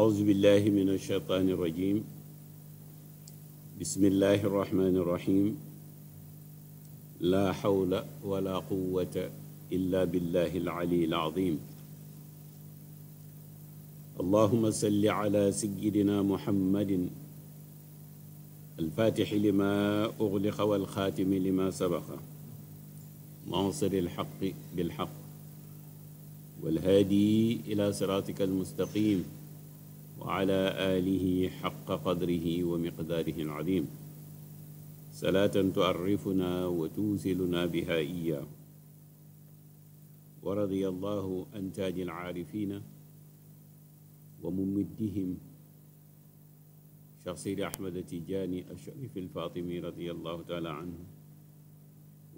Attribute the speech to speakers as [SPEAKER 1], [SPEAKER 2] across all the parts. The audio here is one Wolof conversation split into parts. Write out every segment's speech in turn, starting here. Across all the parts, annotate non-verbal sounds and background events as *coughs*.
[SPEAKER 1] أعوذ بالله من الشيطان الرجيم بسم الله الرحمن الرحيم لا حول ولا قوة إلا بالله العلي العظيم اللهم صل على سيدنا محمد الفاتح لما أغلق والخاتم لما سبق ناصر الحق بالحق والهادي إلى صراطك المستقيم wa ala aalihi xaqa qadrihi wa miqdaarihi al-aziim salaatan tu'arrifunaa wa tuusilunaa bihaa iyyaahu wa radiya allaahu an taaji al-aarifiina wa mumiddihim Cheikh Seydi Ahmad Tijaani al-Shariif al-Faatimi radiya allaahu ta'aalaa anhu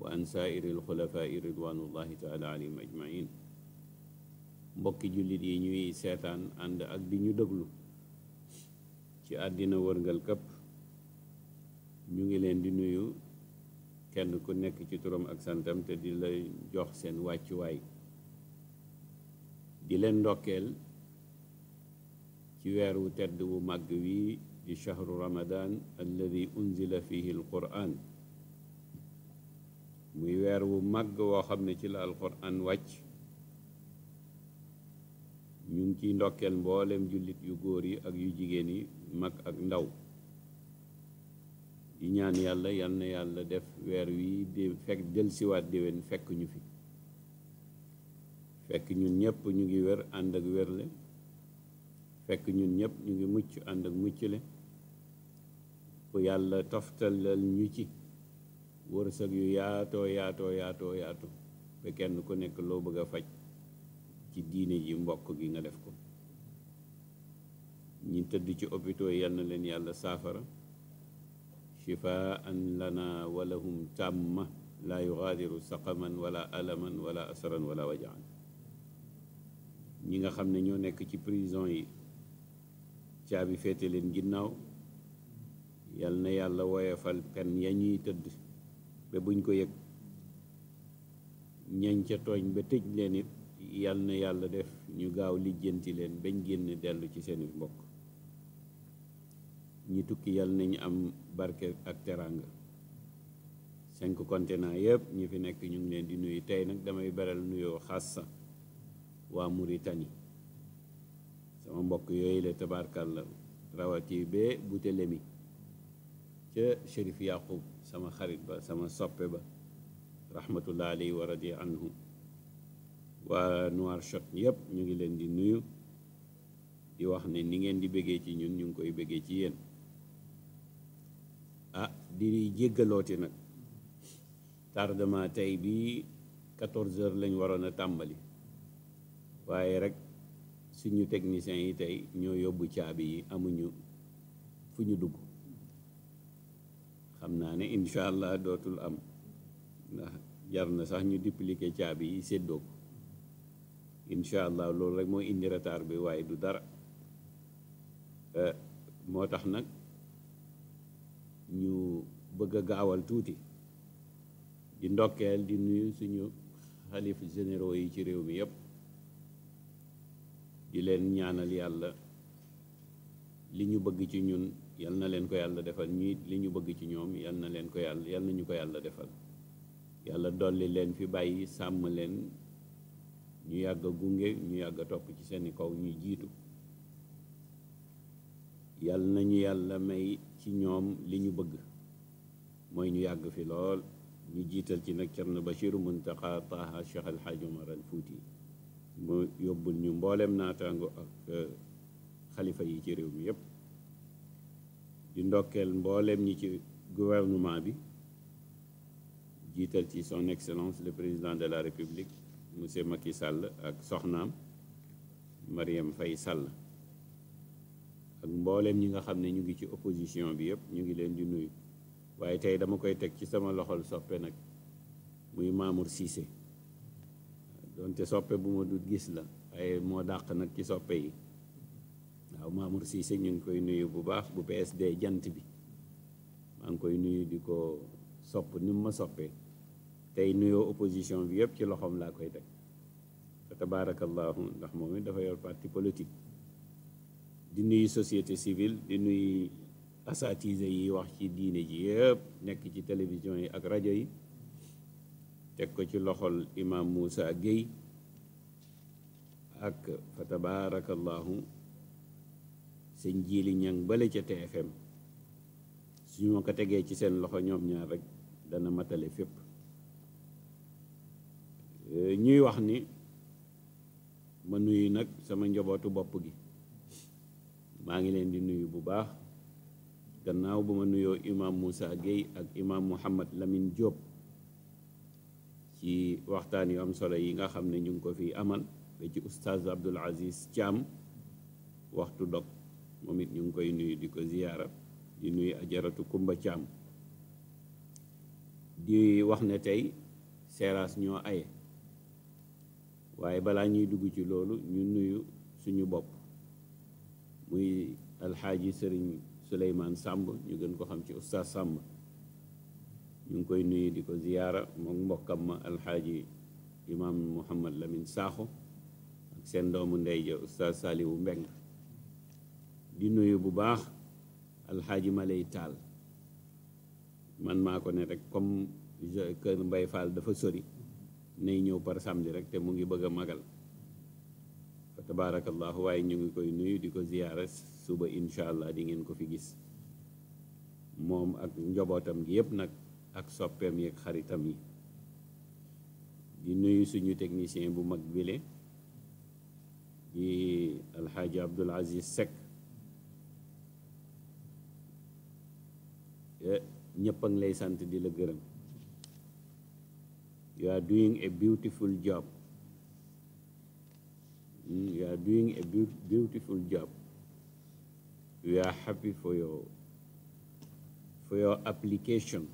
[SPEAKER 1] wa an saa'iri al-xulafaa'i ridwaanullaahi ta'aalaa alayhim ajma'iin mbokki jullit yi ñuy seetaan ànd ak di ñu déglu ci àddina wërngal këpp ñu ngi leen di nuyu kenn ku nekk ci turam ak santam te di la jox seen wàccuwaay di leen ndokkeel ci weer wu tedd wu màgg wi di shahru ramadan alladi unzila fihi alquran muy weer wu màgg woo xam ne ci la alquran wàcc ñu ngi ciy ndokkeel mbooleem jullit yu góor yi ak yu jigéen yi mag ak ndaw di ñaan yàlla yal yàlla def weer wi di fekk del siwaat déwén fekk ñu fi fekk ñu ñëpp ñu ngi wér ànd ak wérle fekk ñu ñëpp ñu ngi mucc ànd ak le bu yàlla toftalal ñu ci wërsëg yu yaato yaato yaato yaatoo ba kenn ku nekk loo bëgg a faj ci diine ji mbokk gi nga def ko ñi tëdd ci opito yal na leen yàlla saafara shifaan lana wa lahum tàmma laa yugaadiru saqaman walla alaman wala asaran wala wajaan ñi nga xam ne ñoo nekk ci prison yi caabi féete leen ginnaaw yal na yàlla woyofal pen ya ñuy tëdd ba buñ ko yëg ñañ ca tooñ ba tëj leen it yal na yàlla def ñu gaaw lijjanti leen bañ génn dellu ci seeni mbokk ñu tukki yal nañu am barke ak teraanga cinq continent yëpp ñu fi nekk ñu ngi leen di nuyu tey nag damay bareel nuyoo xassa waa Mauritanie sama mbokk yooyu la tabaarkàlla rawati be Boutelemi ca Chérif Yaqub sama xarit ba sama soppe ba rahmatullah alayhi wa radi anhu waa Nouakchott yëpp ñu ngi leen di nuyu di wax ne ni ngeen di bëggee ci ñun ñu ngi koy bëggee ci yéen ah di jéggalooti nag tardement tey bi quatorze heures lañ waroon a tàmbali waaye rek suñu techniciens yi tey ñoo yóbbu caabi yi amuñu fu ñu dugg xam naa ne incha allah dootul am ndax jar na sax ñu dupliquer caabi yi seddoo ko incha allah loolu rek moo indi retard bi waaye du dara eh, moo tax nag ñu bëgg a gaawal tuuti di ndokkeel di nuyu suñu xalif généraux yi ci réew mi yépp di leen ñaanal yàlla li ñu bëgg ci ñun yal na leen ko yàlla defal ñuy li ñu bëgg ci ñoom yal na leen ko yàlla yal na ñu ko yàlla defal yàlla dolli leen fi bàyyi sàmm leen ñu yàgg a gunge ñu yàgg a topp ci seeni kaw ñuy jiitu yàlla nañu yàlla may ci ñoom li ñu bëgg mooy ñu yàgg fi lool ñu jiital ci nag Cerno Bachiru Muntaqa Taha Cheikh El Hadj Omar al Fouti mu yóbbul ñu mboolem naataango ak e, xalifa yi ci réew mi yépp di ndokkeel mboolem ñi ci gouvernement bi jiital ci son excellence le président de la république monsieur Macky Sall ak soxnaam Mariam fay Sall ak mbooleem ñi nga xam ne ñu ngi ci opposition bi yëpp ñu ngi leen di nuyu waaye tey dama koy teg ci sama loxol soppe nag muy Mamour Cissé doonte soppe bu ma dut gis la waaye moo dàq nag ci soppe yi waaw Mamour Cissé ñu ngi koy nuyu bu baax bu PSD jant bi maa ngi koy nuyu di ko sopp ni mu ma soppee tey nuyoo opposition bi yëpp ci loxoom laa koy teg fa tabaarakallaahu ndax moom it dafa yor parti politique di nuyu société civile di nuyu assatise yi wax ci diine ji yëpp nekk ci télévision yi ak rajo yi teg ko ci loxol imam Moussa Gueye ak fa tabaarakallaahu sëñ Jili ñaŋ bale ca TFM su ñu ma ko tegee ci seen loxo ñoom ñaar rek dana matale fépp Eh, ñuy wax ni ma nuyu nag sama njabootu bopp gi maa ngi leen di nuyu bu baax gannaaw bu ma nuyoo imaam Moussa Gueye ak imaam Mouhamad lamin Diop ci waxtaan yu am solo yi nga xam ne ñu ngi ko fi amal ba ci oustaz Abdoul Aziz Thiam waxtu dog moom it ñu ngi koy nuyu di ko ziyaara di nuyu ajaratu Kumba Thiam di wax na tey Seras ñoo aye waaye balaa ñuy dugg ci loolu ñu nuyu suñu bopp muy alxaaji sëriñ Souleymane Samb ñu gën ko xam ci oustaz Samb ñu ngi koy nuyu di ko ziyaara moom mbokkam ma alxaaji imam Mouhamad Lamine Sakho ak seen doomu ndey ja oustaz Saliwu Mbeng di nuyu bu baax alxaaji Malay Taal man maa ko ne rek comme kër Mbay Fall dafa sori nay ñëw par samedi rek te mu ngi bëgg a magal fa tabaarakallaahu waaye ñu ngi koy nuyu di ko ziyaara suba incha allah di ngeen ko fi gis moom ak njobootam gi yëpp nag ak soppeem yi xaritam yi di nuyu suñu technicien bu mag bile di alxaaji abdul aziz Seck eh, ñëpp a ngi lay sant di la gërëm you are doing a beautiful job hmm, you a happy for your application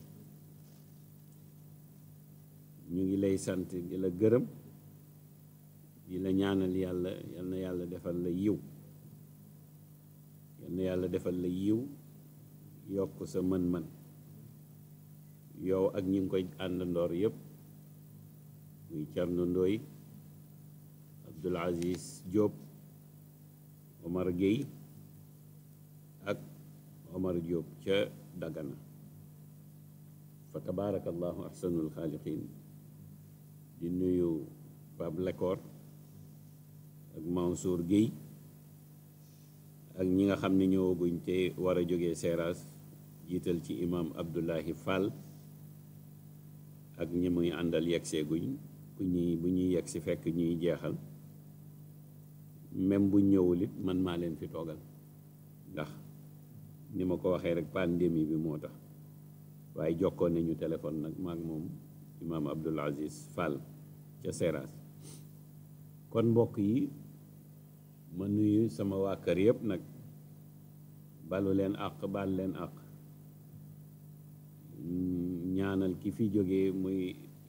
[SPEAKER 1] ñu ngi lay sant di la gërëm di la ñaanal yàlla yal yàlla defal la yiw yal yàlla defal la yiw yokk sa mën-mën yow ak ñu ngi koy àndandoor yépp muy Thierno Ndoye Abdoul Aziz Diop Omar Gueye ak Omar Diop ca Dagana fa tabarakallahu ahsanul xaaliqin di nuyu Pape Lécor ak Mansour Gueye ak ñi nga xam ne ñëwaguñ te war a jógee Seras jiital ci imam Abdoulahi Fall ak ñi muy àndal yegg seeguñ bu ñuy bu ñuy yegg si fekk ñuy jeexal même bu ñëwul it man maa leen fi toogal ndax ni ma ko waxee rek pandémie bi moo tax waaye jokkoon nañu téléphone nag maak moom imaam Abdul Aziz Fall ca Seras kon mbokk yi ma nuyu sama waa yépp nag balu leen àq baal leen àq ñaanal ki fi jógee muy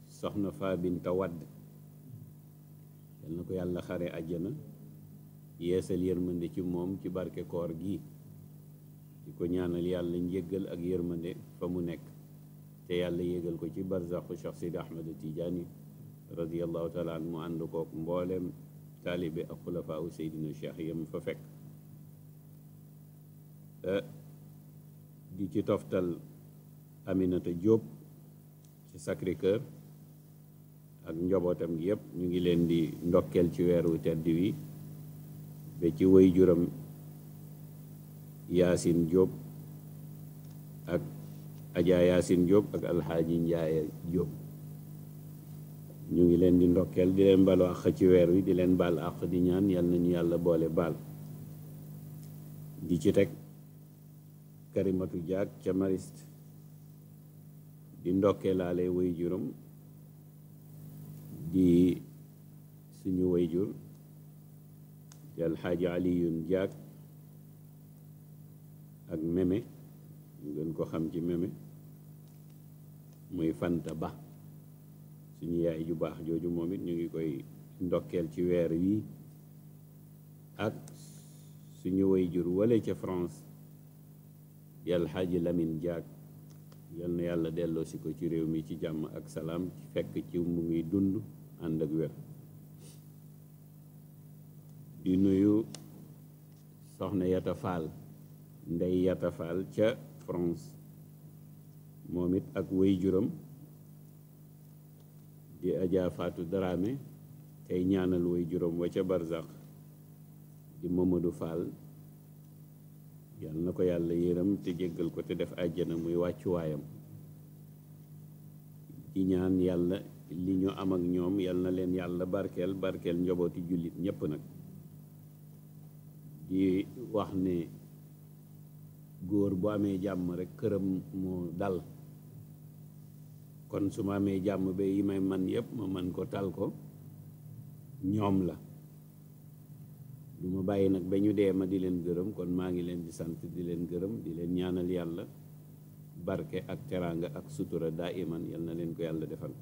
[SPEAKER 1] soxna faa binta wadd yal na ko yàlla xare àjjana yeesal yërmande ci moom ci barke koor gi di ko ñaanal yàlla njéggal ak yërmande fa mu nekk te yàlla yégal ko ci barzaxu Cheikh Sidi Ahmada Tijaani radiallahu taala an mu ànd kook mboolem taalibe ak xulafaa u seydina cheikh yam fa fekk eh, di ci toftal Aminata Diop ci Sacré-Cœur ak njobootam gi yëpp ñu ngi leen di ndokkeel ci weeru tedd wi ba ci wëy juram yaasin Diop ak Adja yaasin Diop ak alxaaji Njaaye Diop ñu ngi leen di ndokkeel di leen balu àq ci weer wi di leen baal àq di ñaan yal nañu yàlla boole baal di ci teg Karimatu Jaag ca Mariste di ndokkeelaale wëy juram di suñu wayjur di alxaaji aliyun jaag ak meme ñu gën ko xam ci meme muy fanta ba suñu yaay ju baax jooju moom it ñu ngi koy ndokkeel ci weer wi ak suñu woy jur wale ca France di alxaaji lamin jaag yal na yàlla delloo ko ci réew mi ci jàmm ak salaam fekk ci mu ngi dund ànd ak wér di nuyu soxna Yata Fall ndey Yata Fall ca France moom it ak wéy juram di Adja Fatou Dramé tey ñaanal wéy juram wa ca Barzak di Mamadou Fall yal na ko yàlla yërëm te jéggal ko te def àjjana muy wàccuwaayam di ñaan yàlla li ñu am ak ñoom yal na leen yàlla barkeel barkeel njabooti jullit ñépp nag di wax ne góor bu amee jàmm rek këram moo dal kon su ma amee jàmm ba yi may man yépp ma man ko tal ko ñoom la du ma bàyyi nag ba ñu dee ma di leen gërëm kon maa ngi leen di sant di leen gërëm di leen ñaanal yàlla barke ak teraanga ak sutura daa iman yal na leen ko yàlla defal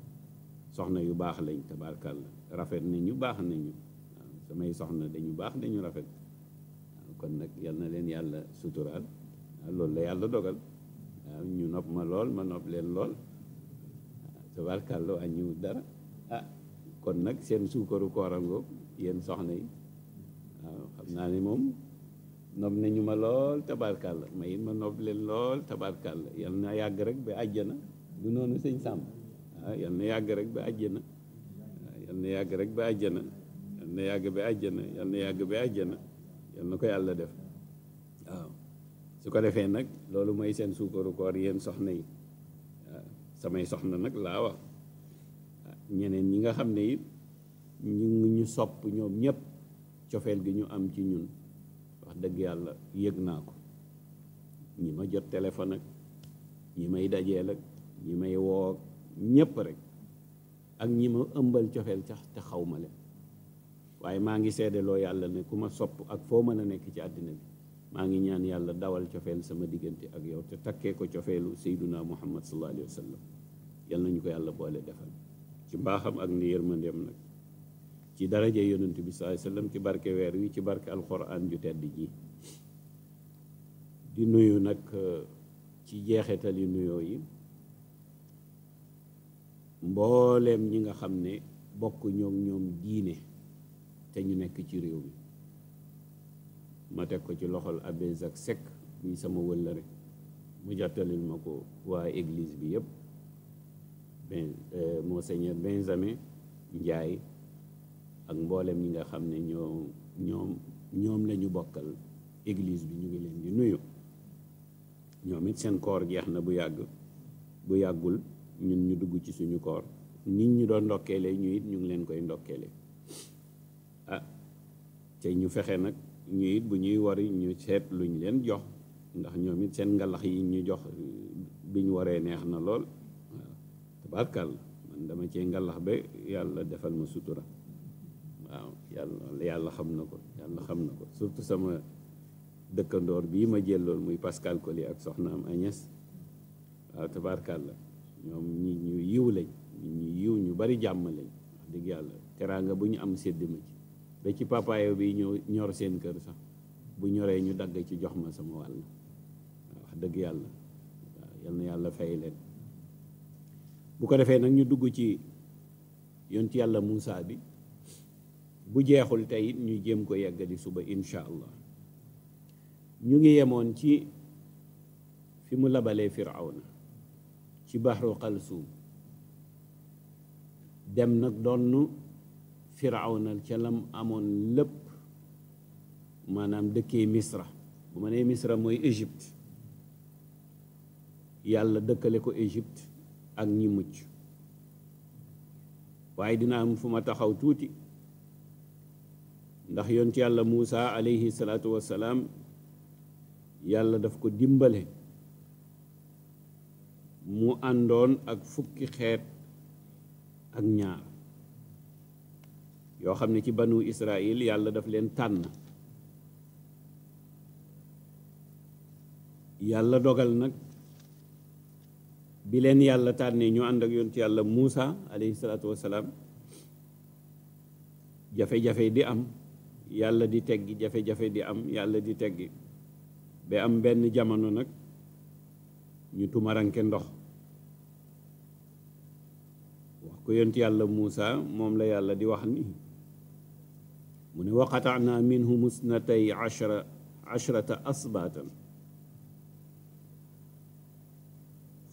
[SPEAKER 1] soxna yu baax lañ tabaarkàlla rafet nañu baax nañu waaw samay soxna dañu baax dañu rafet waaw kon nag yal na leen yàlla suturaal loolu la yàlla dogal waaw ñu nopp ma lool ma nopp leen lool tabaarkàlla wàññiwu dara ah, kon nag seen suukaru koorango yéen soxna yi xam naa ne moom nopp nañu ma lool tabaarkàlla ma it ma nopp leen lool la yal na yàgg rek ba àjjana du noonu sëñ Samba yal na yàgg rek ba àjjana yal na yàgg rek ba àjjana yal na yàgg ba àjjana na yal na ko yàlla def waaw su ko defee nag loolu mooy seen suukaru koor yéen soxna yi samay soxna nag laa wax ñeneen ñi nga xam ne it ñu ngi ñu sopp ñoom ñëpp cofeel gi ñu am ci ñun wax dëgg yàlla yëg naa ko ñi ma jot téléphone ak ñi may dajeel ak ñi may woo ñépp rek ak ñi ma ëmbal cofeel ca te xaw ma leen waaye maa ngi seedeloo yàlla ne ku ma sopp ak foo mën a nekk ci àddina bi maa ngi ñaan yàlla dawal cofeel sama diggante ak yow te takkee ko cofeelu sayduna muhammad sallallahu alayhi wa sallam yal nañu ko yàlla boole defal ci mbaaxam ak ni yërmandeem nag ci daraja yonent bi sallallahu alayhi wa ci barke weer wi ci barke alquran ju tedd ji di nuyu nag ci jeexitali nuyoo yi mbooleem ñi nga xam ne bokk ñoom ñoom diine te ñu nekk ci réew mi ma teg ko ci loxol abbé ak Seck muy sama wëllëre mu jottalil ma ko waaye église bi yëpp ben euh, monseigneur Benjamin njaay ak mbooleem ñi nga xam ne ñoo ñoom ñoom la ñu bokkal église bi ñu ngi leen di nuyu ñoom it seen koor jeex na bu yàgg bu yàggul ñun ñu dugg ci suñu koor nit ñu doon ndokkeele ñu it ñu ngi leen koy ndokkeele ah te ñu fexe nag ñu it bu ñuy wari ñu seet ñu leen jox ndax ñoom it seen ngalax yi ñu jox biñ waree neex na lool waaw tabarkal dama cee ngalax ba yàlla defal ma sutura waaw yàlla yàlla xam na ko yàlla xam na ko surtout sama dëkkandoor bii ma jëloon muy Pascal Coly ak soxnaam Agnès waaw tabarkal la ñoom ñi ñu yiw lañ ñu yiw ñu bari jàmm lañ wax dëgg yàlla teraanga bu ñu am sedd ma ci ba ci papaayo bi ñëw ñor seen kër sax bu ñoree ñu dagg ci jox ma sama wàll wax dëgg yàlla waaw yal yàlla fay leen bu ko defee nag ñu dugg ci yoon ci yàlla Moussa bi bu jeexul tey it ñu jéem ko yeggali suba incha allah ñu ngi yemoon ci fi mu labalee Firawna ci baxru xalsuum dem nag donn firawna ca lam amoon lépp maanaam dëkkee misra bu ma nee misra mooy égypte yàlla dëkkale ko égypte ak ñi mucc waaye dina am fu ma taxaw tuuti ndax yoon ci yàlla Muusa alayhi salaatu wassalaam yàlla daf ko dimbale mu àndoon ak fukki xeet ak ñaar yoo xam ne ci banu Israil yàlla daf leen tànn yàlla dogal nag bi leen yàlla tànnee ñu ànd ak yontu yàlla Muusa alayhi salaatu wassalaam jafe-jafe di am yàlla di teggi jafe-jafe di am yàlla di teggi ba am benn jamono nag ñu tumaranke ndox ko ci yàlla Muusa moom la yàlla di wax ni mu ne waqataana minhum isnatay ashara ashrata asbaatan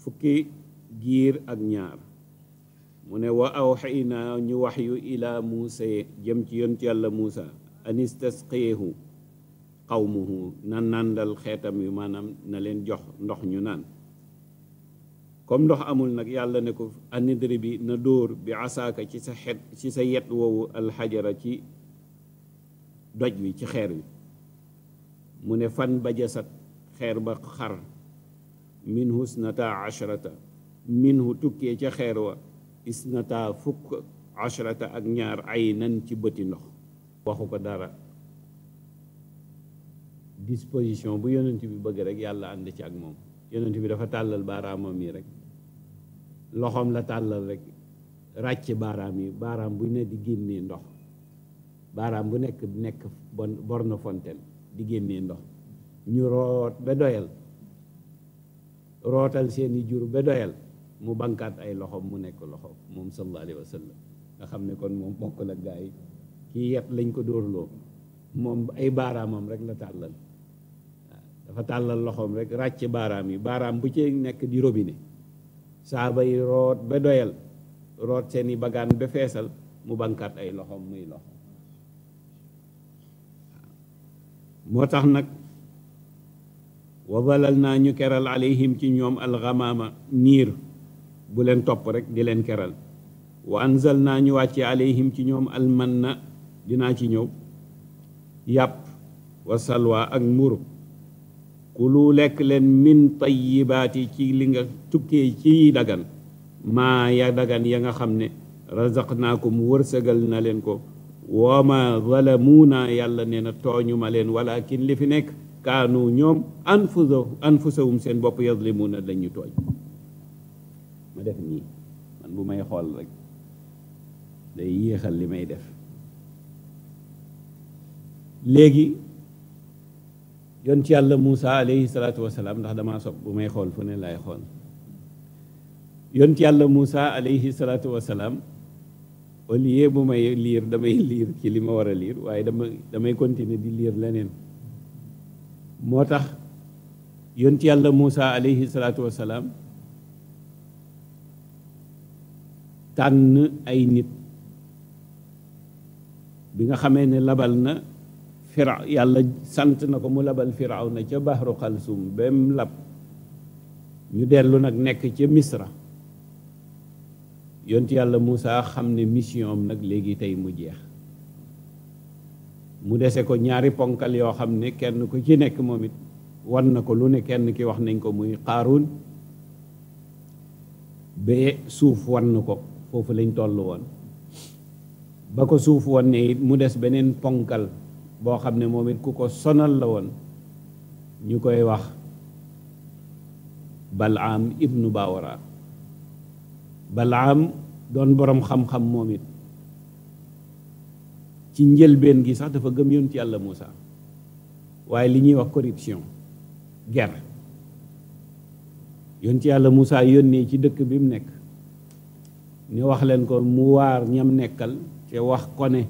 [SPEAKER 1] fukki giir ak ñaar mu ne wa aw awxaynaa ñu wax yu ilaa Muusa jëm ci yoon ci yàlla Muusa an istasqiyahu qawmuhu na nandal xeetam yu maanaam na leen jox ndox ñu naan comme ndox amul nag yàlla ne ko anidri bi na dóor bi asaaka ci sa xet ci sa yet woowu alxajara ci doj wi ci xeer wi mu ne fan ba jasat xeer ba xar minhu isnata ashrata minhu tukkee ca xeer wa isnata fukk ak ñaar ay nan ci bëti ndox waxu ko dara disposition bu yonent bi bëgg rek yàlla ànd ci ak moom yonent bi dafa tàllal baaraamam yi rek loxoom la tàllal rek ràcc baaraam yi baaraam bu ne di génnee ndox baaraam bu nekk nekk bon na fontaine di génnee ndox ñu root ba doyal rootal seeni jur ba doyal mu bankaat ay loxoom mu nekk loxoom moom sallallahu alayhi wa sallam nga xam ne kon moom bokk la gaa kii yet lañ ko dóorloo moom ay baaraamam rek la tàllal dafa tàllal loxoom rek ràcc baaraam yi baaraam bu ci nekk di robinet saaba yi root ba doyal root seeni bagaan ba feesal mu bankat ay loxoom muy loxo moo tax nag wa dalal naa ñu keral alayhim ci ñoom alxamaama niir bu leen topp rek di leen keral wa anzal naa ñu ci ñoom almanna dinaa ci ñëw yàpp wa salwa ak mburu kulu lekk leen min tayyibaati ci li nga tukkee ci dagan maa ya dagan ya nga xam ne naa ko razaqnaakum wërsëgal na leen ko wa ma naa yàlla ne na tooñu ma leen walakin li fi nekk kaanu ñoom anfusa anfusahum seen bopp yazlimuuna dañu tooñ ma def nii man bu may xool rekk day yéexal li may def léegi yonent yàlla Moussa aleyhi salaatu wasalaam ndax damaa sob bu may xool fu ne laay xool yonent yàlla Moussa aleyhi salaatu wasalaam au lieu bu may liir damay liir ci li ma war a liir waaye dama damay continuer di liir leneen moo tax yonent yàlla Moussa aleyhi salaatu salaam tànn ay nit bi nga xamee ne labal na fira yàlla sant na ko mu labal firaw na ca baxru xalsum bem lab ñu dellu nag nekk ca misra yont yàlla Moussa xam ne mission am nag léegi tey mu jeex mu dese ko ñaari ponkal yoo xam ne kenn ku ci nekk moom it wan na ko lu ne kenn ki wax nañ ko muy xaaruun ba suuf wan ko foofu lañ toll woon ba ko suuf wan it mu des beneen ponkal boo xam ne moom it ku ko sonal la woon ñu koy wax balaam ibnu bawara balaam doon boroom xam-xam moom it ci njëlbeen gi sax dafa gëm yoon ci yàlla Muusa waaye li ñuy wax corruption guerre yoon ci yàlla Muusa yónnee ci dëkk bi mu nekk ñu wax leen ko mu waar ñam nekkal te wax ko ne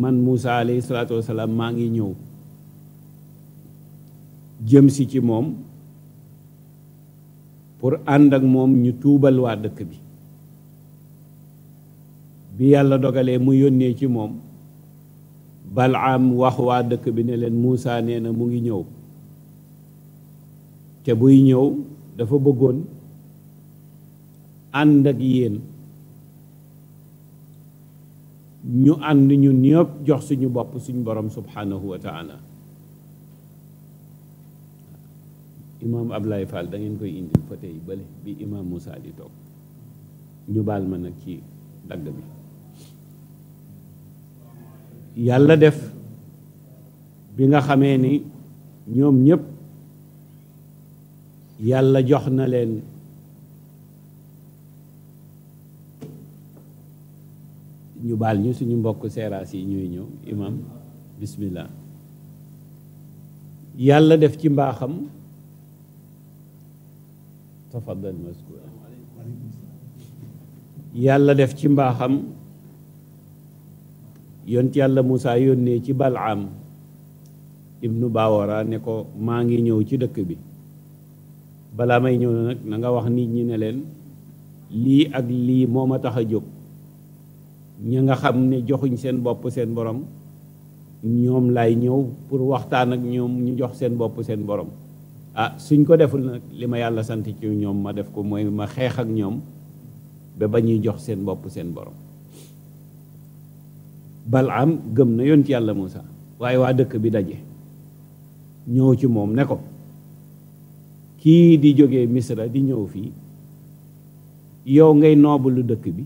[SPEAKER 1] man Moussa alayhi salaatu wasalaam maa ngi ñëw jëm si ci moom pour ànd ak moom ñu tuubal waa dëkk bi bi yàlla dogalee mu yónnee ci moom Balaam wax waa dëkk bi ne leen muusa nee na mu ngi ñëw te buy ñëw dafa bëggoon ànd ak yéen ñu ànd ñun ñëpp jox suñu bopp suñu boroom subhanahu wa taala imaam Ablaye Fall da ngeen koy indil fa tey bële bi imaam Moussa di toog ñu baal ma nag ci dagg bi yàlla def bi nga xamee ni ñoom ñëpp yàlla jox na leen ñu baal ñu suñu mbokk seeraas yi ñuy ñëw imam bismillah yàlla def ci mbaaxam tafaddal yàlla def ci mbaaxam yont yàlla Moussa yónnee ci Balaam ibnu Bawara ne ko maa ngi ñëw ci dëkk bi balaa may ñëw nag nanga wax nit ñi ne leen lii ak lii moo ma tax a jóg ña nga xam ne joxuñ seen bopp seen borom ñoom laay ñëw pour waxtaan ak ñoom ñu jox seen bopp seen borom ah suñ ko deful nag li ma yàlla sant ci ñoom ma def ko mooy ma xeex ak ñoom ba ba ñuy jox seen bopp seen borom Balaam gëm na yoon ci yàlla Muusa waaye waa dëkk bi daje ñëw ci moom ne ko kii di jóge Misra di ñëw fii yow ngay noobu lu dëkk bi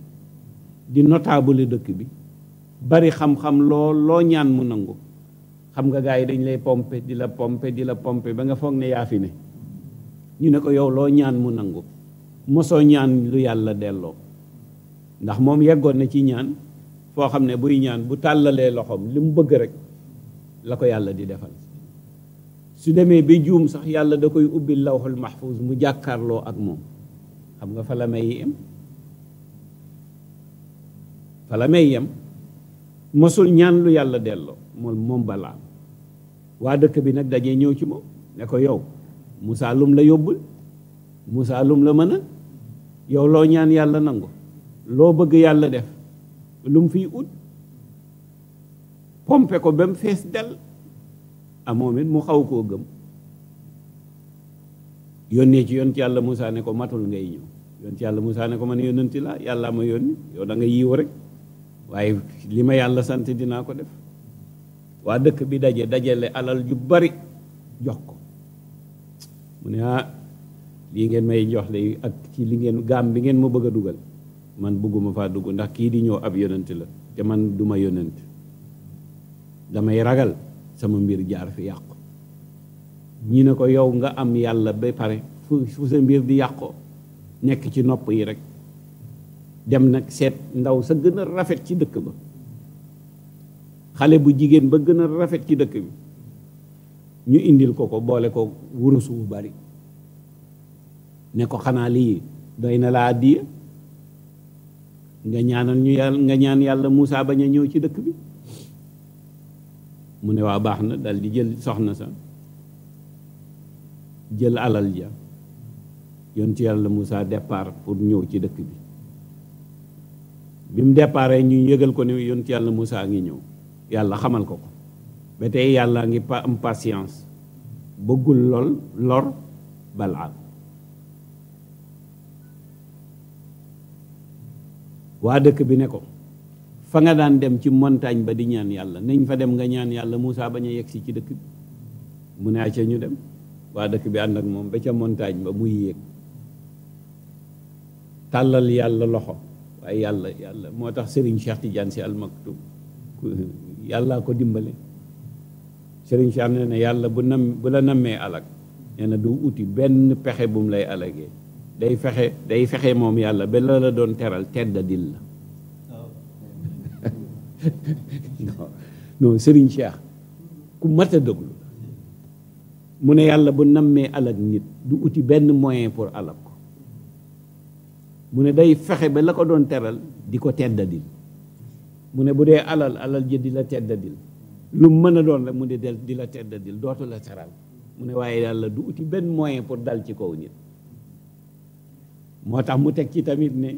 [SPEAKER 1] di notable dëkk bi bari xam-xam loo loo ñaan mu nangu xam nga gars yi dañ lay pompe di la pompe di la pompe ba nga foog ne yaa ne ñu ne ko yow loo ñaan mu nangu mosoo ñaan lu yàlla delloo ndax moom yeggoon na ci ñaan foo xam ne buy ñaan bu tàllalee loxoom li mu bëgg rek la ko yàlla di defal su demee ba juum sax yàlla da koy ubbi lawxul mahfuz mu jàkkarloo ak moom xam nga fa la may yi am fa la may yem mosul ñaan lu yàlla delloo moom moom waa dëkk bi nag dajee ñëw ci moom ne ko yow Moussa lum la yóbbul musaa lum la mën a yow loo ñaan yàlla nangu loo bëgg yàlla def lu mu fiy ut pompe ko ba mu fees del a ah, moom mu xaw koo gëm yónnee ci yoon yonent yàlla Moussa ne ko matul ngay ñëw yonent yàlla Moussa ne ko man yónnanti laa yàllaa ma yónni yow da nga yiw rek waaye li ma yàlla sant dinaa ko def waa dëkk bi daje dajale alal ju bari jox ko mu ne ah lii ngeen may joxle la ak ci li ngeen gaam bi ngeen ma bëgg a dugal man bugguma faa dugg ndax kii di ñëw ab yonent la te man duma yonent damay ragal sama mbir jaar fi yàqu ñi ne ko yow nga am yàlla ba pare fu fu sa mbir di yàqoo nekk ci nopp yi rek dem nag seet ndaw sa gën rafet ci dëkk ba xale bu jigéen ba gënal rafet ci dëkk bi ñu indil ko ko boole ko wurus wu bari ne ko xanaa lii doy na laa addiya nga ñaanal ñu yàlla nga ñaan yàlla Moussa bañ a ñëw ci dëkk bi mu ne waa baax na dal di jël soxna sa jël alal ja ci yàlla Moussa départ pour ñëw ci dëkk bi bi mu déparé ñu yëgal ko ni yonent yàlla Moussa ngi ñëw yàlla xamal ko ko ba tey yàlla ngi pa am patience bëggul lool lor Balaam waa dëkk bi ne ko fa nga daan dem ci montagne ba di ñaan yàlla nañ fa dem nga ñaan yàlla Moussa bañ a yegsi ci dëkk bi mu ne ca ñu dem waa dëkk bi ànd ak moom ba ca montagne ba muy yéeg tàllal yàlla loxo ay yàlla yàlla moo tax Serigne Cheikh Tidiane si almaktub yàllaa ko dimbale sëriñ Cheikh nee yàlla bu nam bu la nammee alag nee du uti benn pexe bu mu lay alagee day fexe day fexe moom yàlla ba la doon teral tedda dil la sëriñ *laughs* non ku mat a déglu mu ne yàlla bu nammee alag nit du uti benn moyen pour alam mu ne day fexe ba la ko doon teral di ko teddadil mu ne bu dee alal alal ji di la teddadil lu mën a doon rek mu ne del di la teddadil dootu la teral mu ne waaye yàlla du uti benn moyen pour dal ci kaw nit moo tax mu teg ci tamit ne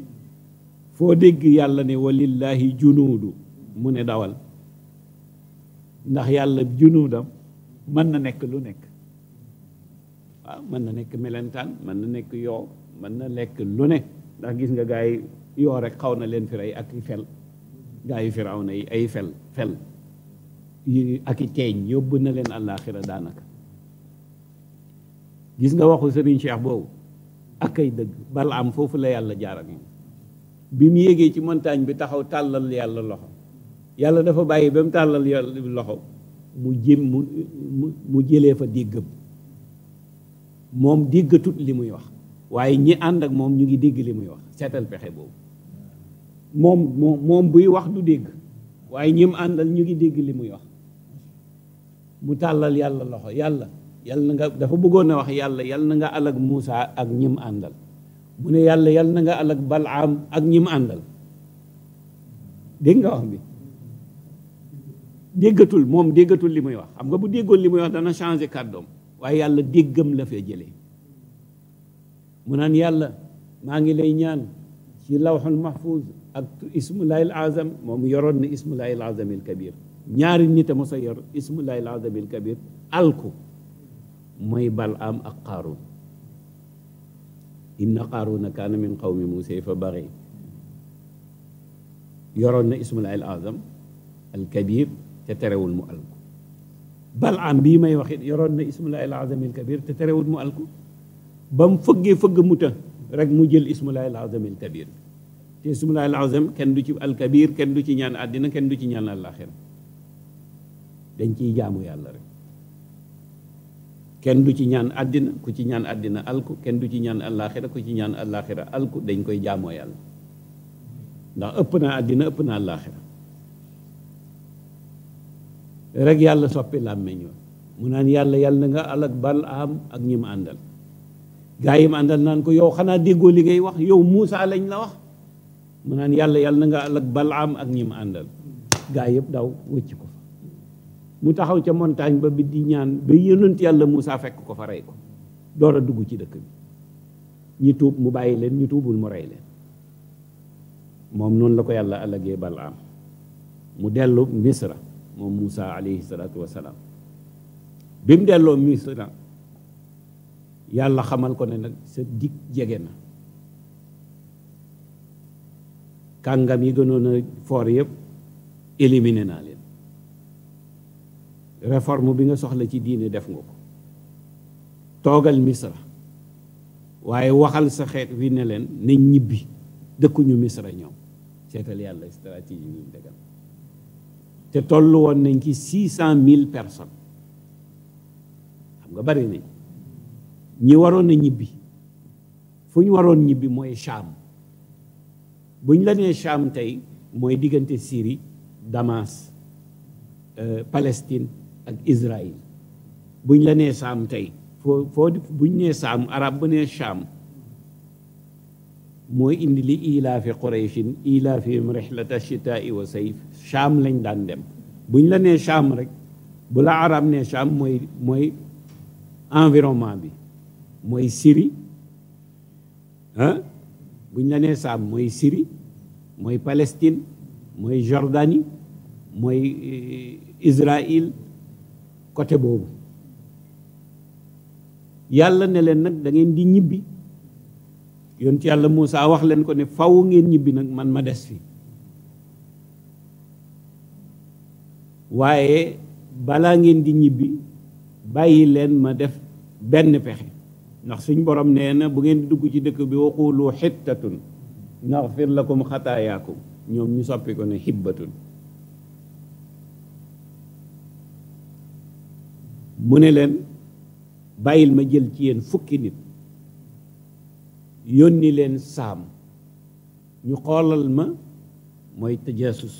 [SPEAKER 1] foo dégg yàlla ne walillahi junuudu mu ne dawal ndax yàlla junuudam mën na nekk lu nekk waaw mën na nekk melentaan mën na nekk yow mën na nekk lu ne ndax gis nga gaa yi yoo rek xaw na leen fi rey ak fel gaa yi firaw na yi ay fel fel yi ak i teeñ yóbbu na leen àllaaxira daanaka gis nga waxu Serigne Cheikh boobu ak kay dëgg bal am foofu la yàlla jaar ak bi mu yéegee ci montagne bi taxaw tàllal yàlla loxo yàlla dafa bàyyi ba mu tàllal yàlla loxo mu jëm mu mu jëlee fa déggam moom déggatut li muy wax waaye ñi ànd ak moom ñu ngi dégg li muy wax seetal pexe boobu moom moom moom buy wax du dégg waaye ñim àndal ñu ngi dégg li muy wax mu tàllal yàlla loxo yàlla yàlla na nga dafa bëggoon a wax yàlla yàlla na nga alag Muusa ak ñim àndal mu ne yàlla yàlla na nga alag Balaam ak ñim àndal dégg nga wax bi déggatul moom déggatul li muy wax xam nga bu déggoon li muy wax dana changé kàddoom waaye yàlla déggam la fee jëlee mu naan yàlla maa ngi lay ñaan ci lawxul mahfuz ak ismulaahil yoroon na ismulaahil azamil kabir ñaari nit a mos a yor ismulaahil azamil kabir alku mooy bal am ak qaaruun inna qaaruuna kaana min qawmi muusa fa bari yoroon na ismulaahil azam al kabir te terewul mu alku bal am bii may waxit yoroon na ismulaahil azamil kabir te terewul mu alku ba mu fëggee fëgg muta rek mu jël ismullahi alazam il kabir te ismullahi alazam kenn du ci alkabir kenn du ci ñaan àddina kenn du ci ñaan àllaaxira dañ ciy jaamu yàlla kenn du ci ñaan àddina ku ci ñaan àddina alku kenn du ci ñaan àllaaxira ku ci ñaan àllaaxira alku dañ koy jaamoo yàlla ndax ëpp naa àddina ëpp naa àllaaxira rek yàlla soppi làmmeñ wa mu naan yàlla yàlla na nga alak bal am ak ñi mu àndal gaa yi ma àndal naan ko yow xanaa déggoo li ngay wax yow Muusa lañ la wax mu naan yàlla yàlla na nga àll Balaam ak ñi ma àndal gaa yëpp daw wëcc ko fa mu taxaw ca montagne ba bi di ñaan ba yonent yàlla Muusa fekk ko fa rey ko door a dugg ci dëkk bi ñi tuub mu bàyyi leen ñi tuubul mu rey leen moom noonu la ko yàlla àllagee Balaam mu dellu Misra moom Muusa alayhi salaatu wa bi mu delloo Misra yàlla xamal ko ne nag sa dig jege na kàngam yi gënoon a foor yëpp éliminé naa leen réforme bi nga soxla ci diine def nga ko toogal misra waaye waxal sa xeet wi ne leen nañ ñibbi dëkkuñu misra ñoom seetal yàlla stratégie ñu dëggal te toll woon nañ ci six cent mille personnes xam nga bari nañ ñi waroon a ñibbi fu ñu waroon ñibbi mooy Cham buñ la nee Cham tey mooy diggante siri Damas euh, Palestine ak Israël buñ la nee Cham tey foo foo buñ nee Cham arab bu nee Cham mooy indi li ilaafi qurayshin ilaafihim rihlata shitaa'i wa sayf Cham lañ daan dem buñ la nee Cham rek bu la arab nee Cham mooy mooy environnement bi mooy Syrie ah buñ la nee Saam mooy siri mooy Palestine mooy Jordanie mooy euh, Israël côté boobu yàlla ne leen nag da ngeen di ñibbi yoon ci yàlla Moussa wax leen ko ne faw ngeen ñibbi nag man ma des fi waaye balaa ngeen di ñibbi bàyyi leen ma def benn pexe ndax suñ borom nee na bu ngeen dugg ci dëkk bi waxulu xittatun naxfir lakum xataayaakum ñoom ñu soppi ko ne xibbatun mu ne leen bàyyil ma jël ci yéen fukki nit yónni leen saam ñu xoolal ma mooy tajaasus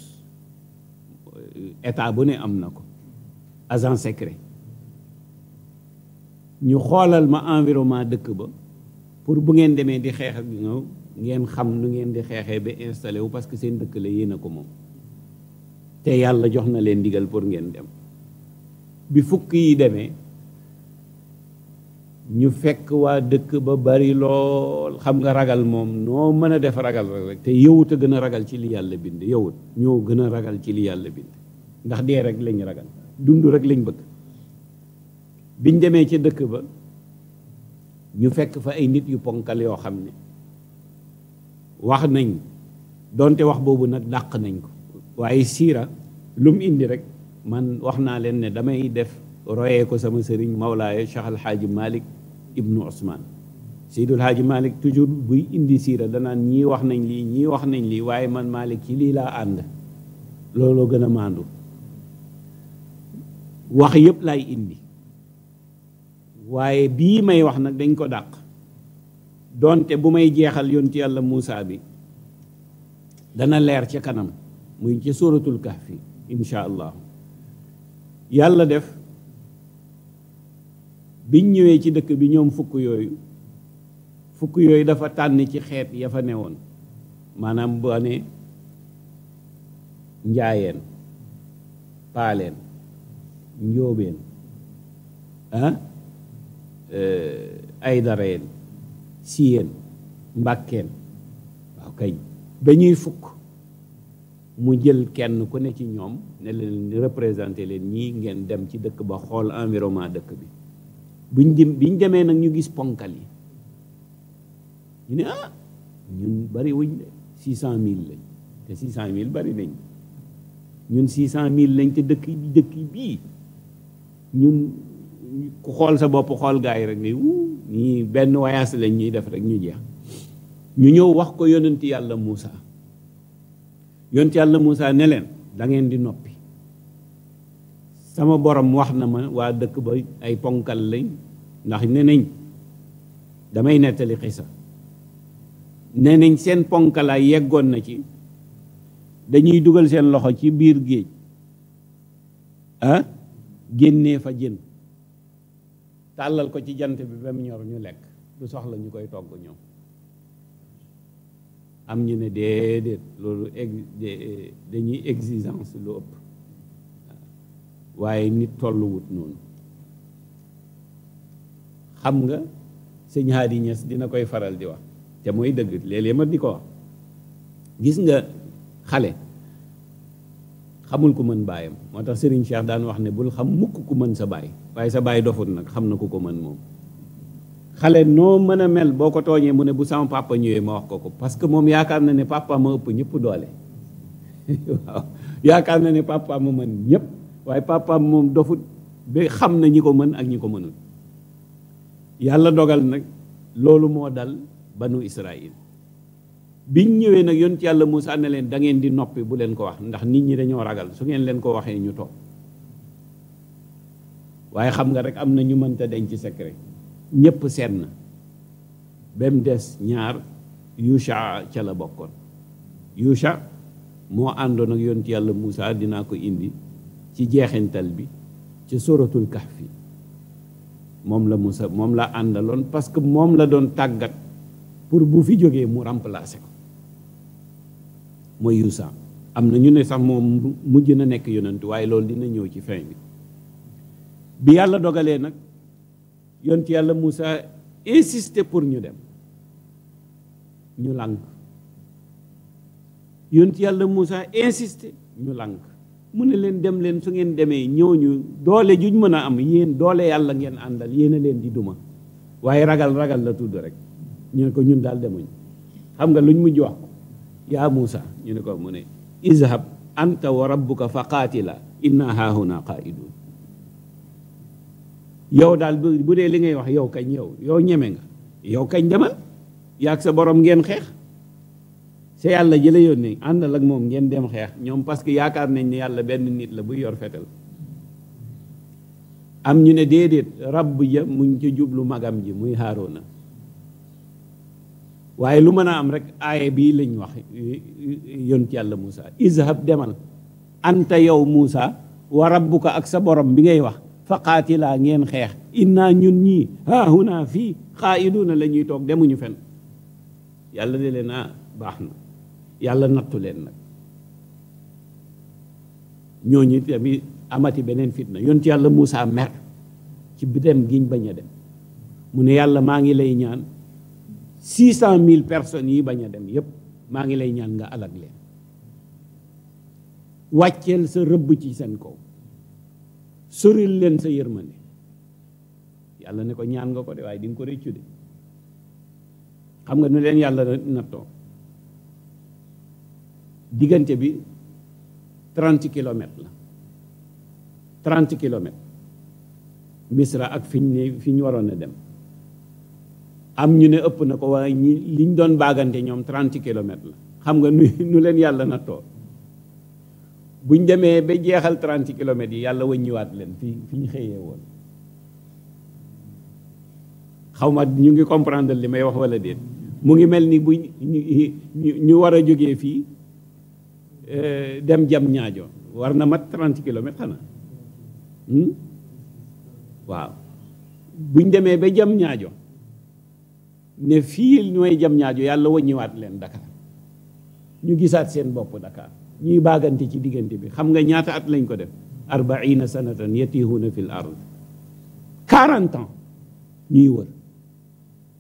[SPEAKER 1] état bu ne am na ko agent secret ñu xoolal ma environnement dëkk ba pour bu ngeen demee di xeex ak ñoom ngeen xam nu ngeen di xeexee ba installé wu parce que seen dëkk la yéen ko moom te yàlla jox na leen ndigal pour ngeen dem bi fukk yi demee ñu fekk waa dëkk ba bari lool xam nga ragal moom noo mën a def ragal rek te yowut a gën a ragal ci li yàlla bind yowut ñoo gën a ragal ci li yàlla bind ndax dee rek lañ ragal dund rek lañ bëgg biñ demee ci dëkk ba ñu fekk fa ay nit yu ponkal yoo xam ne wax nañ donte wax boobu nag dàq nañ ko waaye siira lu indi rek man wax naa leen ne damay def royee ko sama sëriñ mawlaaya Cheikh Al Hadj Malick Ibnu Ousmane Seydul Hadj Malick toujours buy indi siira danaan ñii wax nañ lii ñii wax nañ lii waaye man Malick ci lii laa ànd looloo gën a maandu wax yépp laay indi waaye bii may wax nag dañ ko dàq doonte bu may jeexal yoon ci yàlla Muusa bi dana leer ca kanam muy ci suratul kahfi insha allah yàlla def biñ ñëwee ci dëkk bi ñoom fukk yooyu fukk yooyu dafa tànn ci xeet ya fa newoon maanaam boo ne njaayeen paaleen njóobeen ah, aydareen siyeen mbàkkeen waaw kay dañuy fukk mu jël kenn ku ne ci ñoom ne leen représenté leen ñii ngeen dem ci dëkk ba xool environnement dëkk bi buñ dem biñ demee nag ñu gis ponkal yi ñu ne ah ñun bari wuñ de six cent mille lañ te six cent mille bari nañ ñun six cent mille lañ te dëkk dëkk bii ñun ku xool sa bopp xool gaa yi rek ni ñii benn wayaas lañ ñuy def rek ñu jeex ñu ñëw wax ko yonent yàlla Moussa yonent yàlla Moussa ne leen da di noppi sama borom wax na ma waa dëkk ba ay ponkal lañ ndax ne nañ damay nettali xisa ne nañ seen ponkalaay yeggoon na ci dañuy dugal seen loxo ci biir géej ah génnee fa jën tàllal ko ci jant bi ba mu ñor ñu lekk lu soxla ñu koy togg ñëw am ñu ne déedéet loolu dañuy exigence lu ëpp waaye nit tolluwut noonu xam nga sëñ ñaari Niass dina koy faral di wax te mooy dëgg léeg-léeg ma di ko wax gis nga xale xamul ku mën baayam moo tax Serigne Cheikh daan wax ne bul xam mukk ku mën sa bàyyi waaye sa baay dofut nag xam na ku ko mën moom xale noo mën a mel boo ko tooñee mu ne bu sama papa ñëwee ma wax ko ko parce que moom yaakaar na ne papa ma ëpp ñëpp doole *laughs* yaakaar na ne papa ma mën ñëpp waaye papa moom dofut ba xam na ñi ko mën ak ñi ko mënul yàlla dogal nag loolu moo dal ba banu Israël biñ ñëwee nag yonent yàlla Moussa ne leen da ngeen di noppi bu leen ko wax ndax nit ñi dañoo ragal su ngeen leen ko waxee ñu toog waaye xam nga rek am na ñu mënta denc secret ñépp seet na ba des ñaar Yusha ca la bokkoon Yusha moo àndoon ak yonent yàlla Moussa dinaa ko indi ci jeexintal bi ci suratul kahfi moom la Moussa moom la àndaloon parce que moom la doon tàggat pour bu fi jógee mu remplacer ko mooy Yuusa am na ñu ne sax moom mujj na nekk yonent waaye loolu dina ñëw ci fin bi bi yàlla dogalee nag yonent yàlla Moussa insisté pour ñu dem ñu lànk yonent yàlla Moussa insiste ñu lànk mu ne leen dem leen su ngeen demee ñëw ñu doole juñ mën a am yéen doole yàlla ngeen àndal yéen a leen di duma waaye ragal ragal la tudd rek ñu ko ñun daal demuñ xam nga luñ mujj wax yaa Muusa ñu ne ko mu ne izhab anta wa rabbuka fa qaatila inna haahuna qaaidun yow daal bu dee li ngay wax yow kañ yow yow ñeme nga yow kañ demal yaag sa borom ngeen xeex sa yàlla jële yónni àndal ak moom ngeen dem xeex ñoom parce que yaakaar nañ ni yàlla benn nit la buy yor fetal am ñu ne déedéet rabb ja muñ ci jublu magam ji muy Haaruna waaye lu mën a am rek aaya bii lañ wax ci yàlla Moussa izhab demal anta yow Moussa wa rabbuka ak sa borom bi ngay wax fa qaatilaa ngeen xeex naa ñun ñii haahuna fii xaa'iduuna la ñuy toog demuñu fen yàlla de leen ah baax na yàlla nattu leen nag ñooñu tamit amati beneen fitna yoon ci yàlla Moussa mer ci dem giñ bañ a dem mu ne yàlla maa ngi lay ñaan six cent mille personnes yi bañ a dem yépp maa ngi lay ñaan nga alag leen wàcceel sa rëbb ci seen kaw soril leen sa yërmande yàlla ne ko ñaan nga ko de waaye di nga ko réccu de xam nga nu leen yàlla na nattoo diggante bi trente kilomètres la trente kilomètres misra ak fiñ ñu ne fi ñu waroon a dem am ñu ne ëpp na ko waaye ñi liñ doon baagante ñoom 30 kilomètres la xam nga nu leen yàlla na too buñ demee ba jeexal 30 kilomètres yi yàlla wëññiwaat leen fii fi ñu xëyee woon xawma ñu ngi comprendre li may wax wala déet mu ngi mel ni bu ñu ñu war a jógee fii euh, dem jam ñaajo war na mat 30 kilomètres xanaa hmm? waaw buñ demee ba jam ñaajo ne fii ñooy jam ñaajo yàlla waññiwaat leen Dakar ñu gisaat seen bopp Dakar ñuy baagante ci diggante bi xam nga ñaata at lañ ko def arbaina sanatan yatihuna fil ard quarante ans ñuy wër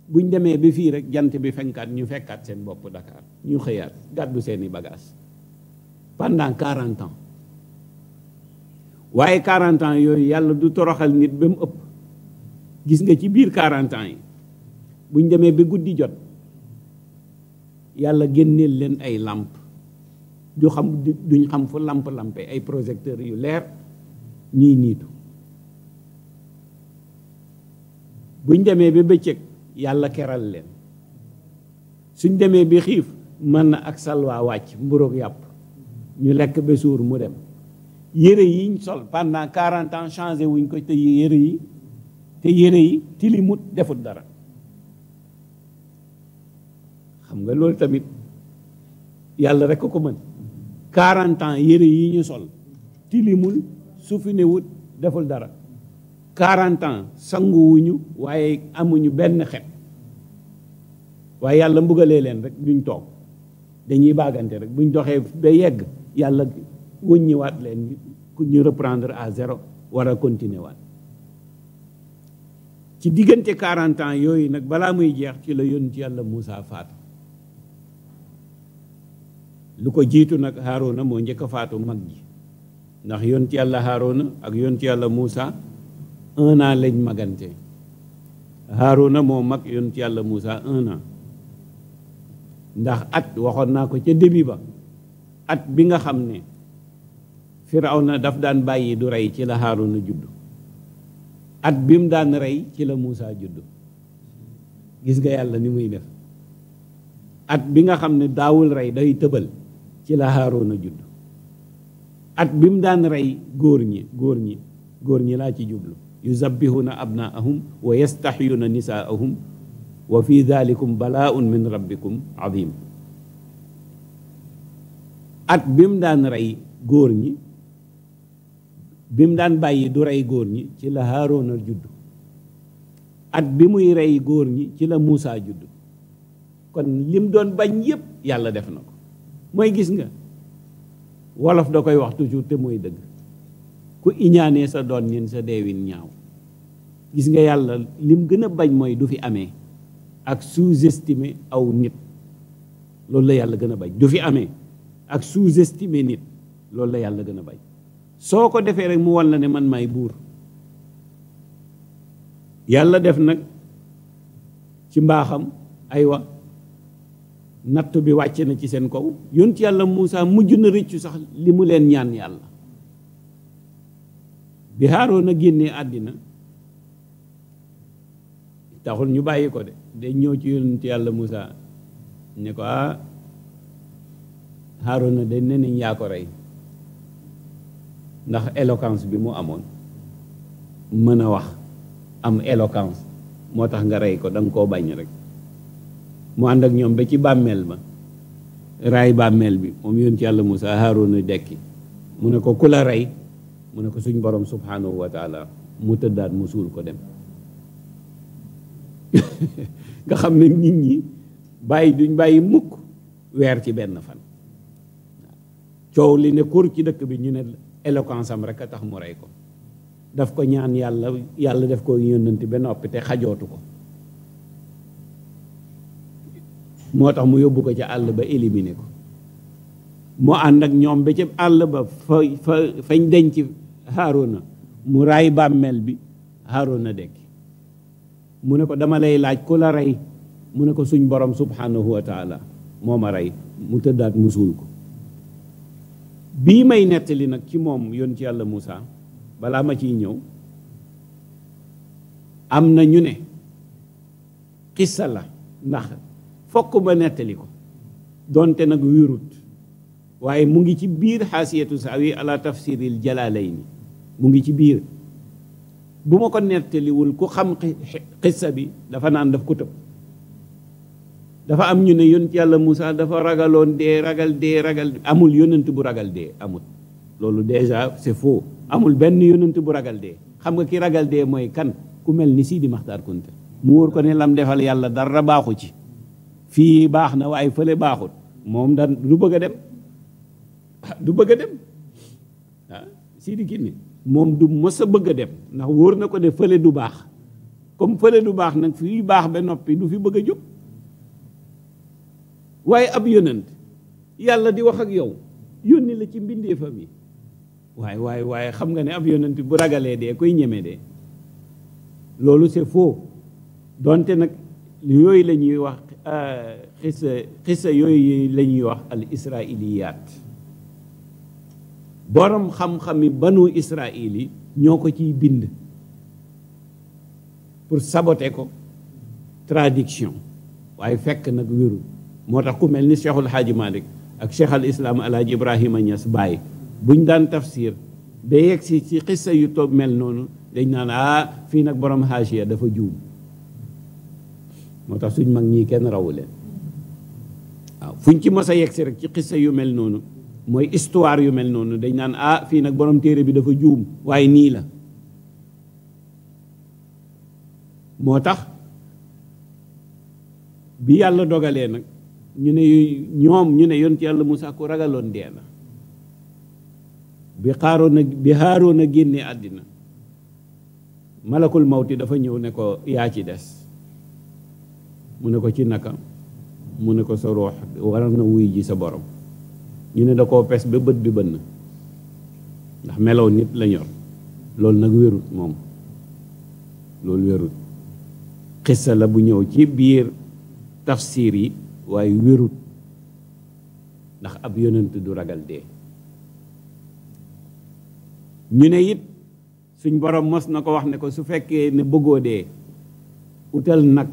[SPEAKER 1] buñ demee bi fii rek jant bi fenkaat ñu fekkaat seen bopp Dakar ñu xëyaat gàddu seeni bagage pendant quarante waaye quarante ans yooyu yàlla du toroxal nit ba mu ëpp gis nga ci biir quarante yi buñ demee ba guddi jot yàlla génneel leen ay làmp ju xam duñ xam fu làmp-lampe ay projecteurs yu leer ñuy niitu buñ demee ba bëccëg yàlla keral leen suñ demee bi xiif mën na ak salwaa wàcc mburoog yàpp ñu lekk ba suur mu dem yére yiñ sol pendant quarante ans changé wuñ ko te yére yi te yére yi tilimut defut dara xam nga loolu tamit yàlla rek ko ko mën 40 yére yi ñu sol tilimul sufinewut deful dara 40 ans sanguwuñu waaye amuñu benn xet waaye yàlla mbugalee leen rek duñ toog dañuy baagante rek buñ doxee ba yegg yàlla wëññiwaat leen ñu reprendre à zéro wara a continuer waat ci diggante 40 ans yooyu nag balaa muy jeex ci la yónni ci yàlla Moussa faatu lu ko jiitu nag Haaruna moo njëkk faatu mag ji ndax yoon yonti yàlla Haaruna ak yoon ci yàlla Muusa un an lañ magante Haaruna moo mag yoon ci yàlla Muusa un ndax at waxoon naa ko ca début ba at bi nga xam ne na daf daan bàyyi du rey ci la Haaruna juddu at bi mu daan rey ci la Muusa juddu gis nga yàlla ni muy def at bi nga xam ne daawul rey day tëbal ci la a judd at bi mu daan rey góor ñi góor ñi góor ñi laa ci jublu yuzabbihuna abnaahum wa yastaxyuna nisaahum wa fi dalikum balaaun min rabbikum azim at bi mu daan rey góor ñi daan bàyyi du rey góor ñi ci la Haaroona judd at bi muy rey góor ñi ci la Muusa judd kon lim doon bañ yépp yàlla def na mooy gis nga wolof da koy wax toujours te mooy dëgg ku iñaanee sa doon nin sa deewin ñaaw gis nga yàlla lim gën a bañ mooy du fi amee ak sous-estimer aw nit loolu la yàlla gën a bañ du fi amee ak sous nit loolu la yàlla gën a bañ soo ko defee rek mu wan la ne man maay buur yàlla def nag ci mbaaxam aywa natt bi wàcc na ci seen kaw yonent yàlla Muusa mujj na rëccu sax li mu leen ñaan yàlla bi Haaroona génnee àddina taxul ñu bàyyi ko de day ñëw ci yonent yàlla Muusa ne ko ah Haaroona day ne yaa ko rey ndax éloquence bi mu amoon mën a wax am éloquence moo tax nga rey ko danga koo bañ rek mu ànd ak ñoom ba ci bàmmeel ma raay bàmmeel bi moom yoon ci yàlla Moussa Haaruna dekki mu ne ko ku la rey mu ne ko suñ borom subhanahu wa mu tëddaat mu suul ko dem *laughs* nga xam ne nit ñi bàyyi duñ bàyyi mukk weer ci benn fan coow li ne kur ci dëkk bi ñu ne éloquence rek a tax mu rey ko daf ko ñaan yàlla yàlla def ko yónnante ba noppi te xajootu ko moo tax mu yóbbu ko ca àll ba éliminé ko mu ànd ak ñoom ba ca àll ba fa fa fañ denc Haaruna mu raay bàmmeel bi Haaruna dekki mu ne ko dama lay laaj ku la rey mu ne ko suñ borom subhanahu wa taala moo ma rey mu tëddaat mu suul ko bii may nettali nag ci moom yoon ci yàlla Moussa balaa ma ciy ñëw am na ñu ne xissa la ndax fokk ma nettali ko donte nag wérut waaye mu ngi ci biir xaasiyatu saawi ala tafsiril jalaalayni mu ngi ci biir bu ma ko nettaliwul ku xam xissa bi dafa naan daf ko tëb dafa am ñu ne yonent yàlla Moussa dafa ragaloon dee ragal dee ragal amul yonent bu ragal dee amul loolu déjà c'est faux amul benn yonent bu ragal dee xam nga ki ragal dee mooy kan ku mel ni Sidi Maxtaar Kunta mu wóor ko ne lam defal yàlla dara baaxu ci fii baax na waaye fële baaxul moom da du bëgg a dem du bëgg a dem ah Sidi Kine moom du mës a bëgg a dem ndax wóor na ko ne fële du baax comme fële du baax nag fii baax ba noppi du fi bëgg a jóg waaye ab yonent yàlla di wax ak yow yónni la ci mbindeefam yi waaye waaye waaye xam nga ne ab bi bu ragalee dee koy ñeme de loolu c'est faux donte nag yooyu lañuy wax Euh, xisa xisa yooyu la lañuy wax al israiliyaat borom xam-xami banu israil yi ñoo ko ci bind pour sabote ko traduction waaye fekk nag wéru moo tax ku mel ni cheikhul haaji malik ak cheikh al islam alaaji ibrahima ñas baay buñ daan tafsir ba yegg si ci xisa yu toog mel noonu dañ naan ah fii nag borom haasiya dafa juum moo tax suñ mag ñii kenn rawu leen waaw fuñ ci mos a yegsi rek ci xissa yu mel noonu mooy histoire yu mel noonu dañ naan ah fii nag borom téere bi dafa juum waaye nii la moo tax bi yàlla dogalee nag ñu ne ñoom ñu ne yoon ci yàlla Musaa ku ragaloon dee na bi xaaroon a bi xaaroon a génne àddina malakul mawti dafa ñëw ne ko yaa ci des mu ne ko ci naka mu ne ko sa ruux waral na wuy ji sa borom ñu ne da koo pes ba bët bi bënn ndax melow nit la ñor loolu nag wérut moom loolu wérut xissa la bu ñëw ci biir tafsir yi waaye wérut ndax ab yonent du ragal dee ñu ne it suñ borom mos na ko wax ne ko su fekkee ne bëggoo dee utal nag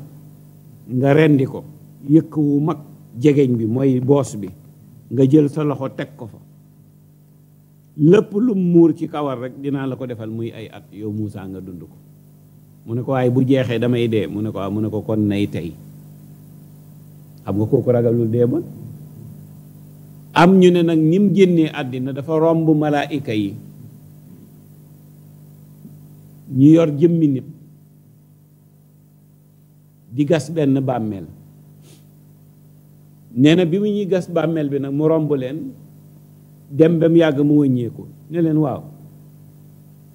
[SPEAKER 1] nga rendi ko yëkk wu mag jegeñ bi mooy boos bi nga jël sa loxo teg ko fa lépp lu muur ci kawar rek dinaa la ko defal muy ay at yow Moussa nga dund ko mu ne ko waaye bu jeexee damay dee mu ne ko ah, mu ne ko kon nay tey xam nga kooku ragalul dee man am ñu ne nag ñim génnee àddina dafa romb malaayika yi ñu yor jëmmi nit di gas benn bàmmeel nee na bi mu ñuy gas bàmmeel bi nag mu romb leen dem ba yàgg mu wëññeeku ne leen waaw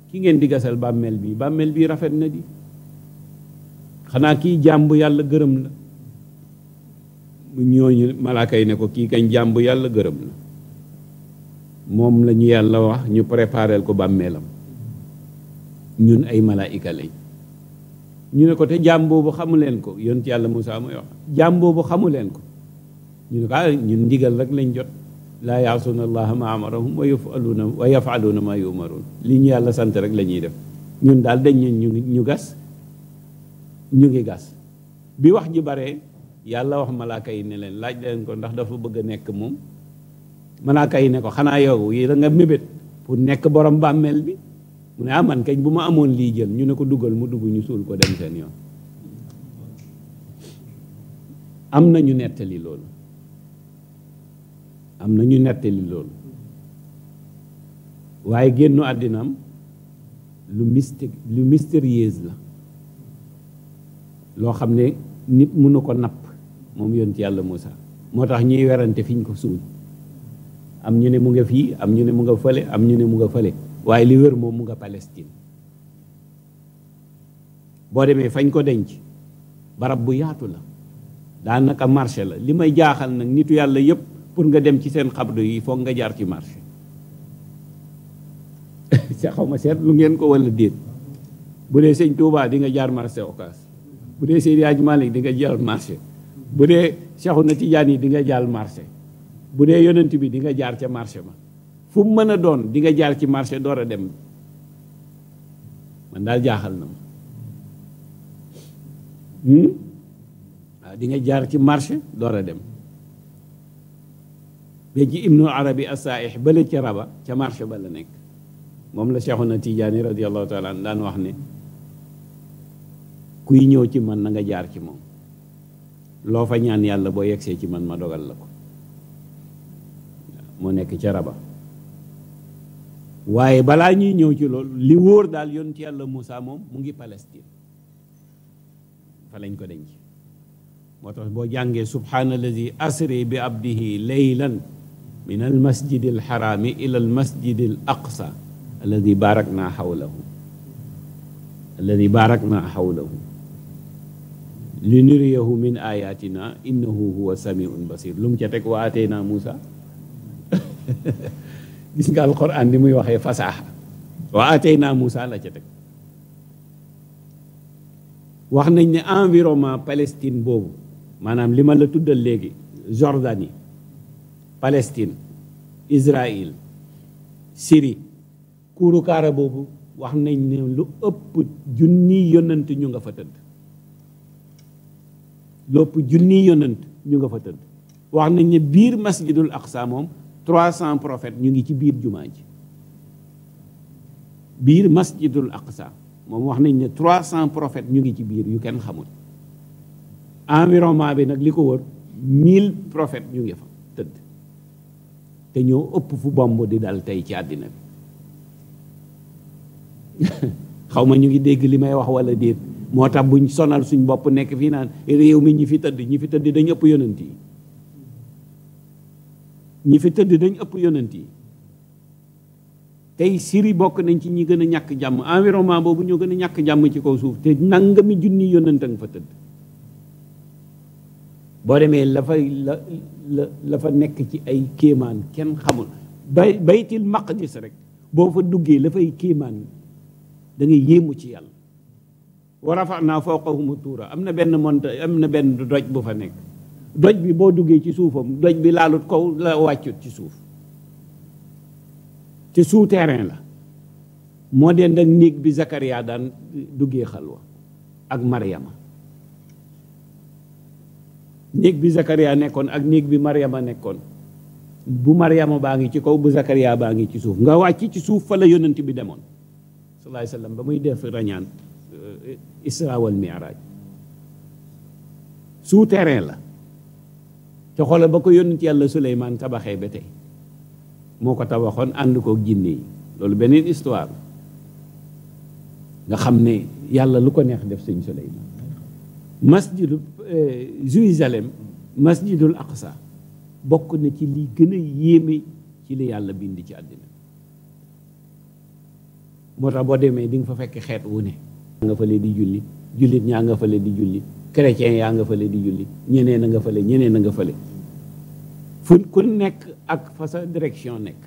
[SPEAKER 1] kii ngeen di gasal bàmmeel bi bàmmeel bi rafet na di xanaa kii jàmb yàlla gërëm la ne ko kii kañ jàmb yàlla gërëm la moom lañu yàlla wax ñu préparel ko bàmmeelam ñun ay malaayika lañ ñu ne ko te jaam boobu xamu leen ko yoon yonent yàlla Moussa mooy wax jaam boobu xamu leen ko ñu ne ko ah ñun ndigal rek lañ jot laa yaasuuna allaha ma amarahum wa yafaluuna wa yafaluuna ma yumaruun li ñu yàlla sant rek la ñuy def ñun daal dañ ñu ñu gas ñu ngi gas bi wax ji bare yàlla wax malaaka yi ne leen laaj leen ko ndax dafa bëgg a nekk moom malaaka yi ne ko xanaa yow yi da mébét pour nekk borom bàmmeel bi mu ne ah man kañ bu ma amoon lii jël ñu ne ko dugal mu dugg ñu suul ko dem seen yoon am na ñu nettali loolu am na ñu nettali loolu waaye génnu àddinaam lu mystique la loo xam ne nit mënu ko napp moom yoon ci yàlla Moussa moo tax ñuy werante fiñ ko suul am ñu ne mu nga fii am ñu ne mu nga fële am ñu ne mu nga fële waaye li wér moom mu nga Palestine boo demee fañ ko denc barab bu yaatu la daanaka marché la li may jaaxal nag nitu yàlla yëpp pour nga dem ci seen xabru yi foog nga jaar ci marché *laughs* xaw ma seet lu ngeen ko wala déet bu dee sëñ Touba di nga jaar marché Ocass bu dee Seydi Hadji Malick di nga jaar marché bu dee Cheikhouna Tidiane yi di nga jaar marché bu dee yonent bi di nga jaar ca marché ma fu mën a doon di nga jaar ci marché door a dem man daal jaaxal na ma hmm? waaw di nga jaar ci marché door a dem ba ci ibnu arabi asaaih bale ca raba ca marché ba la nekk moom la na Tijaani radiallahu taala an daan wax ne kuy ñëw ci man na nga jaar ci moom loo fa ñaan yàlla boo yegsee ci man ma dogal la ko moo nekk ca raba waaye balaa ñuy ñëw ci loolu li wóor daal yonent yàlla muusa moom mu ngi Palestine fa lañ ko denc moo tax boo jàngee subhaanallazi asri bi abdihi laylan min al masjid al xaraami ila al masjid al aqsa alladi baarakna xawlahu alladi baarakna xawlahu li nuriyahu min ayatina innahu huwa samiun basir lu ca teg wa atayna Moussa *laughs* gis nga alquran ni muy waxee fasaaxa wa ateyna Moussa la ca teg wax nañ ne environnement Palestine boobu maanaam li ma la tuddal léegi Jordanie Palestine Israël siri kuuru boobu wax nañ ne lu ëpp junni yonant ñu nga fa tëdd lu ëpp junni yonant ñu nga fa tëdd wax nañ ne biir masjidul aqsa moom trois cent prophètes ñu ngi ci biir jumaa ji biir masjidul aqsa moom wax nañ ne trois cent prophètes ñu ngi ci biir yu kenn xamul environnement bi nag li ko wër mille prophètes ñu ngi fa tëdd te ñoo ëpp fu bomb di dal tey ci àddina bi *laughs* xaw ma ñu ngi dégg li may wax wala déet moo tax buñ sonal suñ bopp nekk fii naan réew mi ñi fi tëdd ñi fi tëdd dañ ëpp yonent yi ñi fi tëdd dañ ëpp yonent yi tey siri bokk nañ ci ñi gën a ñàkk jàmm environnement boobu ñoo gën a ñàkk jàmm ci kaw suuf te nangami junni yonent nga fa tëdd boo demee la fay la la la fa nekk ci ay kéemaan kenn xamul bay baytil maqdis rek boo fa duggee la fay kéemaan da ngay yéemu ci yàlla wa rafa naa mu tuura am na benn monta am na benn doj bu fa nekk doj bi boo duggee ci suufam doj bi laalut kaw la wàccut ci suuf te souterrain la moo dend ak néeg bi Zakaria daan duggee xal wa ak Maryama néeg bi Zakaria nekkoon ak néeg bi Maryama nekkoon bu Maryama baa ngi ci kaw bu Zakaria baa ngi ci suuf nga wàcc ci suuf fa la yonent bi demoon sallallahu alayhi muy def rañaan euh, Isra wal Mi'raj la te xoolal ba ko yónent yàlla Suleymaan tabaxee ba tey moo ko tabaxoon ànd koo jinne yi loolu beneen histoire nga xam ne yàlla lu ko neex def sëñ Suleymaan masjidu eh, Jérusalem masjidul Aqsa bokk na ci li gën a yéeme ci li yàlla bind ci àddina moo tax boo demee di fa fekk xeet wu ne nga fale di julli jullit ñaa nga fale di julli chrétien yaa nga fale di julli ñeneen na nga fale ñeneen a nga fale fu ku nekk ak fa sa direction nekk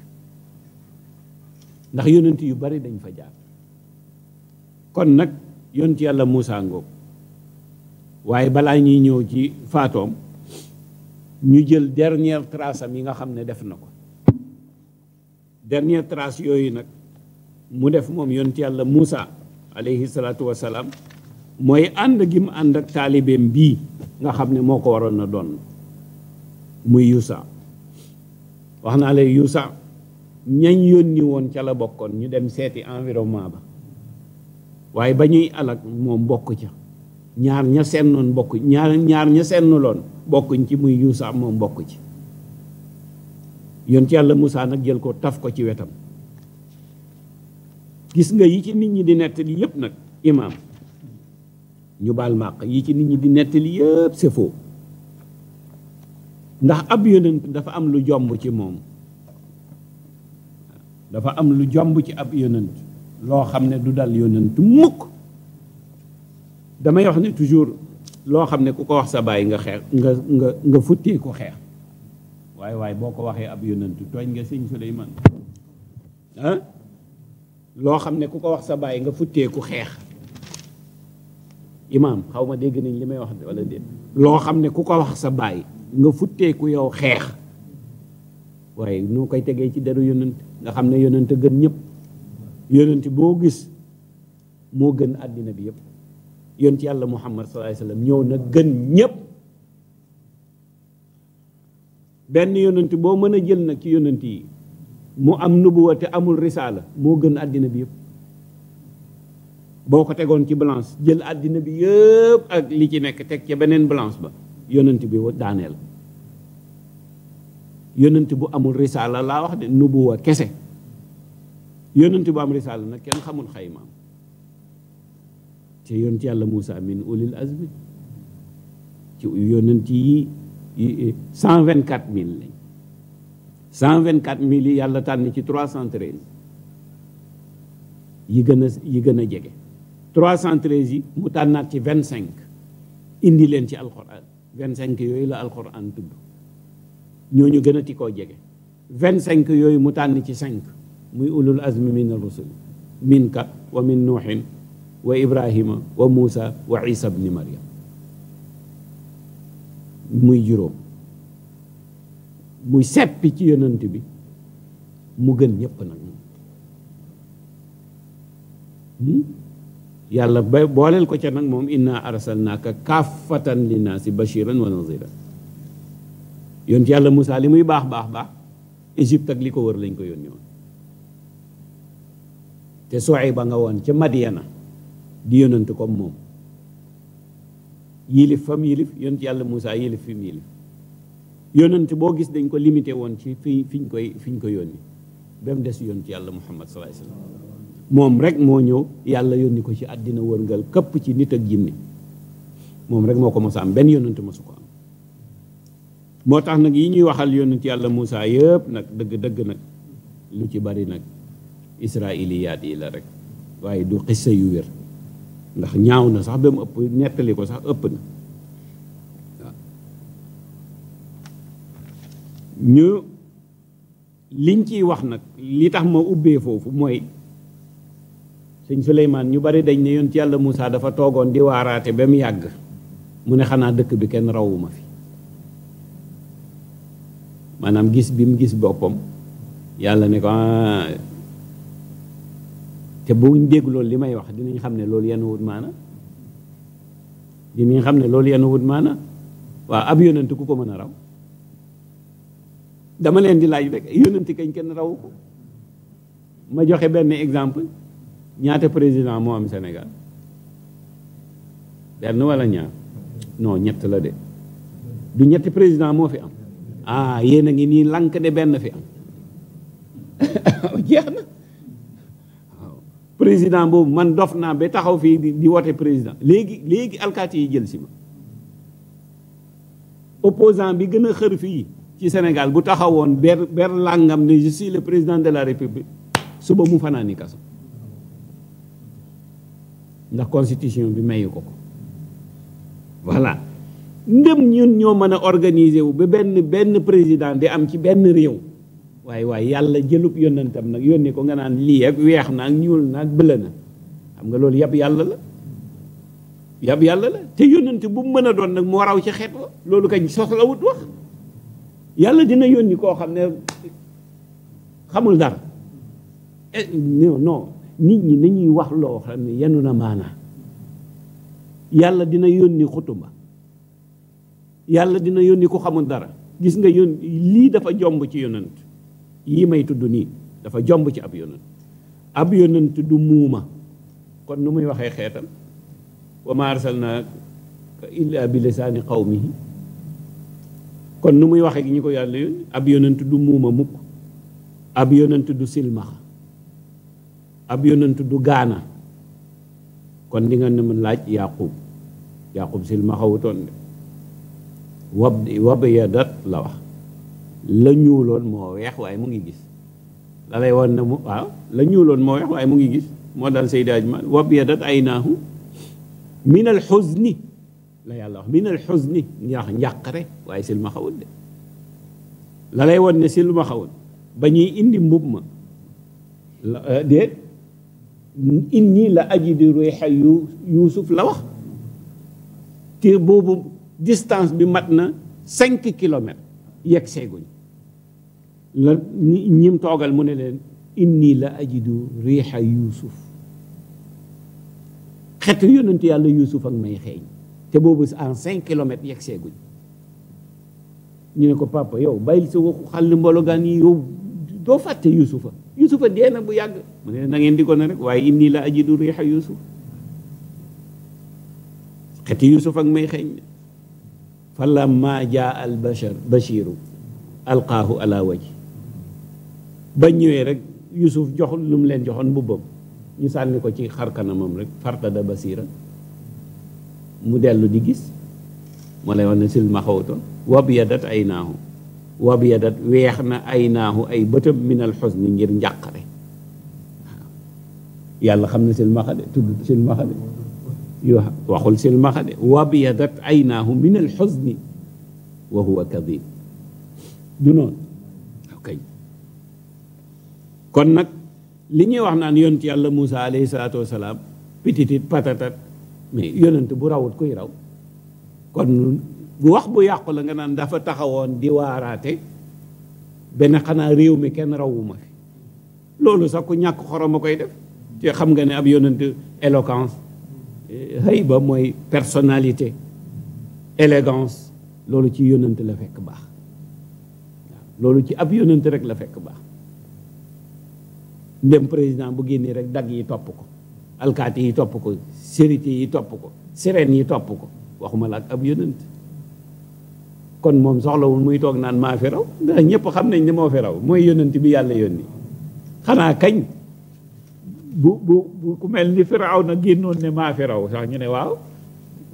[SPEAKER 1] ndax yonent yu bari dañ fa jaar kon nag yonent yàlla Muusaa ngoog waaye balaa ñuy ñëw ci faatoom ñu jël dernière trace yi nga xam ne def na ko dernier tras yooyu nag mu def moom yonent yàlla Muusaa alayhi salaatu wassalaam mooy ànd gi mu ànd ak taalibeem bii nga xam ne moo ko waroon na doon muy Yuusa wax naa la Yuusa ñañ yónni woon ca la bokkoon ñu dem seeti environnement ba waaye ba ñuy alag moom bokk ca ñaar ña sennoon bokk ñaar ñaar ña sennuloon bokkuñ ci muy Yuusa moom bokk ci yoon ci yàlla Moussa nag jël ko taf ko ci wetam gis nga yi ci nit ñi di nettali yépp nag imaam ñu baal màq yi ci nit ñi di nettali yëpp c'est ndax ab yonent dafa am lu jomb ci moom dafa am lu jomb ci ab yonent loo xam ne du dal yonent mukk damay wax ne toujours loo xam ne ku ko wax sa bàyyi nga xeex nga nga nga futtee xeex waaye waaye boo ko waxee ab yonent tooñ nga sëñ Suleymaan ah loo xam ne ku ko wax sa bàyyi nga futtee ku xeex imaam xaw ma dégg nañ li may wax wala de loo xam ne ku ko wax sa baay nga futteeku yow xeex waaye noo koy tegee ci deru yonent nga xam ne yonent gën ñëpp yonent boo gis moo gën àddina bi yëpp yonent yàlla muhammad sallallahu alayhi wasallam ñëw nag gën ñépp benn yonent boo mën a jël nag ci yonent yi mu am nubuwa te amul risaala moo gën àddina bi yëpp boo ko tegoon ci balance jël àddina bi yëpp ak li ci nekk teg ca beneen balance ba yonent bi daaneel yonent bu amul risaala laa wax de nubuwa kese yonent bu am risaala nag kenn xamul xaymaam te yonent yàlla Moussa min ulil azmi ci yonent yi cent vingt quatre mille lañ cent vingt quatre mille yàlla tànn ci trois cent treize yi gën yi gën a jege 313 yi mu tànnaat ci vingt 25 indi leen ci alxuraan 25 yooyu la alxuraan tudd ñooñu gën a ti koo jege 25 yooyu mu tànn ci 5 muy ulul azmi min rusul min ka wa min nuuxin wa ibrahima wa muusa wa isa bni mariam muy juróom mu seppi ci yonant bi mu gën ñépp nag moom yàlla ba booleel ko ca nag moom inna arsalnaaka kaafatan linnaasi bashiran wa naziran yoon ci yàlla Moussa li muy baax baax baax Égypte ak li ko wër lañ ko yónni woon te sooy ba nga woon ca Madiana di yonant comme moom yilif fam yilif yonent yàlla Moussa yilif fi mu yilif yonant boo gis dañ ko limité woon ci fi fiñ koy fiñ ko yónni ba mu des yonent yàlla Muhammad sallallahu alayhi moom rek moo ñëw yàlla yónni ko ci àddina wërngal këpp ci nit ak jinne moom rek moo ko mos a am benn yónnante mosu ko am moo tax nag yi ñuy waxal yónnante yàlla Moussa yëpp nag dëgg dëgg nag lu ci bari nag israiliyaat yi la rek waaye du xissa yu wér ndax ñaaw na sax ba ëpp nettali ko sax ëpp na ñu liñ ciy wax nag li tax ma ubbee foofu mooy sëñ Souleymane ñu bari dañ ne yoon ci yàlla Moussa dafa toogoon di waaraate ba mu yàgg mu ne xanaa dëkk bi kenn rawuma fi maanaam gis bi mu gis boppam yàlla ne ko ah. te buñ dégg loolu li may wax dinañ xam ne loolu yenn wut maana dinañ xam ne loolu yenn wut maana waaw ab yonent ku ko mën a raw dama leen di laaj rek yonent kañ kenn raw ma joxe benn exemple ñaate président moo am Sénégal benn wala ñaar non ñett la de du ñetti président moo fi am ah yéen a ngi nii lank de benn fi am *coughs* jeex na waaw président boobu man dof naa ba taxaw fii di di wote président léegi léegi alkaati yi jël si ma opposant bi gën a xër fii ci Sénégal bu taxawoon ber ber langam ne je suis le président de la république suba mu fanaani kaso ndax constitution bi mayu ko ko voilà ndem ñun ñoo mën a organiser wu ba benn benn président di am ci benn réew waaye waaye yàlla jëlub yónnantam nag yónni ko nga naan lii ak weex na ak ñuul na ak bëla na xam nga loolu yab yàlla la yab yàlla la te yónnante bu mu mën a doon nag moo raw ci xeet wa loolu kañ soxlawut wax yàlla dina yónni koo xam ne xamul dara eh, non nit ñi ñuy wax loo xam ne yenu na maanaa yàlla dina yónni xutuma yàlla dina yónni ku xamul dara gis nga yón lii dafa jomb ci yonent yii may tudd nii dafa jomb ci ab yonent ab yonent du muuma kon nu muy waxee xeetam wa ma arsalnaaka illa bi lisaani qawmihi kon nu muy waxee gi ñu ko yàlla ab yonent du mukk ab yonent du silmaxa ab yonent du gaana kon di nga ne laaj laaj yaqub yaqub sil ma xawutoon de wab wabyadat la wax la ñuuloon moo weex waaye mu ngi gis la lay wan ne mu waaw la ñuuloon moo weex waaye mu ngi gis moo daal Seydi Aj Maalik wabyadat aynaahu min al xuzni la yàlla wax min al xuzni ndax njàqare waaye sil ma xawut de la lay wan ne sil ma xawut ba ñuy indi mbub ma eh, inni la aji ajidu riixa yu yuusuf la wax te boobu distance bi mat na cinq kilomètres yegg seeguñ la ñim toogal mu ne leen inni la ajidu riixa yuusuf xetu yonent yàlla yuusuf ak may xeeñ te boobu en cinq kilomètres yegg seeguñ ñu ne ko papa yow bàyyil sa waxu xàll mbologaan yi yow doo fàtte yuusufa yusufa dee na bu yàgg mu ne da ngeen di ko ne rek waaye inni la ajidu riixa yusuf xeti yusuf ak may xeeñ fa lamma jaa al bashar bashiru alqaahu ala ñëwee rek yusuf jox lu mu leen joxoon mbubbam ñu sànni ko ci xar kanamam rek fartada basira mu dellu di gis moo lay wax ne silmaxawtoon wabiyadat aynaahu wabyadat weex na ay naahu ay bëtam minal xusni ngir njàqare yàlla xam na silmaxa de tudd silmaxa de yo waxul silmaxa de wabyadat ay naahu minal xusni wa huwa kadib du noonu nag li ñuy wax naan yonent yàlla Moussa alayhi salaatu wasalaam pititit patatat mais yonent bu rawut kuy raw kon bu wax bu yàqu la nga naan dafa taxawoon di waaraate benn xanaa réew mi kenn rawuma fi loolu sax ku ñàkk xorom a koy def te xam nga ne ab yonent éloquence eh, xëy ba mooy personnalité élégance loolu ci yonent la fekk baax loolu ci ab yonent rek la fekk baax ndem président bu génnee rek dagg yi topp ko alkaati yi topp ko sérité yi topp ko sirène yi topp ko waxuma la ak ab yonent kon moom soxlawul muy toog naan maa ndax ñëpp xam nañ ni moo fi mooy yónnent bi yàlla yónni xanaa kañ bu bu bu ku mel ni firaaw na génnoon ne maa fi raw sax ñu ne waaw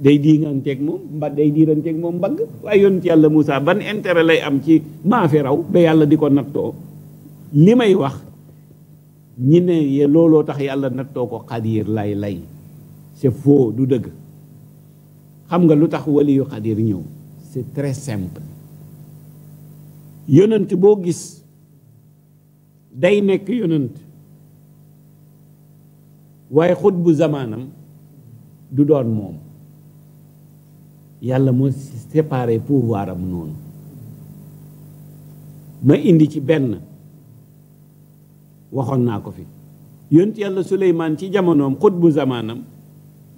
[SPEAKER 1] day diiranteeg moom mba day diiranteeg moom mbagg waaye yónnent yàlla Moussa ban intérêt lay am ci maa fi raw ba yàlla di ko nattoo li may wax ñi ne looloo tax yàlla nattoo ko xadir lay lay c'est faux du dëgg xam nga lu tax waliyu xadir ñëw c'est très simple yonent boo gis day nekk yonent waaye xut bu zamaanam du doon moom yàlla moo séparé pouvoir am noonu ma indi ci benn waxoon naa ko fi yonent yàlla Suleymaan ci jamonoom xut bu zamaanam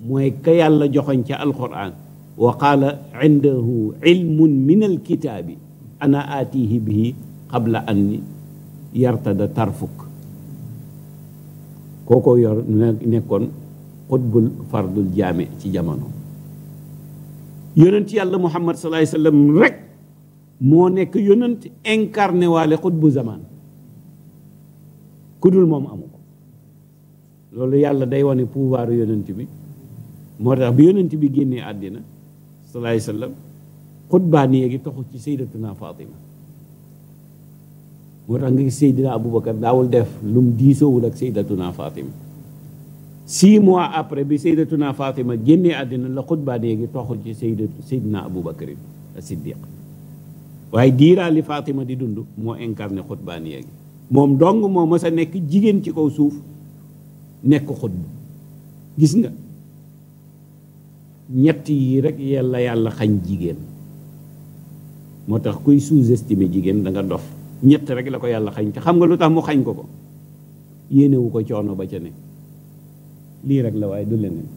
[SPEAKER 1] mooy ka yàlla joxoñ ca alxuraan wa qaala indahu ilmun min alkitaabi ana aatihi bihi qabla an yartada tarfuk kooko yor nekkoon xutbul fardul jaame ci jamono yonent yàlla muhammad sallallahu alayhi wasallam rek moo nekk yonent incarné waale xutbu zaman ku dul moom amu ko loolu yàlla day wane pouvoiru yonent bi moo tax bi yonent bi génnee àddina sallallahu alayhi wa sallam xutbaaniya gi toxu ci sayyidatuna Fatima moo tax nga gis Seydina Aboubacar daawul def lum diisoowul ak Seydatuna Fatima six mois après bi Seydatuna Fatima génnee àddina la xutbaaniya gi toxu ci Seydatu Seydina Aboubacar as-Siddiq waaye diiraa li di dund moo incarné xutbaaniya gi moom dong moo mës a nekk jigéen ci kaw suuf nekk xutba gis nga ñett yi rek yàlla yàlla xañ jigéen moo tax kuy sous-estimer jigéen danga dof ñett rek la ko yàlla xañ te xam nga lu tax mu xañ ko ko yéenewu ko coono ba ca ne lii rek la waaye du leneen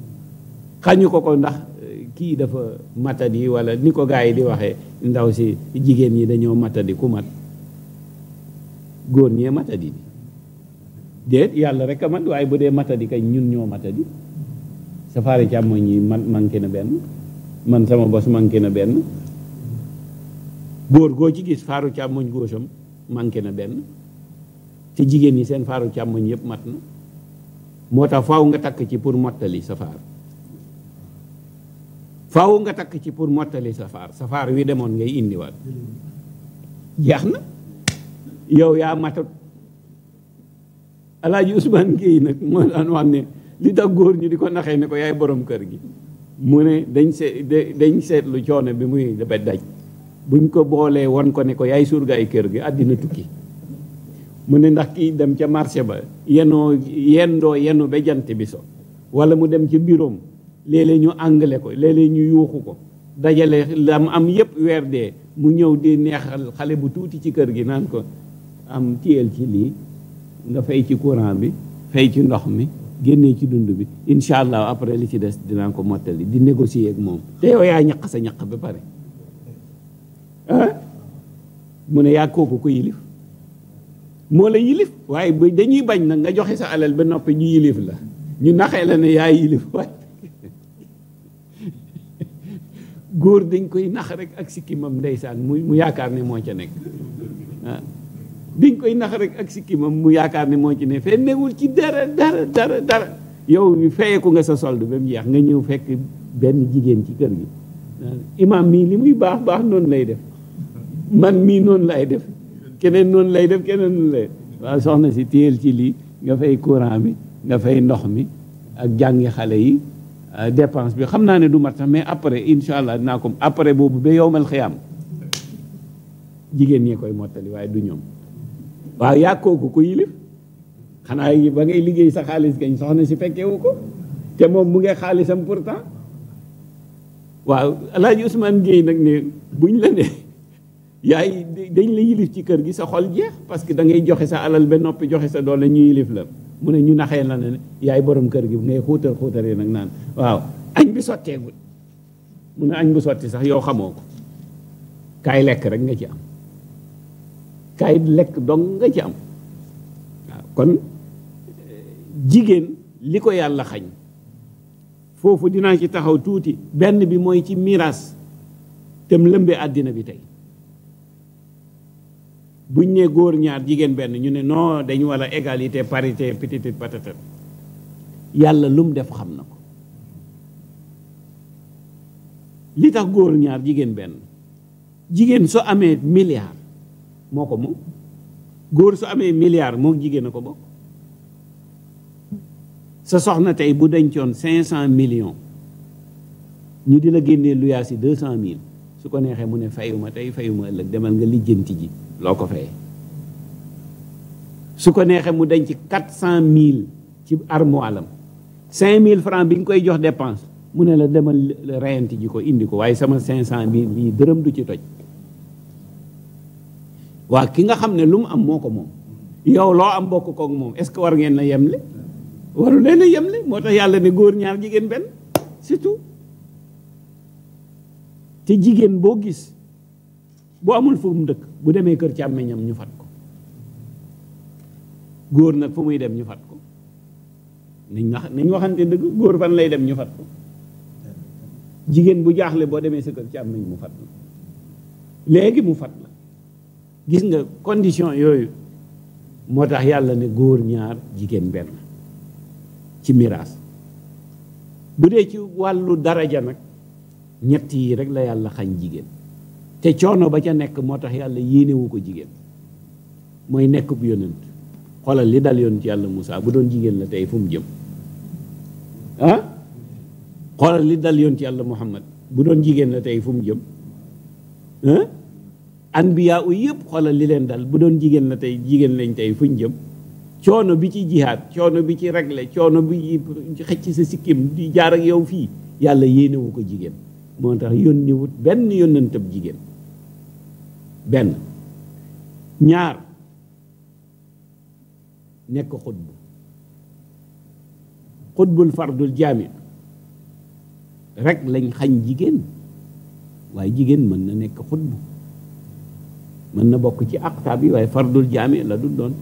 [SPEAKER 1] xañu ko ko ndax eh, kii dafa matadi wala ni ko gars yi di waxee ndaw si jigéen ñi dañoo matadi ku mat góor ñee matadi déet yàlla rek a man waaye bu dee matadi kañ ñun ñoo matadi safaari càmmoñ yi man manqué na benn man sama bos manqué na benn góor goo ci gis faaru càmmoñ góosam manqué na benn te jigéen ñi seen faaru càmmoñ yëpp mat na moo tax faw nga takk ci pour mottali safaar faaw nga takk ci pour mottali safaar wi demoon ngay indiwaat jeex na yow yaa matat alaaji Ousmane Gueye nag moo daan wax ne li tax góor ñi di ko naxee ne ko yaay boroom kër gi mu ne dañ seet dañ seetlu coono bi muy dafa daj buñ ko boolee wan ko ne ko yaay surgaay kër gi àddina tukki mu ne ndax kii dem ca marché ba yenoo yendoo yenu ba jant bi so wala mu dem ci biroom léeg ñu àngale ko léeg ñu yuuxu ko dajale lam am yépp weer dee mu ñëw di neexal xale bu tuuti ci kër gi naan ko am tiyel ci lii nga fay ci courant bi fay ci ndox mi génnee ci dund bi incha allah après li ci des dinaa ko mottali di négocier ak moom te yow yaa ñaq sa ñaq ba pare mu ne yaa kooku ko yilif moo la yilif waaye bu dañuy bañ nag nga joxe sa alal ba noppi ñu yilif la ñu naxee la ne yaa yilif waaye *laughs* góor dañ koy nax rek ak sikkimam ndeysaan mu mu yaakaar ne moo ca nekk ah. dañ koy nax rek ak sikkimam mu yaakaar ne moo ci ne fee newul ci dara dara dara dara yow feyeku nga sa solde ba mu jeex nga ñëw fekk benn jigéen ci kër gi imaam mii li muy baax baax noonu lay def man mii noonu lay def keneen noonu lay def keneen noonu lay def waaw soxna si téyel ci lii nga fay courant bi nga fay ndox mi ak jàngi xale yi euh, dépense bi xam naa ne du mat mais après incha allah dinaa ko après boobu ba yow mal xiyaam jigéen ñee koy mottali du ñoom waaw yaa kooku ko yilif xanaa yi ba ngay liggéey sa xaalis gañ soxna si fekkewu ko te moom mu ngi xaalisam pourtant waaw alaaji Ousmane Gueye nag ne buñ la ne *laughs* yaay dañ la yilif ci kër gi sa xol jeex parce que da ngay joxe sa alal ba noppi joxe sa doole ñu yilif la mu ne ñu naxee la ne yaay borom kër gi ngay xuutar xuutaree nag naan waaw añ bi sotteegul mu ne añ bu sotti sax yow xamoo ko kaay lekk rek nga ci am kaay lekk dong nga ci am waaw kon jigéen li ko yàlla xañ foofu dinaa ci taxaw tuuti benn bi mooy ci miraas te mu lëmbee àddina bi tey buñ ne góor ñaar jigéen benn ñu ne non dañ wala égalité parité petite patata yàlla lum def xam na ko li tax góor ñaar jigéen benn jigéen soo amee milliard moo ko moom góor su amee milliard moo jigéen a ko bokk sa soxna tey bu dencoon cinq cent millions ñu di la génnee lu yaa si deux cent mille su ko neexee mu ne fayuma tey fayuma ëllëg demal nga lijjanti ji loo ko fayee su ko neexee mu denc quatre cent mille ci armoilam cinq mille francs bi nga koy jox depanse mu ne la demal reyanti ji ko indi ko waaye sama cinq cent mille lii dërëm du ci toj waa ki nga xam ne lu mu am moo ko moom yow loo am bokk koog moom est-ce que war ngeen na yemle waru leen a yemle moo tax yàlla ne góor ñaar jigéen benn surtout te jigéen boo gis bu amul fu mu dëkk bu demee kër càmmeñam ñu fat ko góor nag fu muy dem ñu fat ko nañ wax nañ waxante dëgg góor fan lay dem ñu fat ko jigéen bu jaaxle boo demee sa kër càmmeñ mu fat la léegi mu fat la gis nga condition yooyu moo tax yàlla ne góor ñaar jigéen benn ci miraas bu dee ci wàllu daraja nag ñett yi rek la yàlla xañ jigéen te coono ba ca nekk moo tax yàlla yéenewu ko jigéen mooy nekk bu yonent li dal yonent yàlla Moussa bu doon jigéen la tey fu mu jëm ah xoolal li dal yonent yàlla Muhammad bu doon jigéen la tey fu mu jëm ah? anbiya u yëpp xoolal li leen dal bu doon jigéen la tey jigéen lañ tey fuñ jëm coono bi ci jihaad coono bi ci réglé coono bi xëcc sa sikkim di jaar ak yow fii yàlla yéenewu ko jigéen moo tax yónni wut benn yónnantab jigéen benn ñaar nekk xutbu xutbul fardul jaami rekk lañ xañ jigéen waaye jigéen mën na nekk xutbu mën na bokk ci aqtaab yi waaye fardul jaami la du doon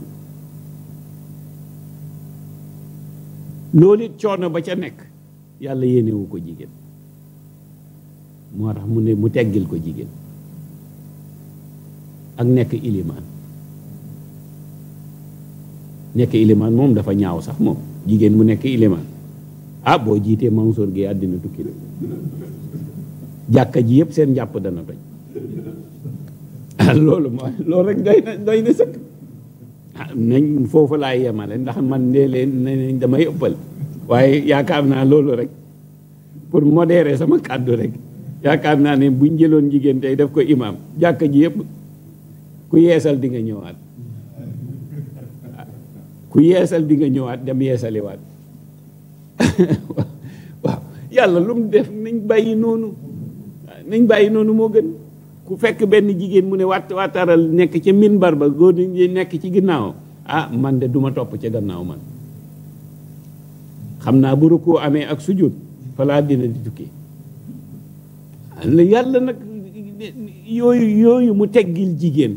[SPEAKER 1] loolu coono ba ca nekk yàlla yéenewu ko jigéen moo tax mu ne mu teggil ko jigéen ak nekk ilimaan nekk ilimaan moom dafa ñaaw sax moom jigéen mu nekk ilimaan ah boo jiitee Mansour gi àddina tukki la jàkka ji yëpp seen njàpp dana toj *laughs* loolu mooy loolu rek doy na sëkk ah, nañ foofu laay yemale ndax man dee leen nañ damay ëppal waaye yaakaar naa loolu rek pour modérer sama kàddu rek yaakaar naa ne buñ jëloon jigéen tey def ko imaam jàkka ji yépp ku yeesal di nga ñëwaat ku yeesal di nga ñëwaat dem yeesaliwaat *laughs* waaw yàlla lu mu def nañ bàyyi noonu nañ bàyyi noonu moo gën ku fekk benn jigéen mu ne wat wataral nekk ca minbar ba góor ñi nekk ci ginnaaw ah man de duma topp ca gannaaw man xam naa bu rukkoo amee ak sujud falaa dina di tukki yàlla nag yooyu yooyu mu teggil jigéen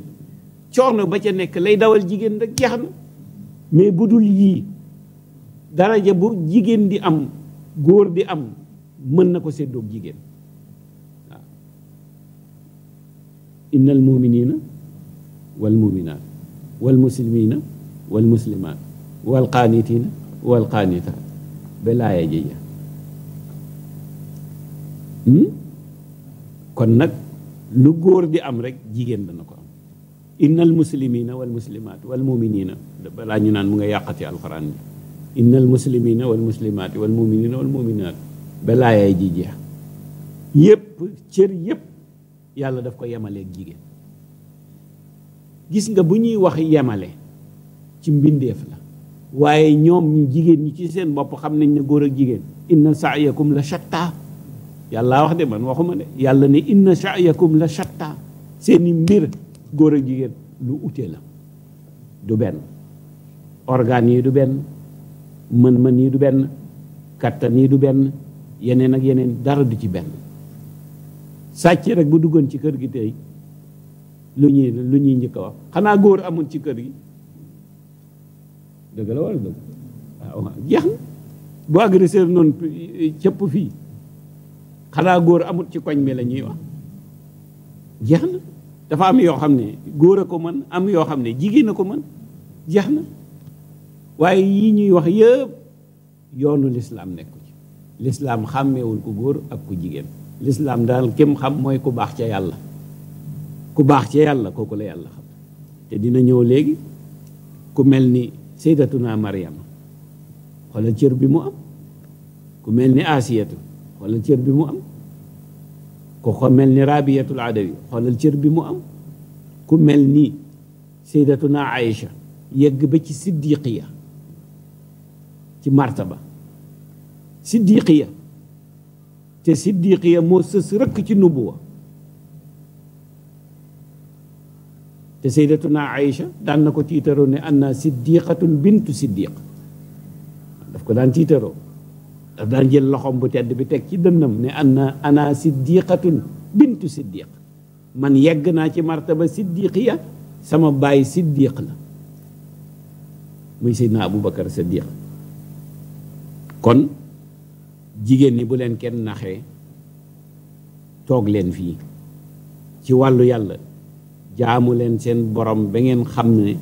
[SPEAKER 1] coono ba ca nekk lay dawal jigéen rek jeex mais bu dul yii daraja bu jigéen di am góor di am mën na ko séddoog jigéen inna al muminina wal muminaat wal muslimina wal muslimaat wal wa wal qaanitaat ba laaya ji hmm? kon nag lu góor di am rek jigéen dana ko am inna al muslimina wal muslimaat wal muminina balaa ñu naan mu nga yàqati alxuraan bi inna al muslimina wal muslimaat wal muminina ji jeex yépp cër yépp yàlla daf ko yemaleek jigéen gis nga bu ñuy wax yemale ci mbindeef la waaye ñoom ñu jigéen ñi ci seen bopp xam nañ ne góor ak jigéen na sa'yakum la shatta yàlla wax de man waxuma de yàlla ne inna sa'yakum la shatta seeni mbir góor ak jigéen lu ute la du benn organes yi du benn mën-mën yi du benn kattan yi du benn yeneen ak yeneen dara du ci benn sàcc rek bu duggoon ci kër gi tey lu ñuy lu ñuy njëkk a wax xanaa góor amul ci kër gi dëgg la wala dëgg ah, waaw jeex na bu agresseur noonu cëpp fii xanaa góor amul ci koñ bi la ñuy wax jeex na dafa am yoo xam ne góor a ko mën am yoo xam ne jigéen a ko mën jeex na waaye yi ñuy wax yépp yoonu lislaam nekku ci lislaam xàmmeewul ku góor ak ku jigéen lislaam daal kim xam mooy ku baax ca yàlla ku baax ca yàlla kooku la yàlla xam te dina ñëw léegi ku mel ni saydatuna Maryam xoolal cër bi mu am ku mel ni asiyatu xoolal cër bi mu am ku ko mel ni rabiyatul adawi xoolal cër bi mu am ku mel ni saydatuna Aïcha yegg ba ci siddiqiya ci martaba siddiqiya te siddiqiya moo sës rëkk ci nubuwa te saydatuna Aïcha daan na ko tiitaroo ne anna siddiqatun bintu siddiq daf ko daan tiitaroo daf daan jël loxom bu tedd bi teg ci dënnam ne anna ana siddiqatun bintu siddiq man yegg naa ci martaba siddiqiya sama baay siddiq la muy seydna Abubakar siddiq kon jigéen ñi bu leen kenn naxee toog leen fii ci wàllu yàlla jaamu leen seen borom ba ngeen xam ne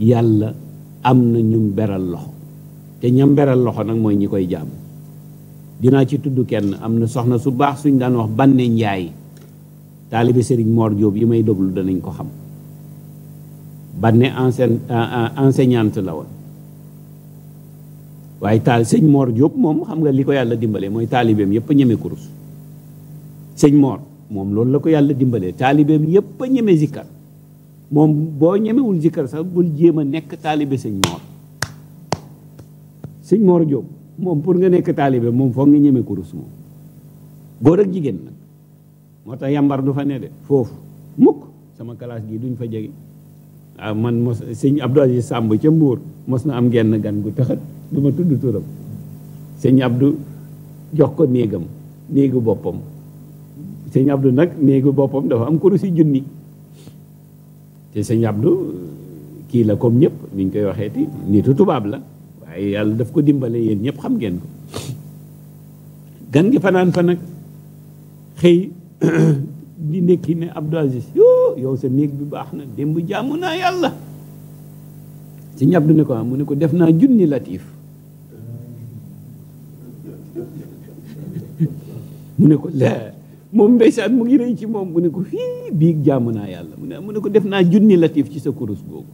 [SPEAKER 1] yàlla am na ñu beral loxo te ñam beral loxo nag mooy ñi koy jaamu dinaa ci tudd kenn am na soxna su baax suñ daan wax banne njaay taalibe Serigne moor Diop yi may déglu danañ ko xam banne euh, euh, enseignante la woon waaye taal sëñ moor Diop moom xam nga li ko yàlla dimbalee mooy taalibeem yëpp a ñeme kurus sëñ Mor moom loolu la ko yàlla dimbalee taalibeem yëpp a ñeme zikkar moom boo ñemewul zikkar sax bul jéem a nekk taalibe sëñ Mor sëñ Mor Diop moom pour nga nekk taalibe moom foog nga ñeme kurus moom boo ak jigéen nag moo tax yàmbar du fa ne de foofu mukk sama kalaas gi duñ fa jege ah man mos sëñ Abdou Aziz sàmb ca Mbour mos na am genn gan gu taxat du ma tudd turam sëñ Abdou jox ko néegam néegu boppam sëñ Abdou nag néegu boppam dafa am kuréel si junni te sëñ Abdou kii la comme ñépp niñ koy waxee ti nitu tubaab la waaye yàlla daf ko dimbale yéen ñëpp xam ngeen ko gan gi fanaan fa nag xëy *clears throat* di nekki ne Abdou Aziz yoo yow sa néeg bi baax na démb jaamu naa yàlla si ñabdu ne ko am mu ne ko def naa junni latif
[SPEAKER 2] *laughs*
[SPEAKER 1] mu ne ko laa moom mbeysaan mu ngi rëy ci moom mu ne ko fii biig jaamu naa yàlla mu ne mu ne ko def naa junni latif ci sa kurus googu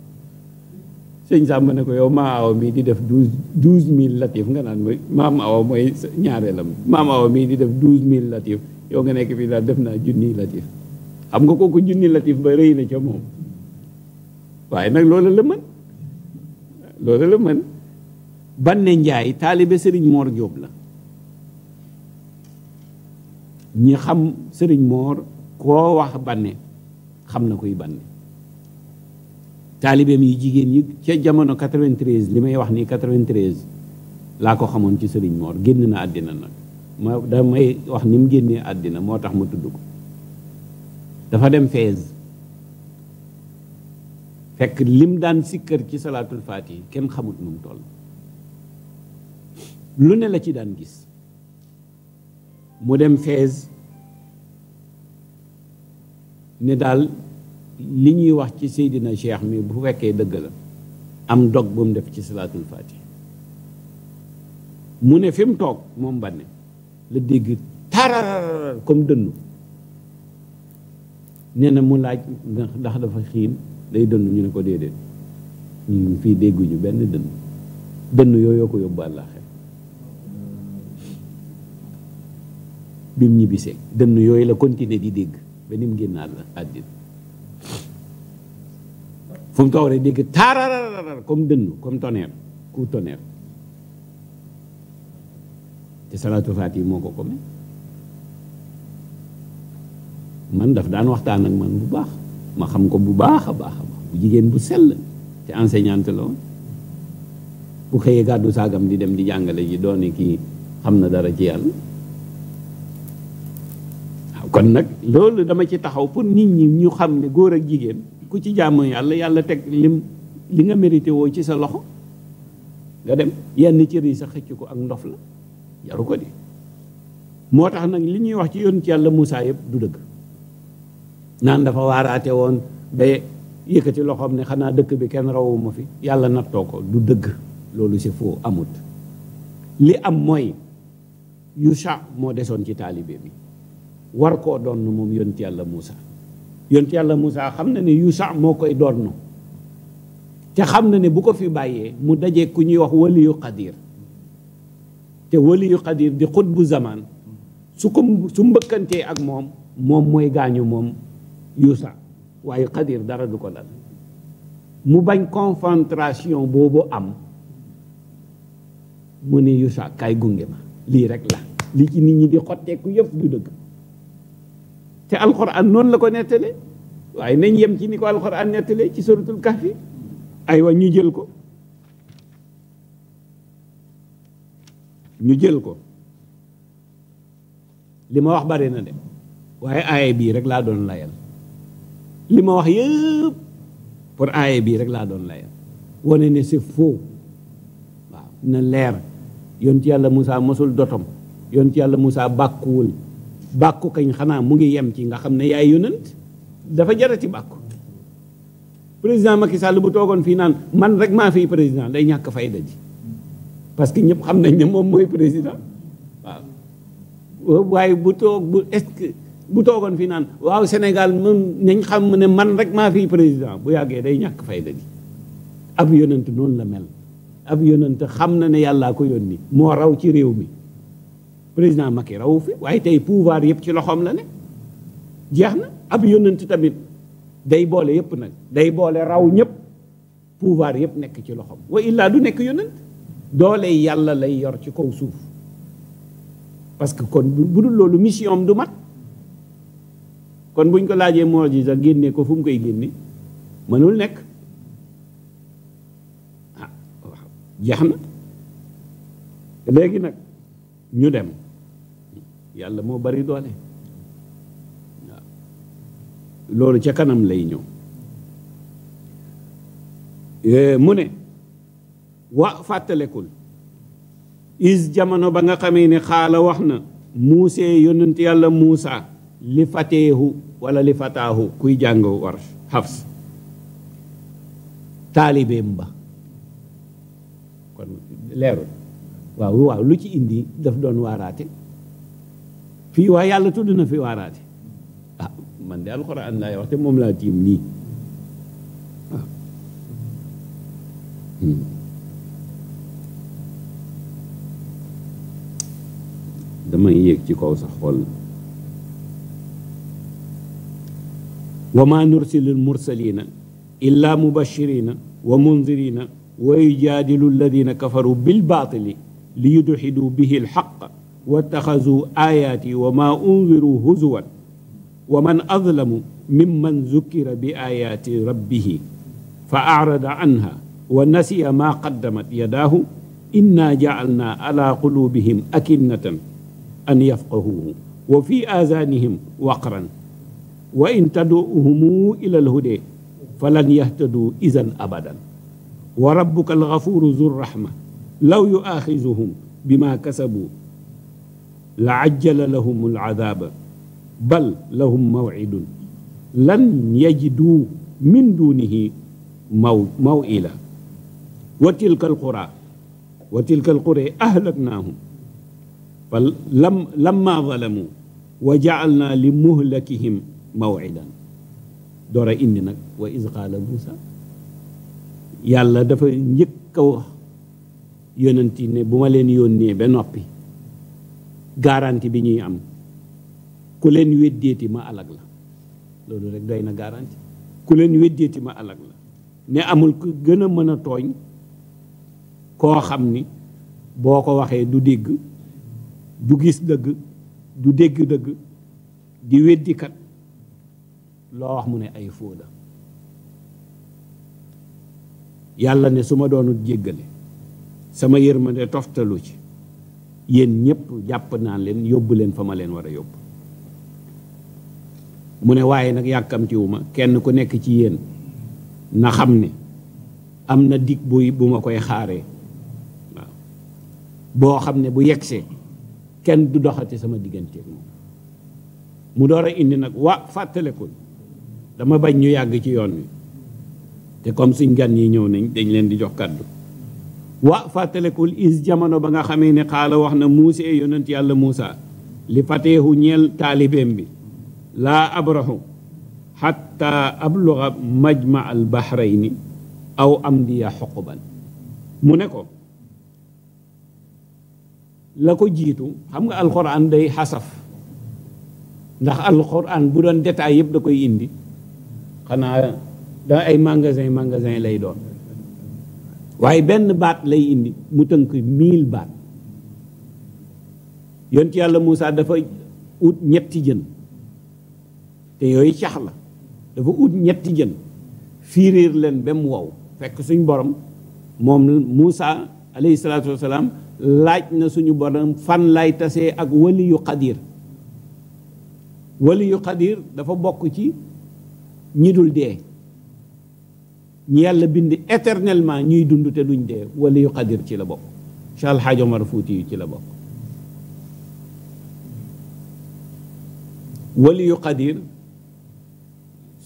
[SPEAKER 1] sëñ ma ne ko yow maa awa mii di def douze douze mille latif nga naan mooy maam awa mooy ñaareelam maam awa mii di def douze mille latif yow nga nekk fii daal def naa junni latif xam nga kooku junni latif ba rëy na ca moom waaye nag loolu la mën loolu la mën Banne Njaay taalibe Serigne Mor Diop la ñi xam sëriñ Mor koo wax Banne xam na kuy Banne taalibeem yi jigéen ñi ca jamono 93 li may wax nii 93 laa ko xamoon ci sëriñ moor génn na àddina nag ma damay wax ni mu génnee àddina moo tax ma tudd ko dafa dem Fès fekk lim daan sikkër ci salaatul faatihi kenn xamut nu mu toll lu ne la ci daan gis mu dem fees ne daal li ñuy wax ci Seydina Cheikh mi bu fekkee dëgg la am dog bu mu def ci salaatul faatihi mu ne fi mu toog moom bànne la dégg tararar comme dënnu nee na mu laaj ndax dafa xiin day dënn ñu ne ko déedéet ñu fii dégguñu benn dënn dënn yooyu ko yóbbu àllaaxe bi mu ñibbisee dënn yooyu la continé di dégg ba ni mu génn àddina fu mu toog dégg taarararar comme dënn comme tonnerre ku tonnerre te salaatu faat yi moo ko ko man daf daan waxtaan ak man bu baax ma xam ko bu baax a baax bu jigéen bu sell te enseignante la woon bu xëyee gàddu saagam di dem di jàngale ji doone kii xam na dara ci yàlla kon nag loolu dama ci taxaw pour nit ñi ñu xam ne góor ak jigéen ku ci jàmm yàlla yàlla teg lim li nga mérité woo ci sa loxo nga dem yenn cër yi sa xëcc ko ak ndox la jaru ko di moo tax nag li ñuy wax ci yoon ci yàlla Moussa yëpp du dëgg naan dafa waaraate woon ba yëkkati loxoom ne xanaa dëkk bi kenn rawuma fi yàlla nattoo ko du dëgg loolu c'est foo amut li am mooy Yusa moo desoon ci taalibe bi war koo doon moom yont yàlla Moussa yont yàlla Moussa xam na ne Yusa moo koy doon te xam na ne bu ko fi bàyyee mu dajee ku ñuy wax waliyu xadir te waliyu xadiir di xut bu zaman su ko su mbëkkantee ak moom moom mooy gaañu moom yusa waaye xadir dara du ko dal mu bañ confrontation boobu am mu ne yusa kaay gunge ma lii rek la li ci nit ñi di xotteeku yëpp du dëgg te alxuraan noon la ko nettalee waaye nañ yem ci ni ko alxuraan nettalee ci suratul kahfi aywa ñu jël ko ñu jël ko li ma wax bare na de waaye aaya bii rek laa doon layal li ma wax yëpp pour aaye bii rek laa doon layal wane ne c'est faux waaw na leer yoon yonent yàlla Moussa mosul dotom ci yàlla musaa bàkkuwul bàkku kañ xanaa mu ngi yem ci nga xam ne yaay yonent dafa jarati bàkku président Macky Sall bu toogoon fii naan man rek maa fii président day ñàkk fayda ji parce que ñëpp xam nañ ne moom mooy président waaw waaye bu toog bu est bu toogoon fii naan waaw Sénégal moom nañ xam ne man rek maa fii président bu yàggee day ñàkk fayda gi ab yonent noonu la mel ab yonent xam na ne yàlla ko yónni moo raw ci réew mi président Macky raw fi waaye tey pouvoir yëpp ci loxoom la ne jeex na ab yonent tamit day boole yëpp nag day boole raw ñëpp pouvoir yëpp nekk ci loxom wa illaa du nekk yonent doole yàlla lay yor ci kaw suuf parce que kon bu dul loolu mission du mat kon buñ ko laajee mujiza génne ko fu mu koy génne mënul nekk ah jeex na léegi nag ñu dem yàlla moo bari doole loolu ca kanam lay ñëw mu ne wa fàttalekul is jamono ba nga xamee ne xaala wax na muusee yonent yàlla muusa li fateehu wala li fataahu kuy jàng war xafs taalibeem ba kon leerul waaw waaw lu ci indi daf doon waaraate fii waa yàlla tudd na fi waaraate ah man de alxuraan laay wax moom laa tiim nii
[SPEAKER 2] waaw ah. hmm.
[SPEAKER 1] damay yéeg ci kaw sax xool wa ma nursilul mursalina illa mubashirina wa mundirina wa yujaadilu alladina kafaru bilbaatili li yudxidu bihi alxaq wattaxazu ayaati wa ma undiru huzuwan wa man adlamu mimman zukkira bi ayaati rabbihi fa arada anha wa nasiya ma qaddamat yadaahu inna jacalna ala qulubihim akinnatan an yafqahuhu wa fi aazaanihim waqran wa in taduhumu ila alhude falan yahtadu izan abadan wa rabbuka alghafuru zu rahma law yuaxizuhum bima kasabu la ajjala lahum alcadaaba bal lahum mawcidun lan yajidu min dunihi maw mawila wa tilka alqura wa tilka alqura ahlaknaahum fa lam lamma zalamu wa jacalna li muhlakihim mawidan door a indi nag wa iz qaala Muusa yàlla dafa njëkk a wax ne bu ma leen yónnee ba noppi garanti bi ñuy am ku leen weddeeti ma alag la loolu rek doy na garanti ku leen weddeeti ma alag la ne amul ku gën a mën a tooñ koo xam ni boo ko waxee du dégg du gis dëgg du dégg dëgg di weddikat loo wax mu ne ay foo la yàlla ne su ma doonut jéggale sama yërmande toftalu ci yéen ñépp jàpp naa leen yóbbu leen fa ma leen war a yóbbu mu ne waaye nag yàkkamtiwu ma kenn ku nekk ci yéen na xam ne am na dig bu ma koy xaaree waaw boo xam ne bu yegsee kenn du doxati sama digganteeg moom mu door a indi nag wa fàttalekul dama bañ ñu yàgg ci yoon wi te comme suñ gan yi ñëw nañ dañ leen di jox kàddu wa fàttalekul is jamono ba nga xamee ne xaala wax na muuse yonent yàlla muusa li fateehu ñeel taalibeem bi laa abrahu xatta abluga majma al bahrayni aw amdiya xoquban mu ne ko la ko jiitu xam nga alxuraan day xasaf ndax alxuraan bu doon détail yëpp da koy indi xanaa da ay magasin magasin lay doon waaye benn baat lay indi mu tënk mille baat ci yàlla musaa dafa ut ñetti jën te yooyu cax la dafa ut ñetti jën fiiriir leen ba mu wow fekk suñ borom moom musaa alayhi salaatu laaj na suñu borom fan lay tase ak wali yu xadir wali dafa bokk ci ñi dul dee ñi yàlla bind éternellement ñuy dund te duñ dee wala yu ci la bokk Cheikh Al Hadj Fouti ci la bokk wali yu xadir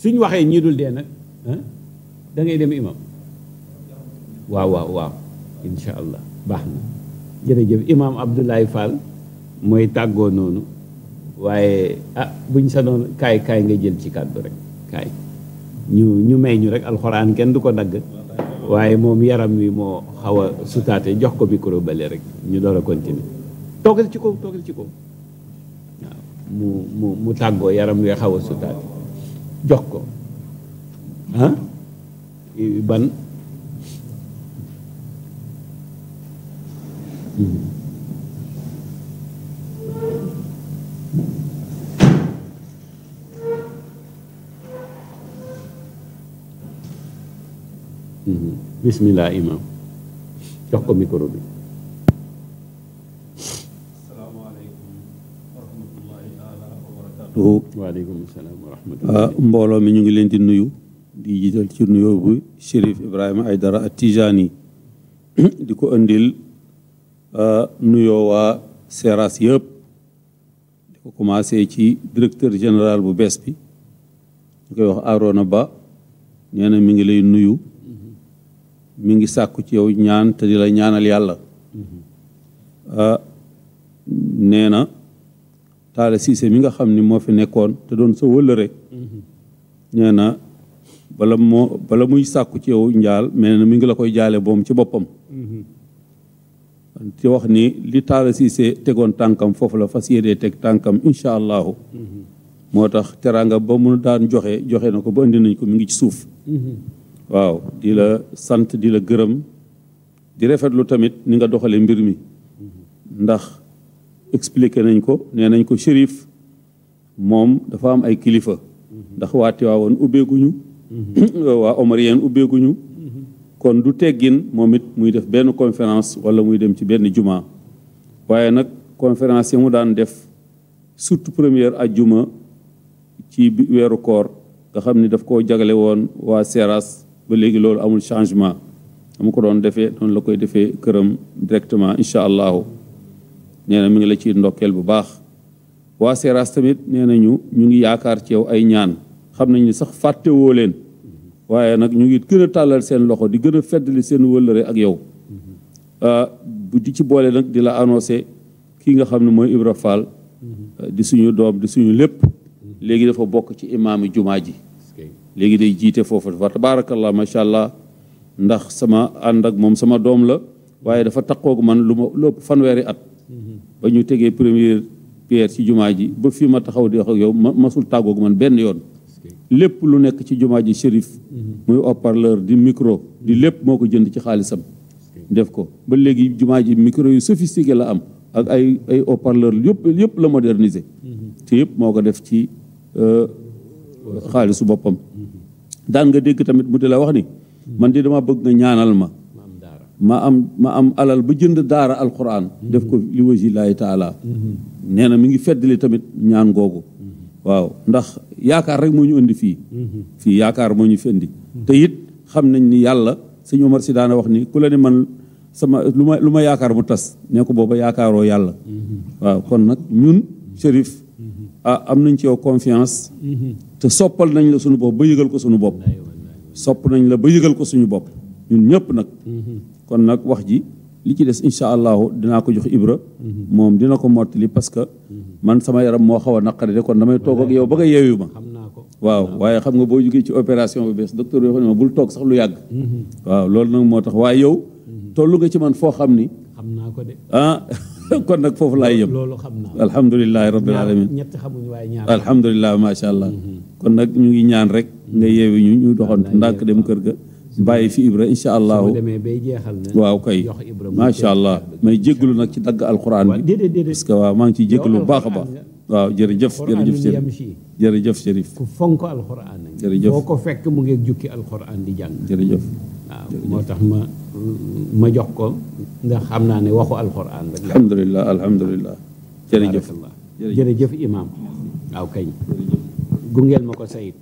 [SPEAKER 1] suñ waxee ñi dul dee nag dangay dem imam waaw waaw waaw insha allah baax na jërëjëf imam Abdoulaye Fall mooy tàggoo noonu waaye ah buñ sa doon kaay kaay nga jël ci kàddu rek jàngukaay ñu ñu may ñu rek alxuraan kenn du ko dagg waaye moom yaram wi moo xaw a sutaate jox ko micro bale rek ñu door a continuer toogal ci kaw mu mu tàggoo yaram wi xaw a sutaate jox ko ah ban. Hmm. bismillah imam
[SPEAKER 3] jox ko micro bi ah, mbooloo mi ñu ngi leen di nuyu di ci nuyoo bu Chérif Ibrahima Aydara at Tijaani di ko indil ah, nuyoo waa Seras yëpp di ko commencé ci directeur général bu bees bi ñu koy wax Arona Ba nee mi ngi lay nuyu mi ngi sàkku ci yow ñaan te di la ñaanal yàlla mm-hmm. ah, nee na taala siise mi nga xam ni moo fi nekkoon te doon sa wëllëre mm-hmm. nee na bala muy sàkku ci yow njaal mais na mi ngi la koy jaale boom ci boppam ci mm-hmm. wax ni li taala siise tegoon tànkam foofu la fas yéenee teg tànkam incha allahu moo tax teraanga ba mu daan joxe joxe na ko ba indi nañ ko mi ngi ci suuf waaw di la sant di la gërëm di rafetlu tamit ni nga doxale mbir mi ndax explique nañ ko nee nañ ko shérif moom dafa am ay kilifa ndax waa Tiwaawoon ubbeeguñu mm-hmm. *coughs* waa Omarien ubbeeguñu mm-hmm. kon du teggin moom it muy def benn conférence wala muy dem ci benn jumaa waaye nag conférence yi mu daan def surtout première ajjuma ci weeru koor nga xam ni daf koo jagale woon waa Seras ba léegi loolu amul changement amu ko doon defee noonu la koy defee këram directement incha allahu nee mu ngi la ci ndokkeel bu baax waa Seras tamit nee nañu ñu ngi yaakaar ci yow ay ñaan xam nañu sax fàttewoo leen waaye nag ñu ngi gën tàllal seen loxo di gën a feddali seen wëllëre ak yow mm-hmm. ah, bu di ci boole nag di la annoncé kii nga xam ne mooy Ibra Fall mm-hmm. ah, di suñu doom di suñu lépp mm-hmm. léegi dafa bokk ci imaamu jumaa ji léegi day jiite foofu fa tabaarakallah macha allah ndax sama ànd ak moom sama doom la waaye dafa taqoog man lu ma lu ëpp fanweeri at ba ñu tegee première pierre ci jumaa ji ba fii ma taxaw di wax ak yow ma masul tàggoog man benn yoon lépp lu nekk ci jumaa ji shérif muy haut di micro di lépp moo ko jënd ci xaalisam def ko ba léegi jumaa ji micro yu sophistiqué la am ak ay ay haut-parleur yëpp la modernisé te yëpp moo ko def ci euh, xaalisu boppam daan nga dégg tamit mu di a wax ni man di dama bëgg nga ñaanal ma ma am ma am alal ba jënd daara alquran def ko li wajilaahi taala nee na mi ngi feddali tamit ñaan googu waaw ndax yaakaar rek moo ñu indi fii fii yaakaar moo ñu fi indi te xam nañ ni yàlla sëñ Omar si daana wax ni ku la ni man sama lu ma lu ma yaakaar mu tas nee ko booba yaakaaroo yàlla mm-hmm. waaw kon nag ñun Chérif ah am nañ ci confiance te soppal nañ la suñu bopp ba yëgal ko suñu bopp sopp nañ la ba yëgal ko suñu bopp ñun ñëpp nag kon nag wax ji li ci des incha allahu dinaa ko jox ibra moom dina ko mottali parce que man sama yaram moo xaw a naqari de kon damay toog ak yow ba nga yeewu ma waaw waaye xam nga boo jógee ci opération bu bees docteur bi ne bul toog sax lu yàgg mm-hmm. waaw loolu nag moo tax waaye yow mm-hmm. tollu nga ci man foo xam ni xam naa ko ah *laughs* *laughs* kon nag foofu laay yëm
[SPEAKER 1] loolu xam naa alhamdulilahi rabbil alamin ñett xamuñu waaye ñaar
[SPEAKER 3] alhamdulilah macha allah mhm. kon nag ñu ngi ñaan rek nga yeewi ñu ñu doxantu ndànk dem kër ga bàyyi fi ibra incha allahu waaw kay
[SPEAKER 1] macha allah
[SPEAKER 3] may jégalu nag ci dagg alquran bi parce que waaw maa ngi ciy jégalu baax a baax waaw jërëjëf jërëjëf Chérif jërëjëf Chérif ku
[SPEAKER 1] fonk alquran jërëjëf boo ko fekk mu ngi jukki alquran di jàng jërëjëf waaw moo tax ma ma jox ko ndax xam naa ne waxu
[SPEAKER 3] alxuraan rek. alhamdulilah alhamdulilah. jërëjëf
[SPEAKER 1] ma ko sayit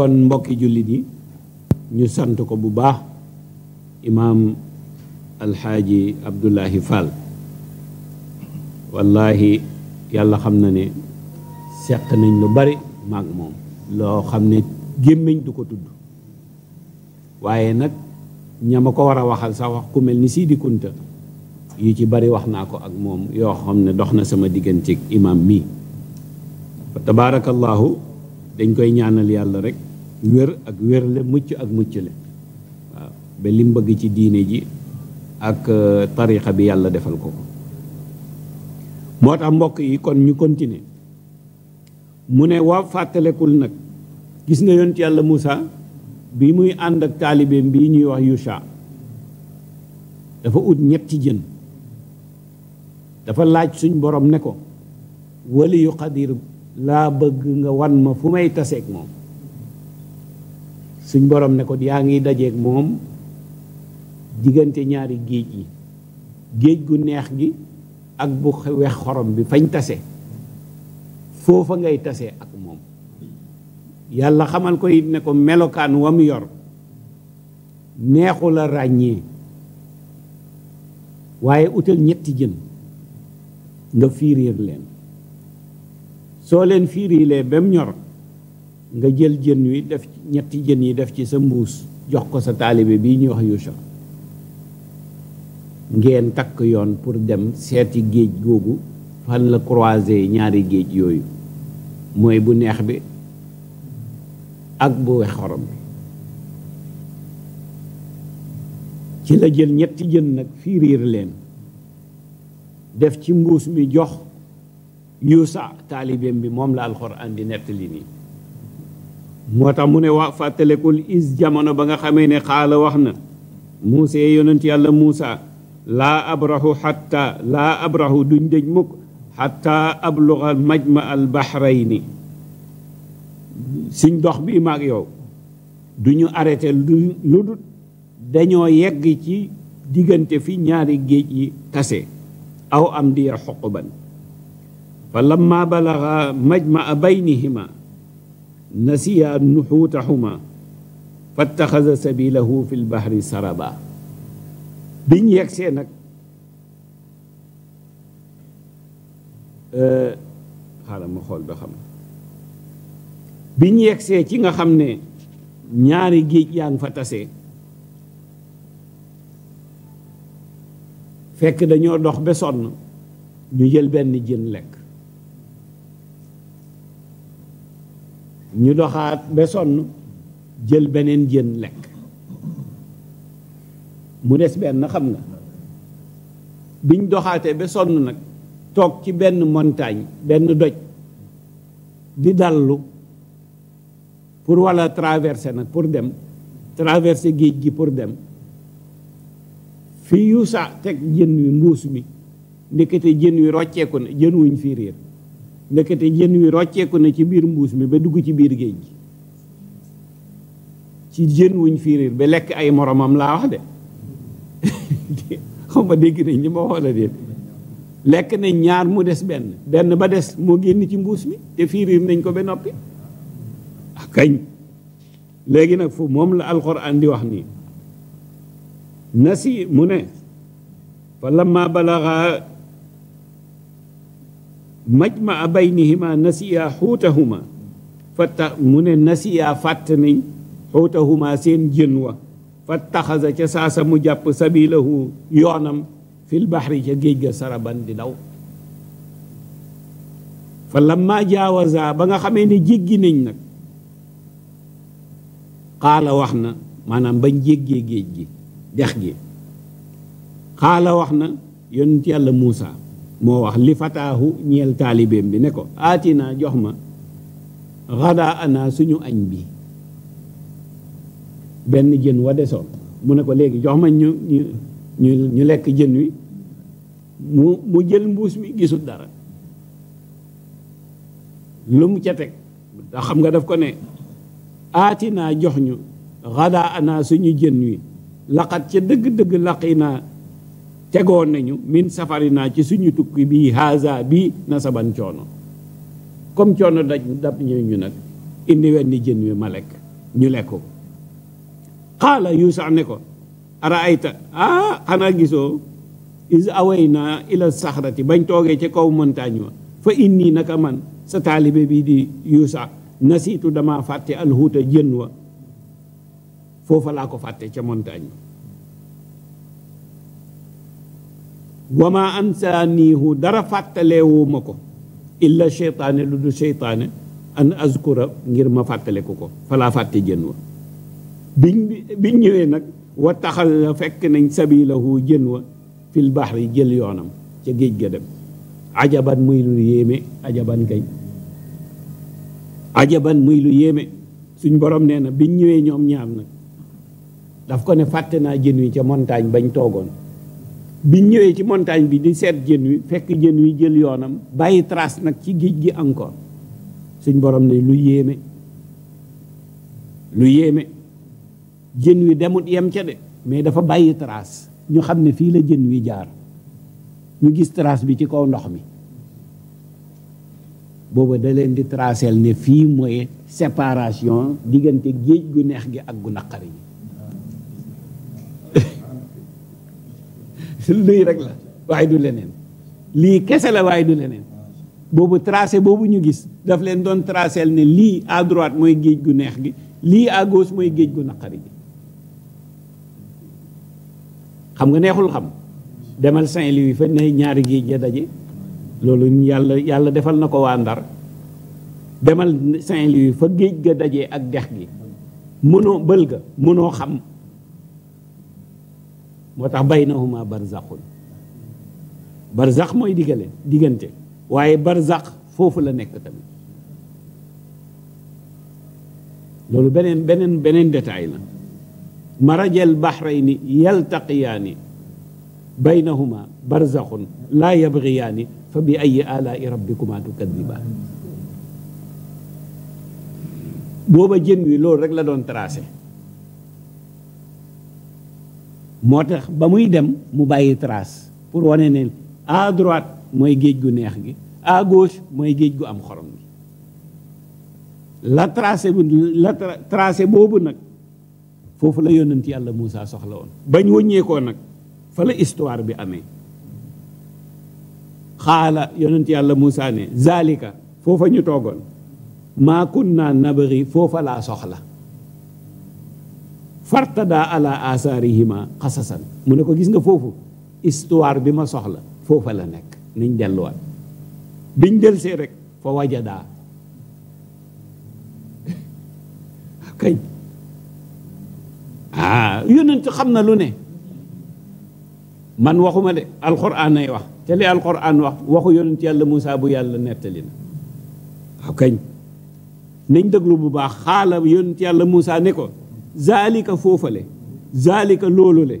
[SPEAKER 1] mbokki jullit yi ñu sant ko bu baax imaam alxaaji Abdullahi Fall wallahi yàlla xam na ne seq nañ lu bari maag moom loo xam ne gémmiñ du ko tudd waaye nag ñama ko war a waxal sax wax ku mel ni Sidi Kunta yu ci bari wax naa ko ak moom yoo xam ne dox na sama digganteeg imam mi fa tabaarakallaahu dañ koy ñaanal yàlla rek wér ak wérle mucc ak mucc le waaw ba lim bëgg ci diine ji ak euh, tarixa bi yàlla defal ko ko moo tax mbokk yi kon ñu continuer mu ne waa fàttalekul nag gis nga yonent yàlla Moussa bi muy ànd ak taalibeem bii ñuy wax Yusha dafa ut ñetti jën dafa laaj suñ borom ne ko wali yu laa bëgg nga wan ma fu may taseeg moom suñ borom ne ko yaa ngi dajeeg moom diggante ñaari géej yi géej gu neex gi ak bu wex xorom bi fañ tase foofa ngay tase ak moom yàlla xamal ko it ne ko melokaan wa mu yor neexu la ràññee waaye utal ñetti jën nga fiiriir leen soo leen fiiriilee ba mu ñor nga jël jën wi def jën yi def ci sa mbuus jox ko sa taalibe bii ñuy wax Yuusa ngeen takk yoon pour dem seeti géej googu fan la croiser ñaari géej yooyu mooy bu neex bi ak bu weex xorom bi ci la jël ñetti jën nag fiiriir leen def ci mbuus mi jox yuusa taalibeem bi moom la alxuraan di nettali nii moo tax mu ne waa fàttalekul is jamono ba nga xamee ne xaala wax na muuse yonent yàlla muusa laa abrahu xatta laa abrahu duñ dëj mukk xatta abluga majma al suñ dox bi maag yow du ñu arrêté lu lu dañoo yegg ci diggante fi ñaari géej yi tase aw am diir xoquban fa lamma balaga majmaa baynihima nasiya nuxuutahuma fattaxasa sabilahu fi lbahri saraba biñ yegsee nag euh, xaaral ma xool ba bi ñu yegsee ci nga xam ne ñaari géej yaa ngi fa tase fekk dañoo dox ba sonn ñu jël benn jën lekk ñu doxaat ba sonn jël beneen jën lekk mu des benn xam nga biñ doxaate ba sonn nag toog ci benn montagne benn doj di dallu pour wala traverser nag pour dem traverser géej gi pour dem fii Yuusa teg jën wi mbuus mi ndekete jën wi rocceeku na jën wuñ fii riir jën wi rocceeku na ci biir mbuus mi ba dugg ci biir géej gi ci jën wuñ fii ba lekk ay moromam laa wax de *laughs* xaw ma dégg nañ li ma xoola déet lekk nañ ñaar mu des benn benn ba des moo génn ci mbuus mi te fii riir nañ ko ba noppi kañ léegi nag fu moom la alxuraan di wax ni nasi mu ne fa lamma balaxa majmaa baynihima nasiya xuutahuma fa mu ne nasiya fàtt nañ xuutahuma seen jën wa fa taxasa ca saasa mu jàpp sabilahu yoonam fil baxri ca géej ga saraban di daw fa lamma jaawaza ba nga xamee ne jéggi nañ nag xaala wax na maanaam bañ jéggee géej gi dex gi xaala wax na yonent yàlla Muusa moo wax li fataahu ñeel taalibeem bi ne ko aatinaa jox ma xadaa ana suñu añ bi benn jën wa desoon mu ne ko léegi jox ma ñu ñu ñu lekk jën wi mu mu jël mbuus mi gisul dara lu mu ca teg ndax xam nga def ko ne aati naa jox ñu xadaa anaa suñu jën wi laqat ca dëgg-dëgg laqi naa tegoon nañu min safari naa ci suñu tukki bii haza bii nasaban coono comme coono daj dab ñu nag indi wenn jën wi ma lekk ñu lekk ko xaala yuusa ne ko araayta ah xanaa gisoo is away naa ila saxrati bañ toogee ca kaw montagne wa fa inni naka man sa taalibe bii di yuusa nasiitu dama fàtte alxuuta jën wa foofa laa ko fàtte ca montagne wa ma ansaaniihu dara fàttalewuma ko illa seytaane lu du seytaane an azkura ngir ma fàttaleku ko falaa fàtte jën wa biñ biñ ñëwee nag wa taxal fekk nañ sabilahu jën wa fil bahri jël yoonam ca géej ga dem ajaban muy lu yéeme ajaban kay ajaban muy lu yéeme suñ borom nee na biñ ñëwee ñoom ñaam nag daf ko ne fàtte naa jën wi ca montagne bañ toogoon biñ ñëwee ci montagne bi di seet jën wi fekk jën wi jël yoonam bàyyi trace nag ci géej gi encore suñ borom ne lu yéeme lu yéeme jën wi demut yem ca de mais dafa bàyyi trace ñu xam ne fii la jën wi jaar ñu gis trace bi ci kaw ndox mi boobu da leen di tracel ne fii mooy séparation diggante géej gu neex gi ak gu naqari gi luy *laughs* rek la waaye du leneen lii kese la waaye du leneen boobu tracé boobu ñu gis daf leen doon tracel ne lii à mooy géej gu neex gi lii à mooy géej gu naqari gi xam nga neexul xam demal saint lii fa nay ñaari géej ya daje loolu yàlla yàlla defal na ko waa ndar demal Saint-Louis fa géej ga daje ak dex gi mënoo bël ga mënoo xam moo tax baynahuma barzaxun barzax mooy diggale diggante waaye barzax foofu la nekk tamit loolu beneen beneen beneen détail la marajal baxrayni yaltaqiyaani baynahuma barzaxun laa yabgiyaani fa bi ayi alaai rabbikuma tukadibaan booba jën wi loolu rek la doon tracé moo tax ba muy dem mu bàyyi trace pour wane ne à droite mooy géej gu neex gi à gauche mooy géej gu am xorom la tracé bu boobu nag foofu la yónnanti yàlla Moussa soxla woon bañ wëññeekoo nag fa la histoire bi amee xaala yonent yàlla Moussa ne foofa ñu toogoon maa kunna nabari foofa laa soxla fartada ala asaarihima xasasan mu ne ko gis nga foofu histoire bi ma soxla foofa la nekk niñ delluwaat biñ delsee rek fa wajadaa *laughs* kañ ah xam na lu ne man waxuma de alxuraan wax te li alxuraan wax waxu yonent yàlla Moussa bu yàlla nettali na waaw kañ nañ déglu bu baax xaala yonent yàlla Moussa ne ko zaalika foofale zaalika loolu le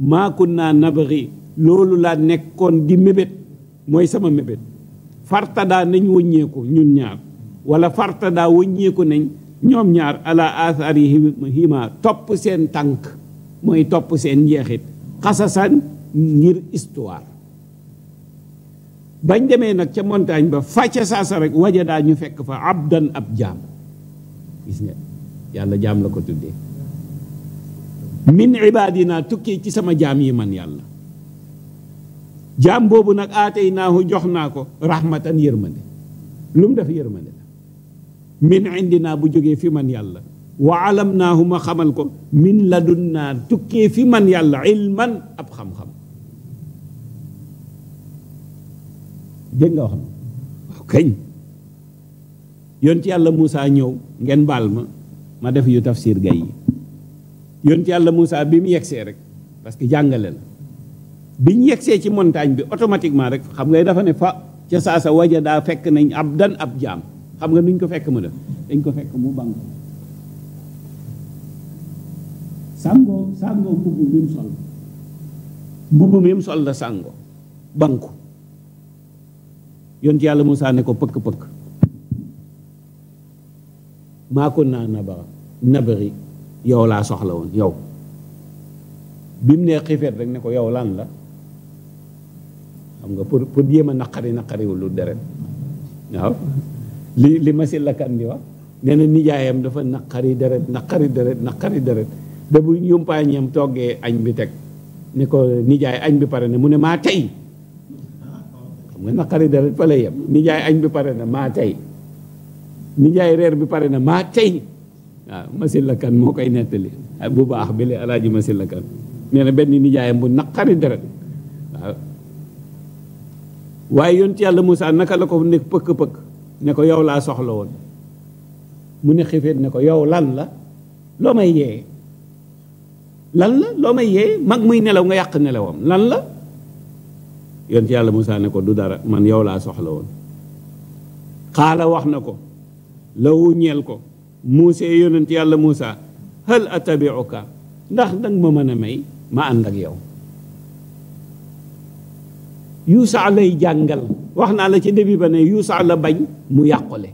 [SPEAKER 1] maa kunnaa nabari loolu laa nekkoon di mébét mooy sama mébét fartadaa nañ wëññeeku ñun ñaar wala fartadaa wëññeeku nañ ñoom ñaar ala athari hima topp seen tànk mooy topp seen njeexit xasasan ngir histoire bañ demee nag ca montagne ba fàcce saasa rek waja ñu fekk fa abdan ab jaam gis nga yàlla jaam la ko tuddee min ibadina tukkee ci sama jaam yi man yàlla boobu nag aatay naahu jox naa ko rahmatan yërmande lu mu def yërmande la min indina bu jógee fi man yàlla wa alam naahu ma xamal ko min ladun naa tukkee fi man yàlla ilman ab xam-xam dégg nga wax ma yoon ci yàlla Moussa ñëw ngeen baal ma ma def yu tafsir gay yi yoon ci yàlla Moussa bi mu yegsee rek parce que jàngale la bi ñu yegsee ci montagne bi automatiquement rek xam nga dafa ne fa ca saasa waja daa fekk nañ ab dan ab jaam xam nga nuñ ko fekk mu def dañ ko fekk mu bànk sàngoo sàngoo mbubb mi sol mbubb mi mu sol la sàngoo banku yoon ci yàlla Moussa ne ko pëkk-pëkk maa ko naa nabara nabari yow laa soxla woon yow bi mu nee xifeet rek ne ko yow lan la xam nga pour pour jéem a naqari naqariwul lu deret waaw li li ma si lakkan di wax nee na nijaayam dafa naqari deret naqari deret naqari deret ba bu yumpaañam toggee añ bi teg ne ko nijaay añ bi pare ne mu ne maa tey xam nga naqari deret fa la yem nijaay añ bi pare na maa tey nijaay reer bi pare na maa tey waaw masin la kan moo koy nettali ah, bu baax bi la alaaji masin la kan nee na benn nijaayam bu naqari deret waaw waaye yoon ci yàlla Moussa naka la ko nekk pëkk-pëkk ne ko yow laa soxla woon mu ne xifeet ne ko yow lan la loo may yee lan la loo may yee mag muy nelaw nga yàq nelawam lan la ci yàlla Moussa ne ko du dara man yow laa soxla woon xaala wax na ko la ñeel ko Moussa yonent yàlla Moussa hal atabiuka ndax danga ma mën a may ma ànd ak yow Yuusa lay jàngal wax naa la ci début ba ne Yuusa la bañ mu yàqule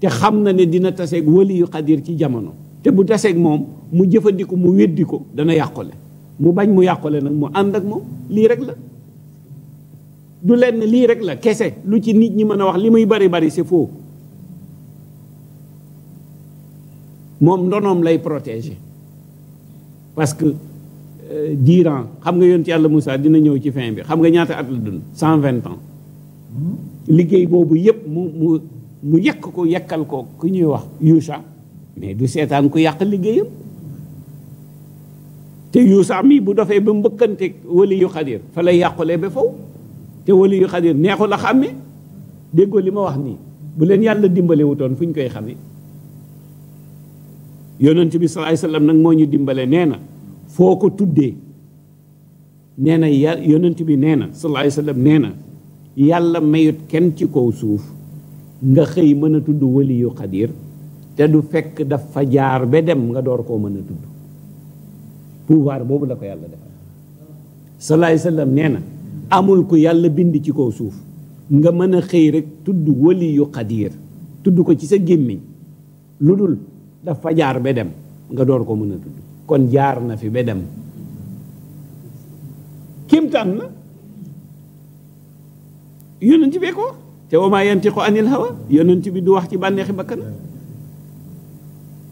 [SPEAKER 1] te xam na ne dina taseeg waliyu xadir ci jamono te bu taseeg moom mu jëfandiku mu weddi ko dana yàqule mu bañ mu yàqule nag mu ànd ak moom lii rek la du lenn lii rek la kese lu ci nit ñi mën a wax li muy bari bari c'est faux moom ndonoom lay protéger parce que euh, diiran xam nga yoon ci yàlla Moussa dina ñëw ci fin bi xam nga ñaata at la dund cent vingt ans liggéey boobu yépp mu mu mu yekk ko yekkal ko ku ñuy wax Yuusa mais du seetaan ku yàq liggéeyam te yuusa mii bu dofee ba mbëkkante wali yu xadir fa lay yàqulee ba faw te wali yu xadir neexul a xàmme déggoo li ma wax nii bu leen yàlla dimbale wutoon fu ñu koy xamee yonent bi salaay salaam nag moo ñu dimbale nee na foo ko tuddee nee na ya yonent bi nee na salaay salaam nee na yàlla mayut kenn ci kaw suuf nga xëy mën a tudd wali yu xadir te du fekk daf fa jaar ba dem nga door koo mën a tudd pouvoir boobu la ko yàlla defal salaay sallam nee na amul ko yàlla bind ci kaw suuf nga mën a xëy rek tudd wali yu tudd ko ci sa gémmiñ lu dul dafa jaar ba dem nga door ko mën a tudd kon jaar na fi ba dem kimtaan la yonent bi ko te wa maa yantiqu anil hawa yonent bi du wax ci bànneexi bakkan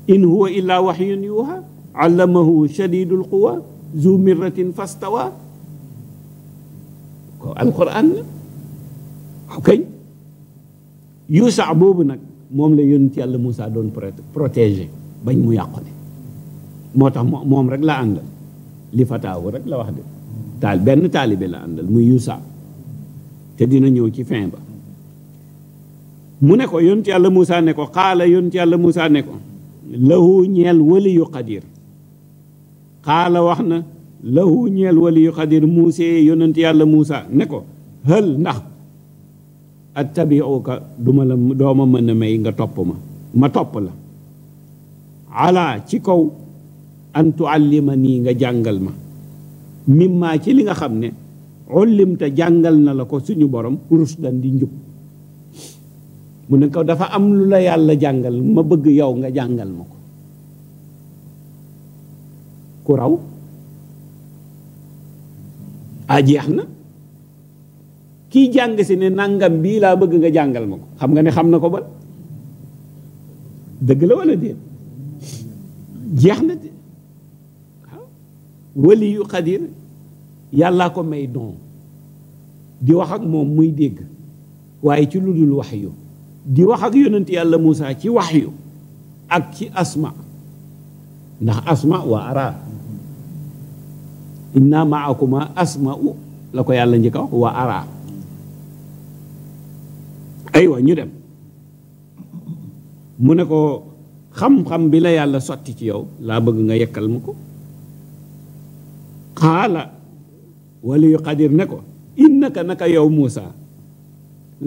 [SPEAKER 1] in huwa illa waxyun yuuxa allamahu shadidul quwa zu mirratin fastawa ko alquran la waaw kay yuusa boobu nag moom la yonent yàlla Moussa doon protégé bañ mu yàqu moo tax moom rek la àndal li fataawu rek la wax de taal benn taalibe la àndal muy yuusa te dina ñëw ci fin ba mu ne ko yonent yàlla Moussa ne ko xaala yonent yàlla Moussa ne ko lahu ñeel waliyu qadir xaala wax na lahu ñeel waliyu xadir muusee yonent yàlla muusa ne ko hël ndax attabiuka duma la dooma mën a may nga topp ma ma topp la ala ci kaw an tuallima nii nga jàngal ma mimma ci li nga xam ne ullimta jàngal na la ko suñu borom rusdan di njub mu ne ko dafa am lu la yàlla jàngal ma bëgg yow nga jàngal ma ko ku raw a ah, jeex na kii jàng si ne nangam bii laa bëgg nga jàngal ma ko xam nga ne xam na ko ba dëgg la wala déet jeex na de waaw wali yu xadir yàllaa ko may don di wax ak moom muy dégg waaye ci lu dul wax yu di wax ak yonent yàlla Moussa ci wax yu ak ci asma ndax asma wa ara inna maakuma asma u la ko yàlla njëkk a wax wa ara aywa ñu dem mu ne ko xam-xam bi la yàlla sotti ci yow laa bëgg nga yekkal ma ko xaala wali yu xadir ne ko innaka naka yow muusa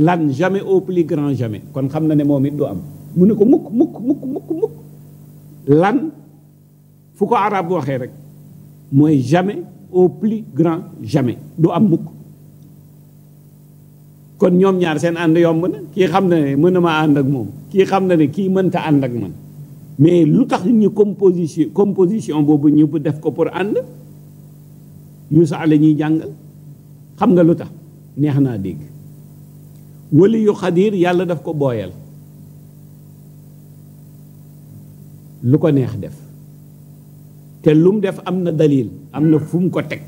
[SPEAKER 1] lan jamais au plus grand jamais kon xam na ne moom it am mu ne ko mukk mukk mukk mukk mukk lan fu ko arab waxee rek mooy jamais au plus grand jamais du am mukk kon ñoom ñaar seen ànd yomb na kii xam na ne mën na ànd ak moom kii xam na ne kii mënta ànd ak man mais lu tax ñu composition composition boobu ñu def ko pour ànd yuusa la ñuy jàngal xam nga lu tax neex naa dégg wali yu xadir yàlla daf ko booyal lu ko neex def te mu def am na dalil am na fu mu ko teg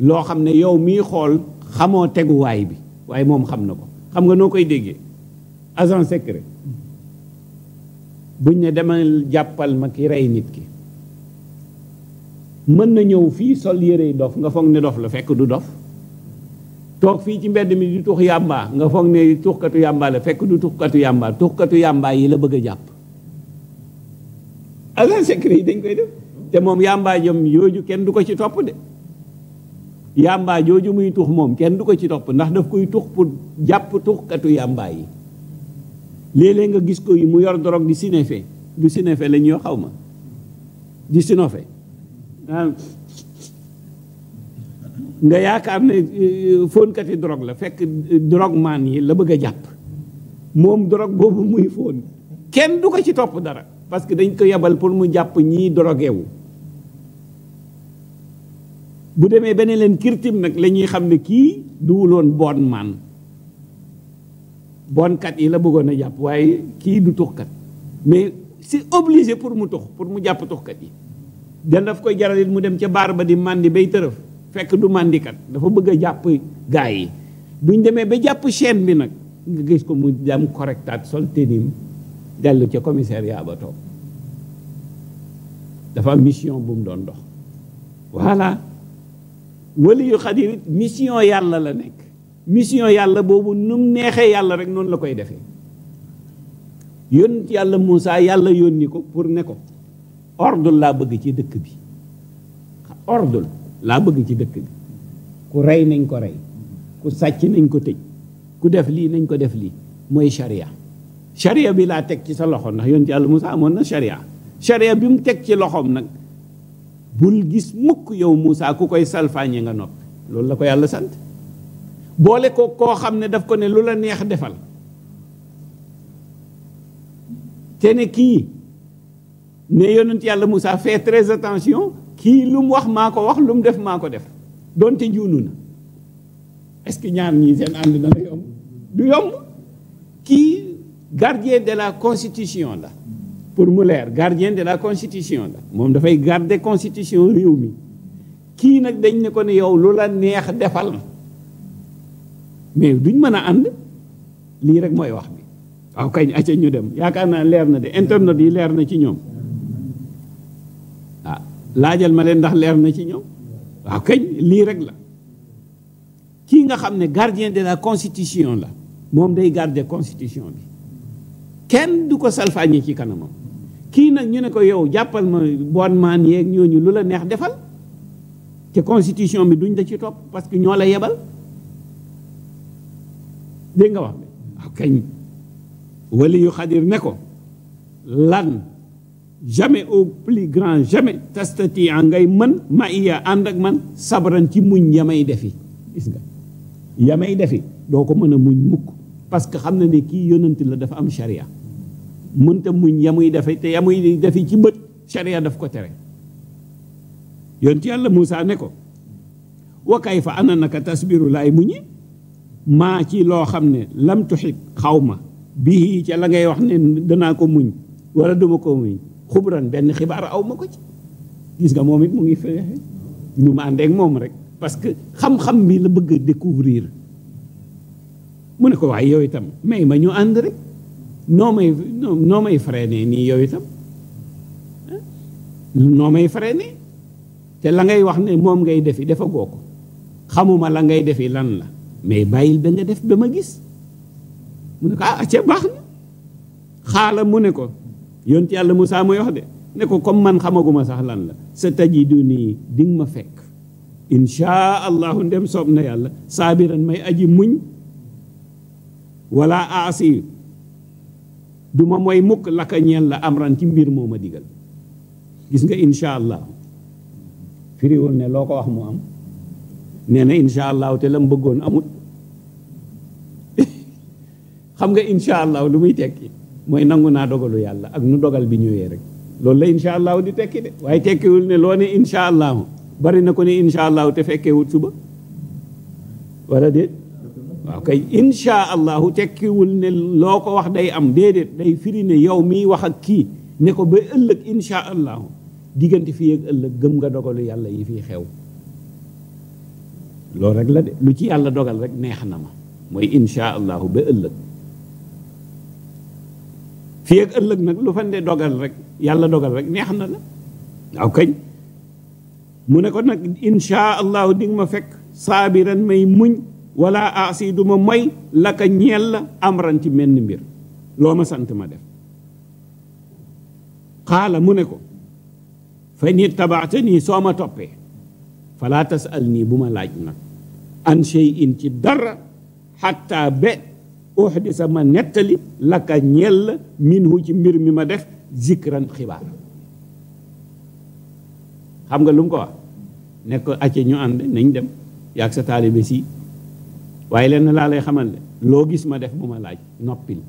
[SPEAKER 1] loo xam ne yow mii xool xamoo teguwaay bi waaye moom xam na ko xam nga noo koy déggee agent secret buñ ne demal jàppal ma ki rey nit ki mën na ñëw fii sol yërey dof nga foog ne dof la fekk du dof toog fii ci mbedd mi di tux yàmbaa nga foog ne tuxkatu yàmbaa la fekk du tuxkatu yàmbaa tuxkatu yàmbaa yi la bëgg a jàpp agent secret yi dañ koy def te moom yàmbaa jom yooju kenn du ko ci topp de yàmbaa jooju muy tux moom kenn du ko ci topp ndax daf koy tux pour jàpp tuxkatu yàmbaa yi léeg nga gis ko yi mu yor drogue di sinéfe du sinéfe la ñuy xaw ma di sinofe nga yaakaar ne euh, fóonkati drogue la fekk euh, drogue maan yi la bëgg a jàpp moom drogue boobu muy fóon kenn du ko ci topp dara parce que dañ ko yebal pour mu jàpp ñii dorogewu bu demee beneen leen kirtim nag la ñuy xam ne kii duwuloon bon man bonkat yi la bëggoon a jàpp waaye kii du tuxkat mais si obligé pour mu tux pour mu jàpp tuxkat yi dan daf koy jaral it mu dem ca baar ba di màndi bay tërëf fekk du màndikat dafa bëgg a jàpp gaay yi buñ demee ba jàpp chaîne bi nag nga gis ko mu dem correctaat sol tenim dellu ca commissariat ba toog dafa mission bu mu doon dox voilà wali yu mission yàlla la nekk mission yàlla boobu nu mu neexee yàlla rek noonu la koy defee yónent yàlla Moussa yàlla yónni ko pour ne ko ordre laa bëgg ci dëkk bi ordre laa bëgg ci dëkk bi ku rey nañ ko rey ku sàcc nañ ko tëj ku def lii nañ ko def lii mooy charia charia bi laa teg ci sa loxo ndax yonent yàlla Moussa amoon na charia charia bi mu teg ci loxoom nag bul gis mukk yow Moussa ku koy salfaañee nga noppi loolu la ko yàlla sant boole ko koo xam ne daf ko ne lu la neex defal te ne kii ne ci yàlla Moussa fait très attention kii lu mu wax maa ko wax lu mu def maa ko def donte juunu na est-ce ñaar ñii seen ànd dana yomb du yomb gardien de la constitution la pour mu leer gardien de la constitution la moom dafay garder constitution réew mi kii nag dañ ne yow lu la neex defal mais duñ mën a ànd lii rek mooy wax bi ñu dem yaakaar naa leer na de internet yi leer na ci ñoom ah laajal ma leen ndax leer na ci ñoom waaw lii rek la kii nga xam ne gardien de la constitution la moom day garder constitution bi kenn du ko salfaañee ci kanamam kii nag ñu ne ko yow jàppal ma bon maan yeeg ñu lu la neex defal te constitution bi duñ da ci topp parce que ñoo la yebal dégg nga wax bi waaw ah, kañ wali yu xadir ne ko lan jamais au plus grand jamais tastati ngay mën ma iya ànd ak man sabran ci muñ yamay defi gis nga yamay defi doo ko mën a muñ mukk parce que xam na ne kii yonent la dafa am charia mënta muñ yamuy defe te yamuy defe ci bët sharia daf ko tere yoon ci yàlla Moussa ne ko wa kay fa ana naka tasbiru laay muñi maa ci loo xam ne lam tuxit xaw ma bii ca la ngay wax ne danaa ko muñ wala duma ko muñ xubran benn xibaar aw ma ko ci gis nga moom it mu ngi fexe ñu ma àndeek moom rek parce que xam-xam bi la bëgg a découvrir mu ne ko waaye yow itam may ma ñu ànd rek noo may noo may nii yow itam eh? noo may freiné te la ngay wax ne moom ngay defi defagoo ko xamuma la ngay defi lan la mais bàyyil ba nga def ba ma gis mu ne ko ah ca baax na xaala mu ne ko yonent yàlla Moussa mooy wax de ne ko comme man xamaguma sax lan la sa tajiduni di nga ma fekk inchaa allahu ndem soob na yàlla saabiran may aji muñ wala aasi du ma mooy mukk laka ñeen la amran ci mbir moo ma digal gis nga incha allah firiwul ne loo ko wax mu am nee na incha allahu te la mu bëggoon amut *laughs* xam nga incha allahu lu muy tekki mooy nangu naa dogalu yàlla ak nu dogal bi ñëwee rek loolu la incha di tekki de waaye tekkiwul ne loo ne incha allahu bari na ko ne incha te fekkewut suba wala déet waaw kay insha tekkiwul ne loo ko wax day am déedéet day firi yow miy wax ak kii ne ko ba ëllëg insha diggante fii ak ëllëg gëm nga dogalu yàlla yi fii xew loolu rek la de lu ci yàlla dogal rek neex na ma mooy insha allahu nag lu dogal rek yàlla dogal rek neex na la waaw kañ mu ne ko nag insha allahu ma fekk saabiran may muñ wala asi duma moy la ka ñeel la amran ci menn mbir loo ma sant ma def xaala mu ne ko fa ni tabaata nii soo ma toppee falaa tasal nii bu ma laaj nag an shay'in ci dara xatta be uxdisa ma nettali la ka ñeel ci mbir mi ma def zikran xibaar xam nga lu ko wax ne ko acce ñu ànd nañ dem yaag sa taalibe si waaye lenn laa lay xamal ne loo gis ma def bu ma laaj noppil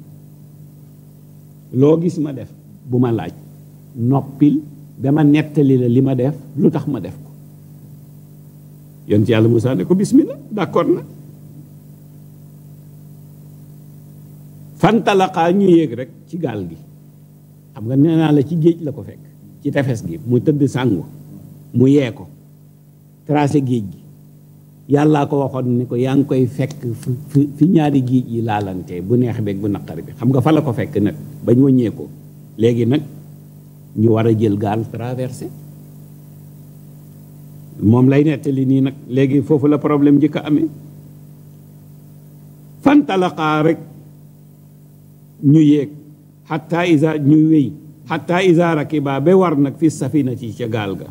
[SPEAKER 1] loo gis ma def bu ma laaj noppil dama nettali la li ma def lu tax ma def ko yonent yàlla Moussa ne ko bismillah d'accord na fantalaqaa ñu yéeg rek ci gaal gi xam nga nee naa la ci géej la ko fekk ci tefes gi mu tëdd sàngu mu yee ko tracé géej gi yàllaa ko waxoon ni ko yaa ngi koy fekk fi ñaari géej yi laalante bu neex beeg bu naqar bi xam nga fa la ko fekk nag bañ wëññee ko léegi nag ñu war a jël gaal traversé moom lay nettali nii nag léegi foofu la problème njëkk a amee fantalaqaa rek ñu yéeg xatta isa ñu wéy xatta isa rakiba ba war nag fi safina ci ca gaal ga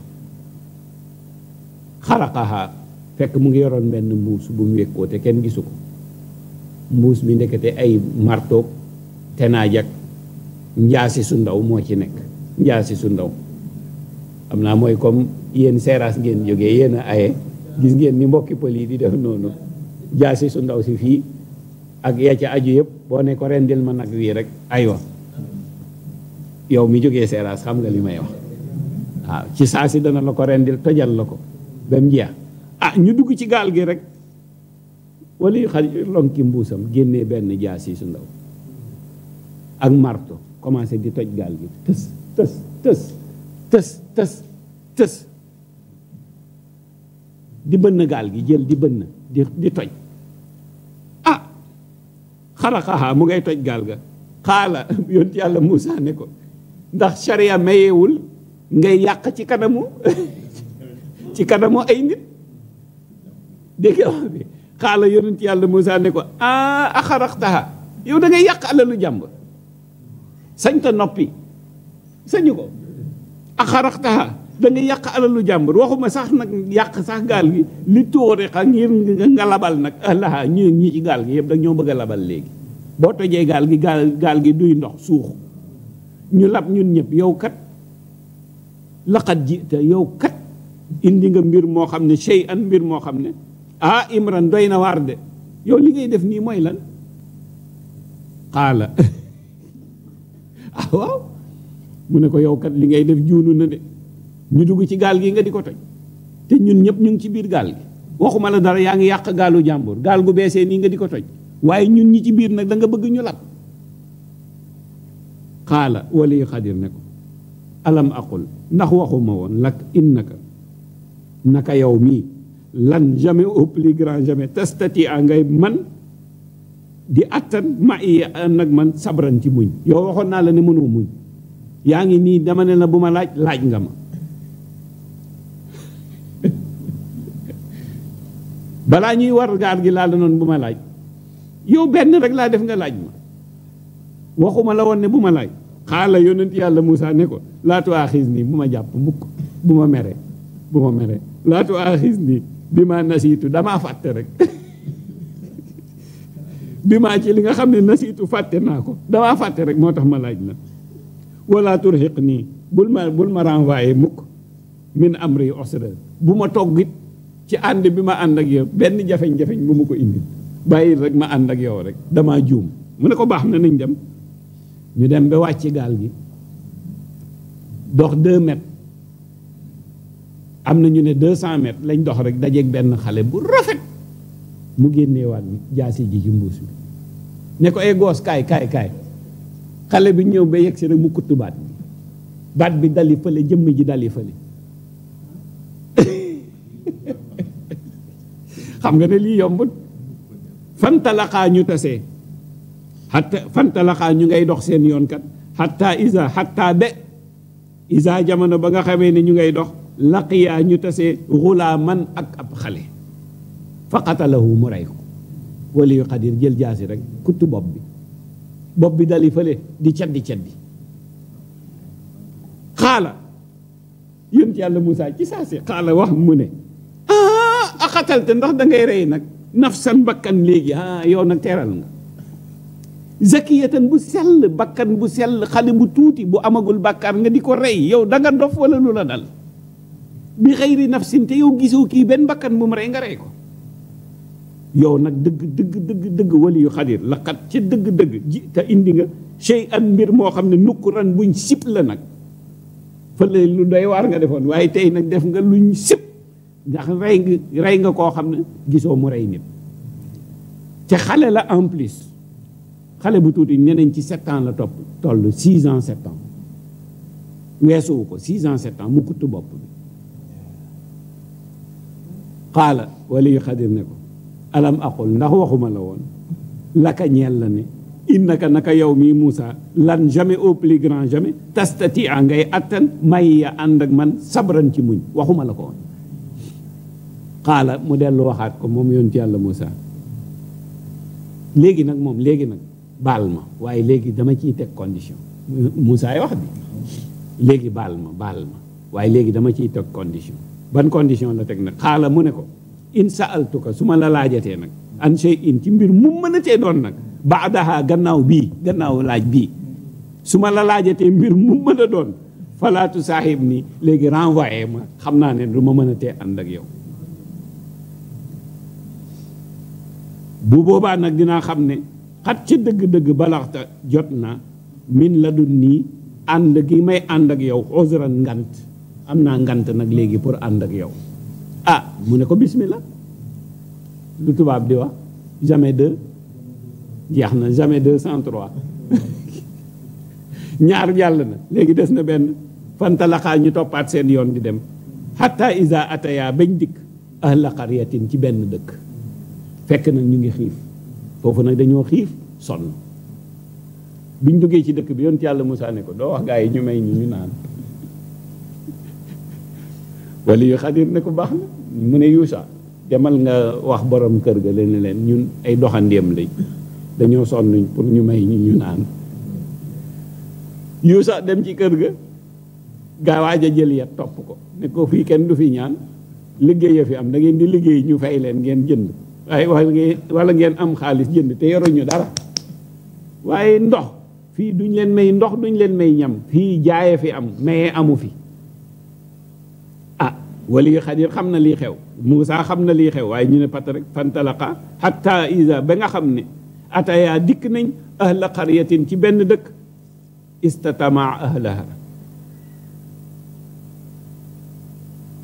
[SPEAKER 1] xaraqaha fekk mu ngi yoroon benn mbuus bu mu wékkoo te kenn gisu ko mbuus bi ndekete ay te naa jag njaasi su ndaw moo ci nekk njaasi su ndaw am naa mooy comme yéen seeraas ngeen jógee yéen a gis ngeen ni mbokki pël yi di def noonu njaasi su ndaw si fii ak ya ca aju yëpp boo ne ko rendil ma nag wii rek aywa yow mi jógee seeraas xam nga li may wax waaw ci saa si dana la ko rendil tojal la ko ba mu jeex ah ñu dugg ci gaal gi rek wala yu xaj lonki mbuusam génnee benn jaasi su ndaw ak marto commencé di toj gaal gi tës tës tës tës tës tës di bënn gaal gi jël di bënn di di toj ah xaraxaxaa mu ngay toj gaal ga xaala *laughs* yont yàlla Moussa ko ndax sharia mayeewul ngay yàq ci kanamu *laughs* ci kanamu ay nit dégg nga bi xaala yonent yàlla Moussa ne ko ah axaraxtaha yow dangay yàq alalu jàmbur sañ ta noppi sañu ko axaraxtaha da ngay yàq alalu jàmbur waxuma sax nag yàq sax gaal gi li tóore xa ngir nga labal nag alaha ñi ñi ci gaal gi yëpp dag ñoo bëgg a labal léegi boo tojee gaal gi gaal gaal gi duy ndox suux ñu lab ñun ñëpp yow kat laqat ji yow kat indi nga mbir moo xam ne shey an mbir moo xam ne ah imran doy na waar de yow li ngay def nii mooy lan xaala *laughs* ah waaw mu ne ko yow kat li ngay def juunu na de ñu dugg ci gaal gi nga di ko toj te ñun ñëpp ñu ngi ci biir gaal gi waxuma la dara yaa ngi yàq gaalu jàmbur gaal gu beesee nii nga di ko toj waaye ñun ñi ci biir nag danga bëgg ñu lab xaala wali xadir ne ko alam aqul ndax waxuma woon lak innaka naka yow mii lan jamais au plus grand jamais tastati a ngay man di attan ma yi ànd man sabran ci muñ yow waxoon naa la ne mënoo muñ yaa ngi nii dama ne la bu ma laaj laaj nga ma *laughs* balaa ñuy war gaar gi laa la noonu bu ma laaj yow benn rek laa def nga laaj ma waxuma la woon ne bu ma laaj xaala yonent yàlla Moussa ne ko laatu aaxiis nii bu ma jàpp mukk bu ma mere bu ma mere laatu aaxiis nii bi ma nasiitu damaa fàtte rek *laughs* bi ma ci li nga xam ne nasiitu fàtte naa ko damaa fàtte rek moo tax ma laaj la wala turxiq nii bul ma bul ma renvoyé mukk min amri usra bu ma togg it ci ànd bi ma ànd ak yow benn jafeñ-jafeñ bu ma ko indi bàyyi rek ma ànd ak yow rek damaa juum mu ne ko baax na nañ dem ñu dem ba wàcc gaal gi dox deux mètres am na ñu ne deux cent mètres lañ dox rek dajeeg benn xale bu rafet mu génneewaat jaasi ji ci mbuus bi ne ko ay eh, goos kaay kaay kaay xale bi ñëw ba yegg si rek mu kutt baat bi baat bi dali fële jëmm ji dali fële *laughs* xam nga ne lii yombut fantalaxaa ñu tasee xatta fantalaxaa ñu ngay dox seen yoon kat xatta isa xatta de isa jamono ba nga xamee ne ñu ngay dox laqiyaa ñu tase xulaaman ak ab xale fa qatalahu mu rey ko waliyu xadir jël jaasi rek kuttu bopp bi bopp bi dal dali fële di caddi caddi xaala yéen ci yàlla Moussa ci saa si xaala wax mu ne ah, a xatalte ndax da ngay rey nag nafsan bakkan léegi a yow nag teeral nga zakiyatan bu sell bakkan bu sell xale bu tuuti bu amagul bàkkaar nga di ko rey yow danga nga dof wala lu la dal bi xayri nafsin te yow gisoo kii benn bakkan bu mu rey nga rey ko yow nag dëgg dëgg dëgg dëgg wali yu xadir laqat ca dëgg-dëgg ji te indi nga chey an mbir moo xam ne nukkuran buñ sip la nag fële lu day waar nga defoon waaye tey nag def nga luñ sip ndax rey nga rey nga koo xam ne gisoo mu rey nit te xale la en plus xale bu tuuti ñeneen ci sept la topp toll six ans sept ans weesuwu ko six ans sept mu kutt bopp bi xaala waliyu xadir ne ko alam aqul ndax waxuma la woon laka ñeel la ne innaka naka yow mii Moussa lan jamais au plus grand jamais tastati a ngay attan may ya ànd ak man sabran ci muñ waxuma la ko woon xaala mu dellu waxaat ko moom yonent yàlla Moussa léegi nag moom léegi nag baal ma waaye léegi dama ciy teg condition Moussa ay wax bi léegi baal ma baal ma waaye léegi dama ciy teg condition ban condition la teg nag xaala mu ne ko in ko su ma la laajatee nag an shay'in ci mbir mu mënatee doon nag baadaha gannaaw bii gannaaw laaj bii su ma la laajatee mbir mu mën a doon falaatu saaxib ni léegi renvoyé ma xam naa ne du ma mën a tee ànd ak yow bu boobaa nag dinaa xam ne xat ca dëgg-dëgg balaxta jot na min la dun nii ànd gi may ànd ak yow osran ngant am naa ngant nag léegi pour ànd ak yow ah mu ne ko bismillah lu tubaab di wax jamais de jeex na jamais deux cent *laughs* ñaar jàll na léegi des na benn fantalaqaa ñu toppaat seen yoon di dem xatta isa ataya bañ dikk ahla qaryatin ci benn dëkk fekk nag ñu ngi xiif foofu nag dañoo xiif sonn biñ duggee ci dëkk bi yoon yonent yàlla Musaa ne ko doo wax gaa yi ñu may ñu ñu naan wala yu xadir ne ko baax na mu ne Yuusa demal nga wax boroom kër ga leen leen ñun ay doxandéem lañ dañoo sonn pour ñu may ñu ñu naan Yuusa dem ci kër ga gaa waaj jël yat topp ko ne fii kenn du fi ñaan liggéey fi am da ngeen di liggéey ñu fay leen ngeen jënd waaye wala ngeen wala ngeen am xaalis jënd te yaruñu dara waaye ndox fii duñ leen may ndox duñ leen may ñam fii jaaye fi am maye amu fi wali xadir xam na lii xew Moussa xam na lii xew waaye ñu ne pat rek fantalaqa hatta isa ba nga xam ne ataya dikk nañ ahla qaryatin ci benn dëkk istatamaa ahlaha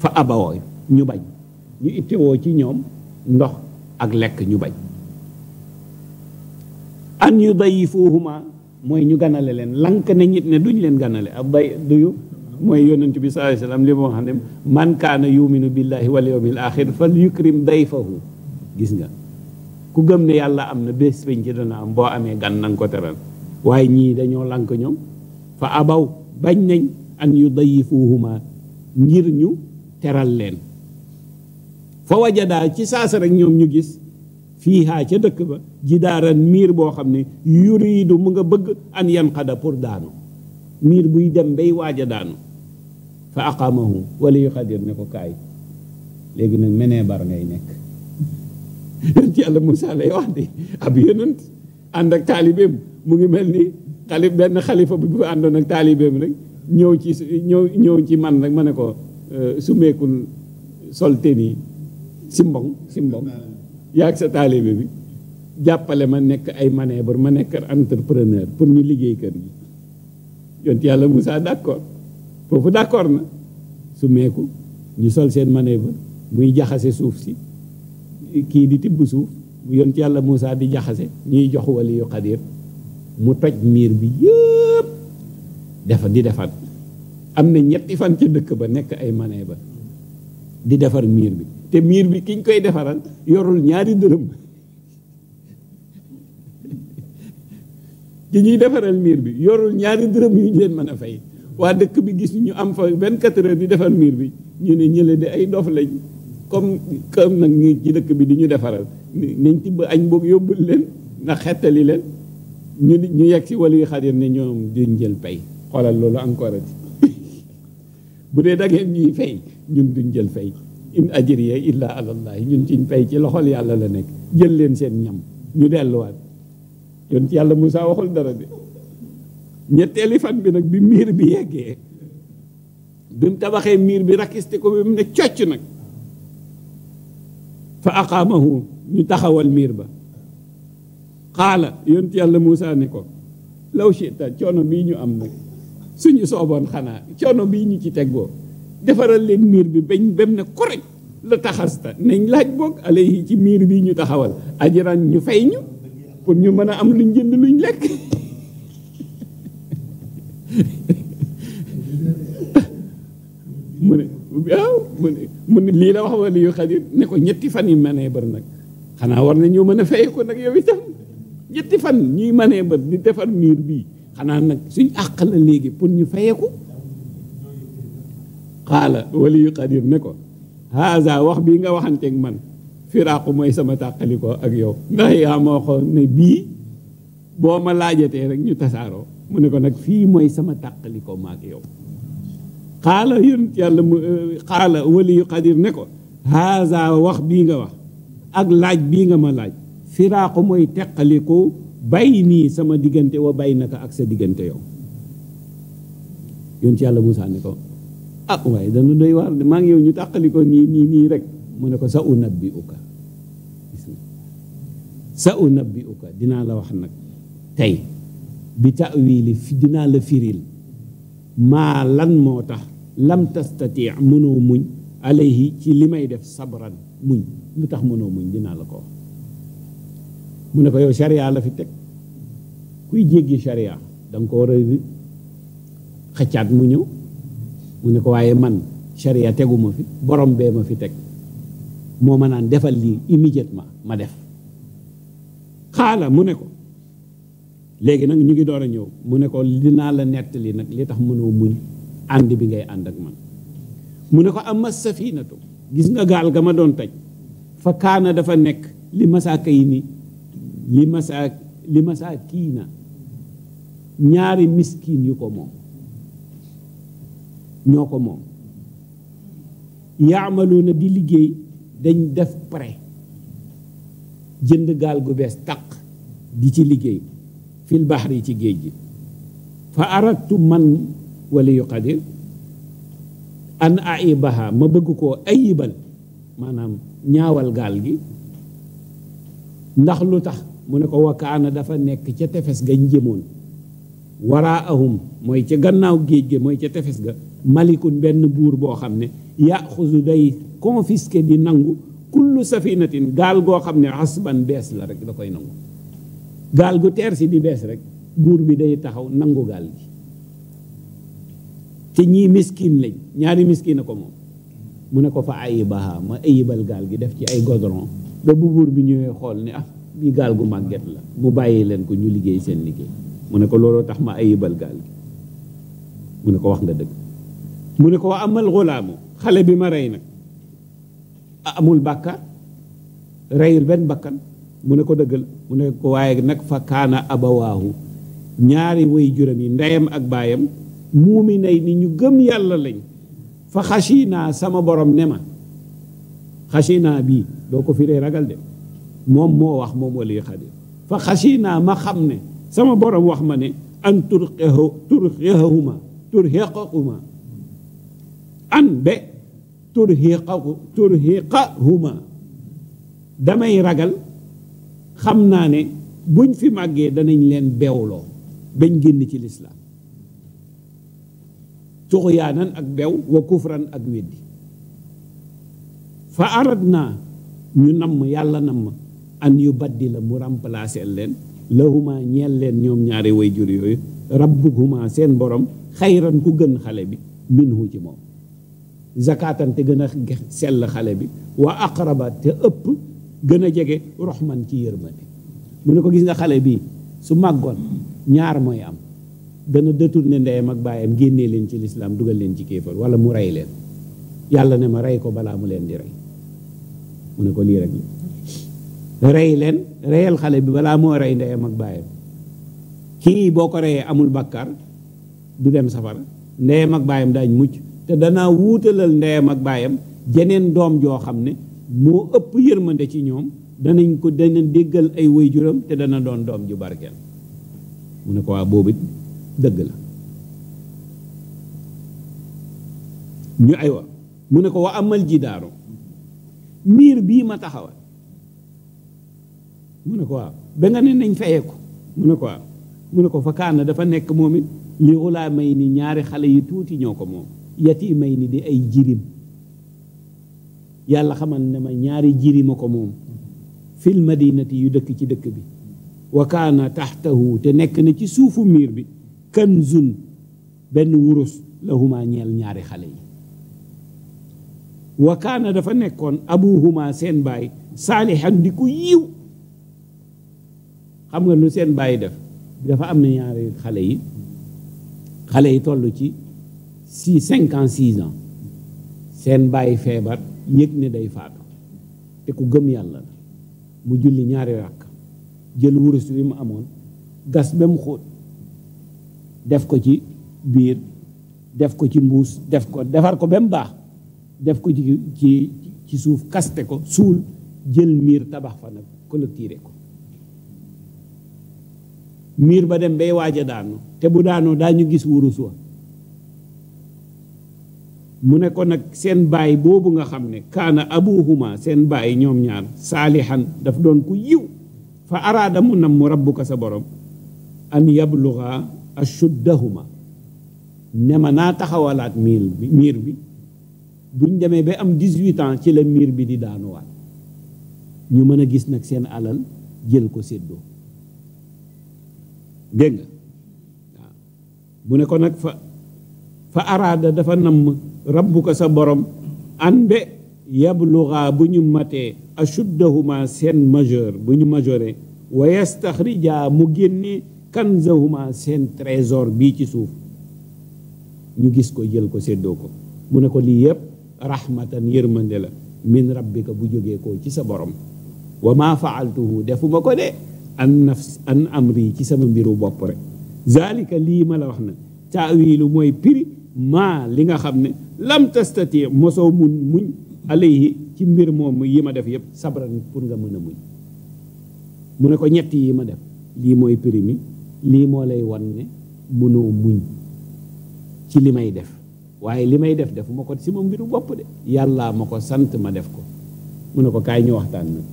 [SPEAKER 1] fa abawoo ñu bañ ñu ittiwoo ci ñoom ndox ak lekk ñu bañ an yudayifuhuma mooy ñu ganale leen lank ne ñit ne duñ leen ganale ab day duyu mooy yonent bi sallallahu alayhi wasallam li moo xam ne man kaana yuminu billahi wal yawmil axir fal yukrim dayfahu gis nga ku gëm ne yàlla am na bés bañ ci dana am boo amee gan na nga ko teral waaye ñii dañoo lank ñoom fa abaw bañ nañ an yu dayifuhuma ngir ñu teral leen fa wajadaa ci saasa rek ñoom ñu gis fiihaa ca dëkk ba jidaaran miir boo xam ne yuriidu mu nga bëgg an yanqada pour daanu miir buy dem bay waaj daanu fa aqamahu wala yu xadir ne ko kaay léegi nag menee bar ngay nekk yonent yàlla Moussa lay wax di ab yonent ànd ak taalibeem mu ngi mel ni xalif benn xalifa bu bu àndoon ak taalibeem ñëw ci ñëw ñëw ci man rek ma ne ko euh, sumeekul solte nii simbong simbong yaag sa taalibe bi jàppale ma nekk ay manœuvre ma nekk entrepreneur pour ñu liggéey kër gi yonent yàlla Moussa d'accord foofu d'accord na su meeku ñu sol seen manœuvre muy jaxase suuf si kii di tibb suuf yoon ci yàlla Moussa di jaxase ñuy jox wali yu xadir mu toj miir bi yëpp defar di defaat am na ñetti fan ca dëkk ba nekk ay manœuvre di defar miir bi te miir bi kiñ koy defaral yorul ñaari dërëm *laughs* ki ñuy defaral miir bi yorul ñaari dërëm yu ñu leen mën a fay waa dëkk bi gis ñu am fa 24 heures di defar miir bi ñu ne ñële de ay dof lañ comme comme nag ñu ci dëkk bi di ñu defaral nañ tibb añ boog yóbbul leen na xettali leen ñu ñu yegg si wala yu ne ñoom duñ jël pay xoolal loolu encore ati *laughs* bu dee da ngeen ñuy fay ñun duñ jël fay in ajriya illa ala allah ñun ciñ fay ci loxol yàlla la nekk jël leen seen ñam ñu delluwaat yoon ci yàlla Moussa waxul dara de ñetteeli fan bi nag bi miir bi yeggee bi mu tabaxee miir bi rakiste ko bi na ne cocc nag fa aqaamahu ñu taxawal miir ba xaala yonent yàlla Muusaa ni ko law shita coono bii ñu am nag suñu sooboon xanaa coono bii ñu ci teggoo defaral leen miir bi bañ bem ne koroj la taxasta nañ laaj boog alayhi ci miir bii ñu taxawal ajran ñu fay ñu pour ñu mën a am luñ jënd luñ lekk waaw mu ne lii la wax wala yu xadir ne ko ñetti fan yi manee bër nag xanaa war na ñoo mën a fay ko nag yow itam ñetti fan ñuy manee bër di defar miir bii xanaa nag suñ àq la léegi pour ñu fayeku xaala wala yu ne ko haza wax bii nga waxanteeg man firaaku mooy sama tàqalikoo ak yow ndax yaa ma waxoon ne bii boo ma laajatee rek ñu tasaaroo mu ne ko nag fii mooy sama tàqalikoo ma ak yow xaala yonent yàlla euh, waliyu xadir ne ko haza wax bii nga wax ak laaj bii nga ma laaj firaaqu mooy teqaliko bay nii sama diggante wa bay naka ak sa diggante yow yonent yàlla Muusaa ne ko ah waaye dana doy waar de maa ngi yow ñu tàqaliko nii nii nii rek mu ne ko sa unabbi uka sa unabbi uka dinaa la wax nag tey bi ta'wili dinaa la firil maa lan moo tax lam tastati mënoo muñ alayhi ci li may def sabran muñ lu tax mënoo muñ dinaa la ko wax mu ne ko yow sharia la fi teg kuy jéggi sharia da ko war a xëccaat mu ñëw mu ne ko waaye man sharia teguma fi borom bee ma fi teg moo ma naan defal lii immédiatement ma def xaala mu ne ko léegi nag ñu ngi door a ñëw mu ne ko dinaa la nettali nag li tax mënoo muñ ànd bi ngay ànd ak man mu ne ko amma safinatu gis nga gaal ga ma doon taj fa kaana dafa nekk li masaaka yi ni li masaa kii na ñaari miskin yu ko moom ñoo ko moom yaamaluuna di liggéey dañ def pre jënd gaal gu bees taq di ci liggéey fil bahri ci géej gi fa aradtu man waliyu qadir an aibaha ma bëgg koo ayibal maanaam ñaawal gaal gi ndax lu tax mu ne ko wakaana dafa nekk ca tefes ga njëmoon waraa ahum mooy ca gannaaw géej gi mooy ca tefes ga malikun benn buur boo xam ne yaxusu day confisqué di nangu kullu safinatin gaal goo xam ne asban bees la rek da koy nangu gaal gu teer si di bees rek buur bi day taxaw nangu gaal gi te ñii miskin lañ ñaari miskin a ko moom mu ne ko fa ayibaha ma ayibal gaal gi def ci ay godron ba bu buur bi ñëwee xool ne ah bi gaal gu màgget la mu bàyyi leen ko ñu liggéey seen liggéey mu ne ko looloo tax ma ayibal gaal gi mu ne ko wax nga dëgg mu ne ko wa amal xale bi ma rey nag amul bàkkaar reyul benn mu ne ko dëggal mu ne ko waaye nag fa kaana abawaahu ñaari woy juram yi ndeyam ak baayam muuminay ni ñu gëm yàlla lañ fa xasi naa sama borom ne ma xasi naa bii doo ko firee ragal de moom moo wax moom waliy xadir fa xasi naa ma xam ne sama borom wax ma ne an turxehu turxehuma turxeqahuma an be turxiqa turxiqahuma damay ragal xam naa ne buñ fi màggee danañ leen bewloo bañ génn ci lislaam tuxyaanan ak bew wa kufran ak weddi fa arad naa ñu namm yàlla namm an yu baddi la mu remplacer leen lahuma ñeel leen ñoom ñaari way jur yooyu rabbuhuma seen borom xayran ku gën xale bi minhu ci moom zakatan te gën a sell xale bi wa aqraba te ëpp gën a jege roxman ci yërmande mu ne ko gis nga xale bi su màggoon ñaar mooy am dana ne ndeyam ak baayam génnee leen ci lislaam dugal leen ci kéefar wala mu rey leen yàlla ne ma rey ko balaa mu leen di rey mu ne ko lii rek la rey leen reyal xale bi balaa moo rey ndeyam ak baayam kii boo ko reyee amul bàkkaar du dem safara ndeyam ak baayam daañ mujj te danaa wuutalal ndeyam ak baayam jeneen doom joo xam ne moo ëpp yërmande ci ñoom danañ ko dana déggal ay waajuram te dana doon doom ju barkeel mu ne ko waa boobu dëgg la ñu aywa mu ne ko wa amal jidaaru miir bii ma taxawal mu ne ko waaw ba nga ne nañ fayee ko mu ne ko waaw mu ne ko fa kaana dafa nekk moom it li ulaa may ni ñaari xale yu tuuti ñoo ko moom yati may ni di ay jirim yàlla xamal ne ma ñaari jirima ko moom fil madinati yu dëkk ci dëkk bi wa kaana taxtahu te nekk na ci suufu miir bi kanzun benn wurus lahuma ñeel ñaari xale yi wa dafa nekkoon abu abuhuma seen baay saalihan di ku yiw xam nga lu seen baay def dafa am na ñaari xale yi xale yi toll ci six cinquante ans six seen baay feebar yëg ne day faatu te ku gëm yàlla la mu julli ñaari rakk jël wurus bi mu amoon gas ba mu xóot def ko ci biir def ko ci mbuus def ko defar ko ba mu baax def ko ci ci ci suuf kaste ko suul jël miir tabax fa nag clôturer ko miir ba dem bay waaj a daanu te bu daanoo ñu gis wurus wa mu ne ko nag seen baay boobu nga xam ne kaana abuhuma seen baay ñoom ñaan saalihan daf doon ku yiw fa araada mu nam mu ko sa borom an yabluga ashuddahuma ne ma naa taxawalaat miir bi miir bi buñ demee ba am dix-huit ans ci la miir bi di daanuwaat ñu mën a gis nag seen alal jël ko séddoo dégg nga mu ne ko nag fa fa araada dafa namm ko sa borom an be yabluga bu ñu matee ashuddahuma seen majeur bu ñu majoré wa yastaxrija mu génnee kanzahuma seen trésor bii ci suuf ñu gis ko jël ko séddoo ko mu ne ko lii yëpp rahmatan yërmande la min rabbika bu jógee ko ci sa borom wa ma faaltuhu defuma ko de an nafs an amri ci sama mbiru bopp rek zalika lii ma la wax na taawilu mooy piri maa li nga xam ne lam tastati mosoo mun muñ alayhi ci mbir moom yi ma def yëpp sabran pour nga mën a muñ mu ne ko ñett yi ma def lii mooy piri mi lii moo lay won ne mënoo muñ ci li may def waaye li may def defu ma ko si ma mbiru bopp de yàllaa ma ko sant ma def ko mu ne ko kaay ñu waxtaan nag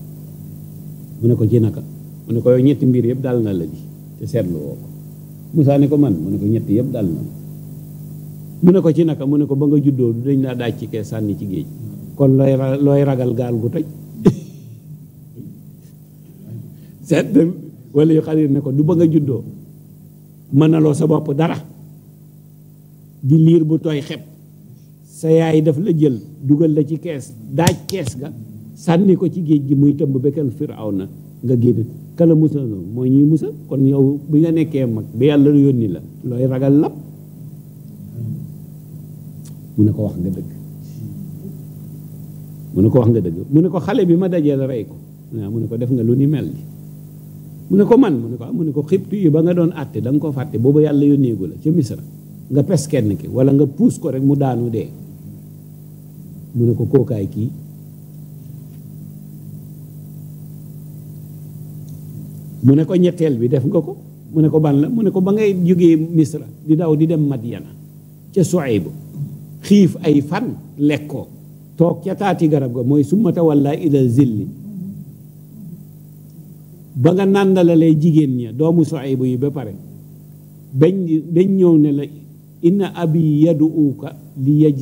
[SPEAKER 1] mu ne ko ci naka mu ne ko yow ñetti mbir yëpp dal na la ji te seetlu woo ko Moussa ne ko man mu ne ko yëpp dal ne ko ci naka mu ne ko ba nga juddoo du dañ laa daaj ci kee sànni ci géej kon looy looy ragal gaal gu toj *laughs* seet wala yu xarit ne ko du ba nga juddoo mënaloo sa bopp dara di liir bu tooy xepp sa yaay daf la jël dugal la ci kees daaj kees ga sànni ko ci géej gi muy tëmb bekkal Firawna nga génn kala musal noonu mooy ñuy musal kon yow bi nga nekkee mag bi yàlla lu yónni la looy ragal la mu ne ko wax nga dëgg mu ne ko wax nga dëgg mu ne ko xale bi ma dajee la rey ko mu ne ko def nga lu ni mel ni mu ne ko man mu ne ko mu ne ko xibtu yi ba nga doon àtte da ko fàtte booba yàlla yónneegu la ca misra nga pes kenn ki wala nga puus ko rek mu daanu dee mu ne ko kookaay kii mu ne ko ñetteel bi def nga ko mu ne ko ban la mu ne ko ba ngay jógee misra di daw di dem Madyana ca Suaybu xiif ay fan lekkoo toog ca taati garab ga mooy summa tawalla ila zilli ba nga nàndalalee jigéen ña doomu Suaybu yi ba pare dañ dañ ñëw ne la inna abi yaduuka li yaj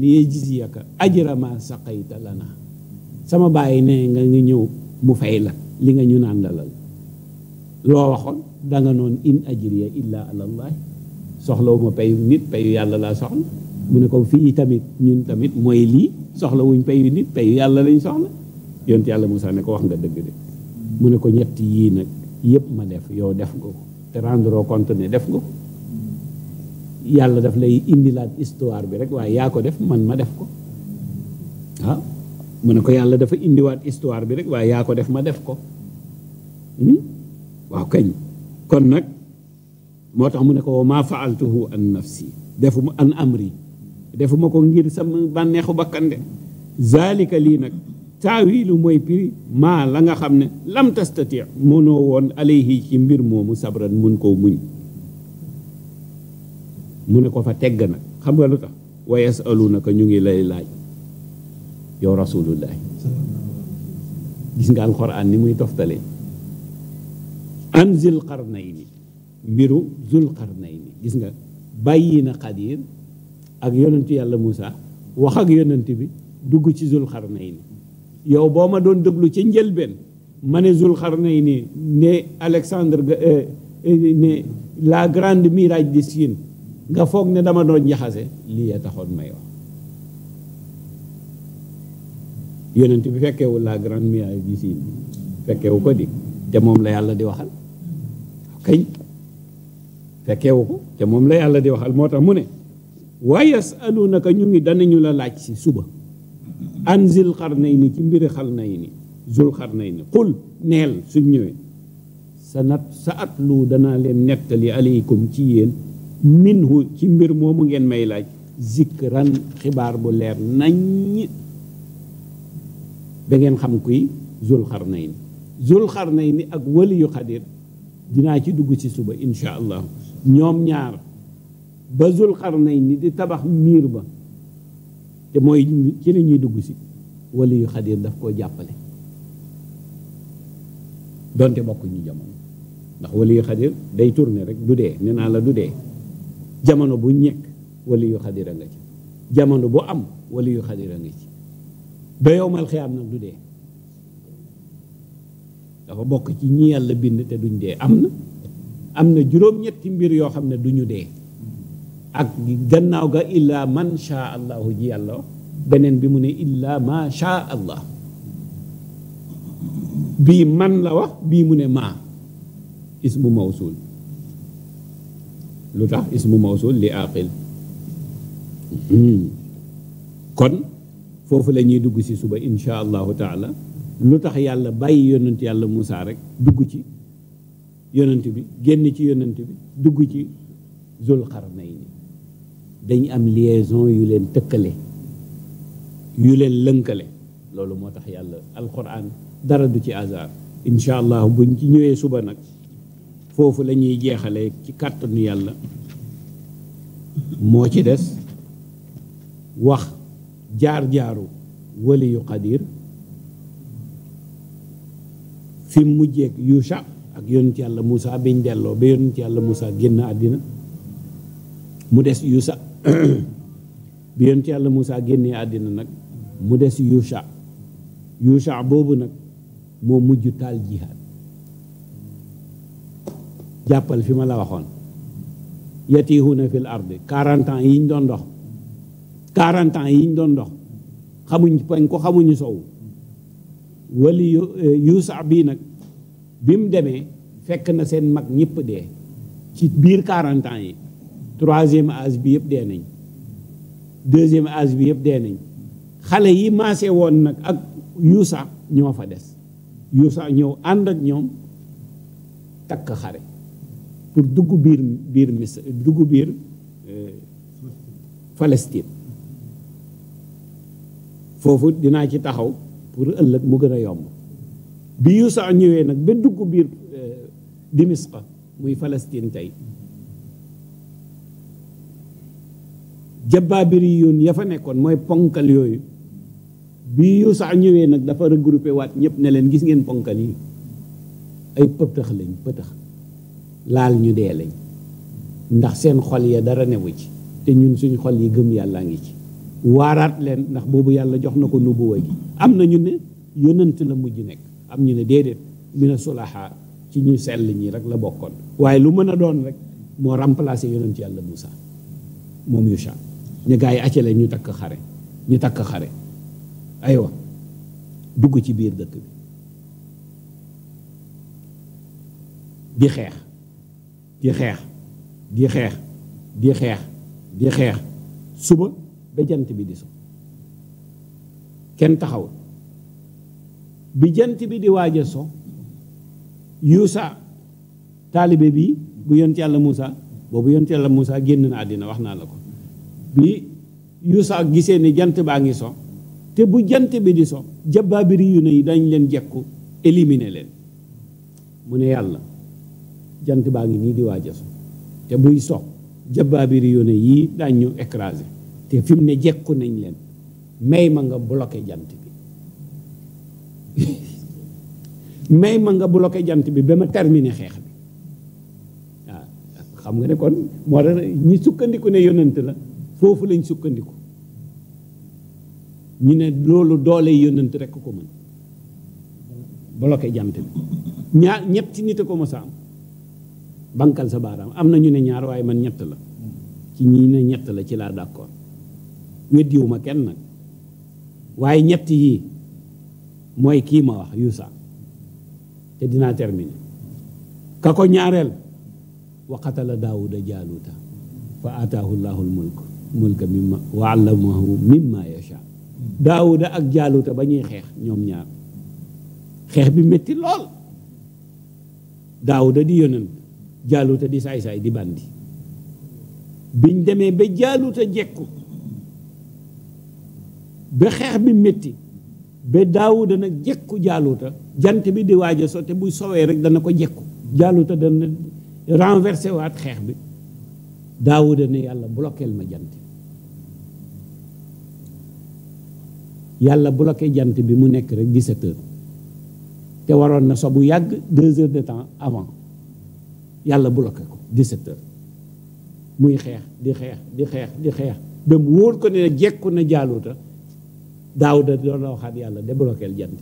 [SPEAKER 1] li yajziyaka ajra ma saqayta lana sama bàyyi ne nga nga ñëw mu fay la li nga ñu nàndalal loo waxoon danga noon in ajriya illa ala soxlawuma payu nit payu yàlla laa soxla mu ne ko fii tamit ñun tamit mooy lii soxla wuñ payu nit payu yàlla lañu soxla yonent yàlla Musaa ne ko wax nga dëgg de mu ne ko ñett yii nag yëpp ma def yow def nga ko te rendre compte def nga ko yàlla daf lay indilaat histoire bi rek waaye yaa ko def man ma def ko ah, mu ne ko yàlla dafa indiwaat histoire bi rek waaye yaa ko def ma def ko hmm? waaw kañ kon nag moo tax mu ne ko maa faaltuhu an nafsi defuma an amri defuma ko ngir sama bànneexu bakkande zalika lii nag taawilu mooy piri maa la nga xam ne lam tastati mënoo woon alayhi ci mbir moomu sabran mun koo muñ mu ne ko fa tegg nag xam nga lu tax wa yasalunaka ñu ngi lay laaj yow rasulullahi gis nga alquran ni muy toftale an zil qarnayni mbiru zul qarnayni gis nga bàyyi na xadir ak yonentu yàlla Moussa wax ak yonent bi dugg ci zul qarnayni yow boo ma doon déglu ci njëlbeen ma ne Zulxarnayni ne Alexandre euh, euh, ne la grande miraaj de Chine nga foog ne dama doon jaxase lii ya taxoon may wax yonent bi fekkewu la grande miraaj de Chine fekkeewu ko di te moom la yàlla di waxal kañ fekkeewu ko te moom la yàlla di waxal moo tax mu ne waaye yasalunaka ñu ngi danañu la laaj si suba an zil xarnayni ci mbiri xarnayni zul xarnayni xul neel suñ ñëwee sa nat sa at lu danaa leen nettali aleykum ci yéen minhu ci mbir moomu ngeen may laaj zikran xibaar bu leer naññ da ngeen xam kuy zul xarnayni nay ni ak waliyu xadir dinaa ci dugg ci suba incha allah ñoom ñaar ba zul xarnayni di tabax miir ba te mooy ci la ñuy dugg si wala yu xadir daf koo jàppale donte bokkuñu jamono ndax wala yu xadir day turne rek du dee ne naa la du dee jamono bu ñekk wala yu xadir a nga ci jamono bu am wala yu xadir a nga ci ba yowmal am na du dee dafa bokk ci ñi yàlla bind te duñ dee am na am na juróom-ñetti mbir yoo xam ne duñu dee ak gannaaw ga illaa man shaa allahu ji yàlla beneen bi mu ne illaa ma shaa allah bii man la wax bii mu ne maa ismu mawsul lu tax ismu mawsul li aqil hmm. kon foofu la ñuy dugg ci suba insha allahu taala lu tax yàlla bàyyi yonent yàlla Moussa rek dugg ci yonent bi génn ci yonent bi dugg ci zul xarnayni dañ am liaison yu leen tëkkale yu leen lënkale loolu moo tax yàlla alxuraan dara du ci hasard incha allah buñ ci ñëwee suba nag foofu la ñuy jeexale ci kàttanu yàlla moo ci des wax jaar-jaaru wali yu qadir fi mujjeeg Yuusa ak yonent yàlla Moussa biñ delloo ba yonent yàlla Moussa génn àddina mu des Yuusa *coughs* bi yonent yàlla Moussa génnee àddina nag mu des Yuusa Yuusa boobu nag moo mujj taal jihaad jàppal fi ma la waxoon yatihuna fil ardi quarante yiñ doon dox quarante yiñ doon dox xamuñ pañ ko xamuñu sow wali eh, Yuusa bii nag bi mu demee fekk na seen mag ñépp dee ci biir quarante yi troisième âge bi yëpp dee nañ deuxième âge bi yëpp dee nañ xale yi maase woon nag ak yuusa ñoo fa des yuusa ñëw ànd ak ñoom takk xare pour dugg biir biir mis dugg biir euh, Palestine foofu dinaa ci taxaw pour ëllëg mu gën a yomb bi yuusa ñëwee nag ba dugg biir euh, Dimisqa muy Palestine tey jabaabiri yoon ya fa nekkoon mooy ponkal yooyu bi yu sax ñëwee nag dafa regroupé waat ñëpp ne leen gis ngeen ponkal yi ay pëtëx lañ pëtëx laal ñu dee lañ ndax seen xol ya dara newu ci te ñun suñ xol yi gëm yàllaa ngi ci waaraat leen ndax boobu yàlla jox na ko nubuwa gi am na ñu ne yonant la mujj nekk am ñu ne déedéet ne sulaha ci ñu sell ñi rek la bokkoon waaye lu mën a doon rek moo remplacé yonant yàlla Moussa moom Yuusa ne gars yi acce leen ñu takk xare ñu takk xare aywa dugg ci biir dëkk bi di xeex di xeex di xeex di xeex di xeex suba ba jant bi di so kenn taxaw bi jant bi di waaja a so yuusa taalibe bi bu yont yàlla Moussa boobu yont la Moussa génn na àddina wax naa la ko bi Yuusa gisee ni jant baa ngi so te bu jant bi di so jabaabiri yu ne yi dañ leen jekku éliminer leen mu ne yàlla jant baa ngi nii di waaj a so te buy so jabaabiri yu ne yii dañ ñu écraser te fi mu ne jekku nañ leen may ma nga bloqué jant bi *laughs* may ma nga bloqué jant bi ba ma terminé xeex bi waaw xam nga ne kon moo tax ñi sukkandiku ne yonent la foofu lañ sukkandiku ñu ne loolu doole yónnent rekk ko mën bloqué jant bi ñaar ñetti nit a ko mos a am bankal sa baaraam am na ñu ne ñaar waaye man ñett la ci ñi ne ñett la ci laa d'accord weddiwu ma kenn nag waaye ñett yii mooy kii ma wax yu Yuusa te dinaa terminer ka ko ñaareel wa qatala daawuda jaaluuta fa aataahu llaahu mulk mulka mimma wa allamahu mimma yasha daawuda ak jaaluta ba ñuy xeex ñoom ñaar xeex bi métti lool daawuda di yonent jaaluta di saay-saay di bandi biñ demee ba jaaluta jekku ba xeex bi métti ba daawuda nag jekku jaaluta jant bi di waaj a sote buy sowee rek dana ko jekku jaaluta dana renversé waat xeex bi daawuda ne yàlla bloqueel ma jant yàlla bloqué jant bi mu nekk rek 17 heures te waroon na so bu yàgg deux heures de temps avant yàlla bloqué ko 17 heures muy xeex di xeex di xeex di xeex dem wóor ko ne jekku na jaaluta daawuda doon waxaat yàlla débloqueel jant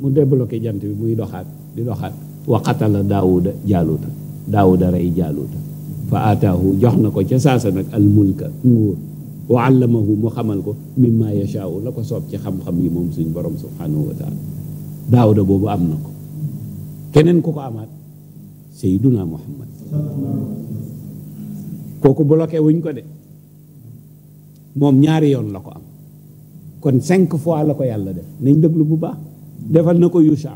[SPEAKER 1] mu débloqué jant bi muy doxaat di doxaat wa qatala daawuda jaaluta daawuda rey jaaluta fa aataahu jox na ko ca saasa nag almulka nguur wa allamahu mu xamal ko mimma yashaau la ko soob ci xam-xam yi moom suñ borom subhanahu wa taala daawuda boobu am na ko keneen ku ko amaat sayduna muhammad kooku bloqué wuñ ko de moom ñaari yoon la ko am kon cinq fois la ko yàlla def nañ déglu bu baax defal na ko yusha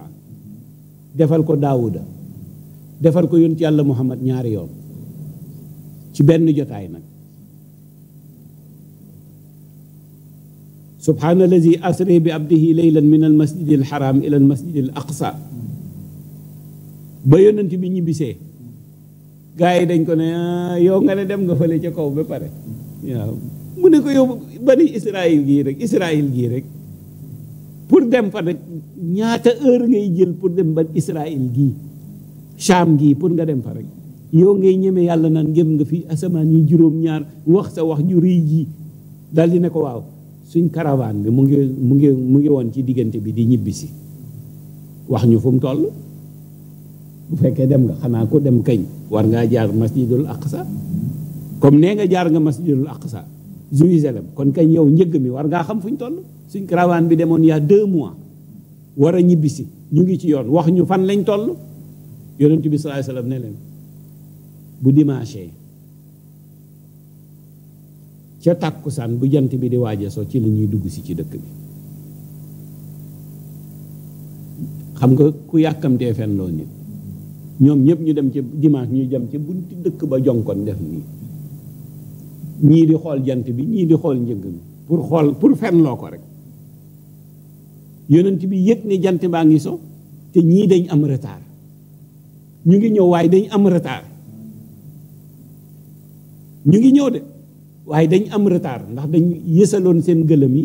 [SPEAKER 1] defal ko daawuda defal ko yoon ci yàlla muhammad ñaari yoon ci benn jotaay nag subhaana allazi asra bi abdihi laylan min al masjid al haram ila al masjid al aqsa ba yonent bi ñibbisee gaa yi dañ ko ne ah, yow nga ne dem nga fële ca kaw ba pare waaw mu ne ko yow bani israil gii rek israil gii rek pour dem fa ñaata heure ngay jël pour dem ba israil gii cham gii pour nga dem fa yow ngay ñeme yàlla naan ngém nga fi asamaan yi juróom-ñaar wax sa wax ju rëy ji daal di ne ko waaw suñ caravane bi mu ngi mu ngi mu ngi woon ci diggante bi di ñibbisi wax ñu fu mu bu fekkee dem nga xanaa ko dem kañ war ngaa jaar masjidul aqsa comme nee nga jaar nga masjidul aqsa Jérusalem kon kañ yow mi war ngaa xam fu ñu toll suñ caravane bi demoon yaa deux mois war a ñibbisi ñu ngi ci yoon wax ñu fan lañ toll yonent bi sallallahu alayhi ne leen bu dimanche ca tàkkusaan bu jant bi di waaja so ci la ñuy dugg si ci dëkk bi xam nga ku yàkkamtee fen loo nit ñoom ñëpp ñu dem ci dimaas ñu dem ci bunti dëkk ba jonkon def nii ñii di xool jant bi ñii di xool njëg mi pour xool pour fen loo ko rek yonent bi yëg ne jant baa ngi so te ñii dañ am retard ñu ngi ñëw waaye dañ am retard ñu ngi ñëw de waaye dañ am retard ndax dañ yësaloon seen gëlëm yi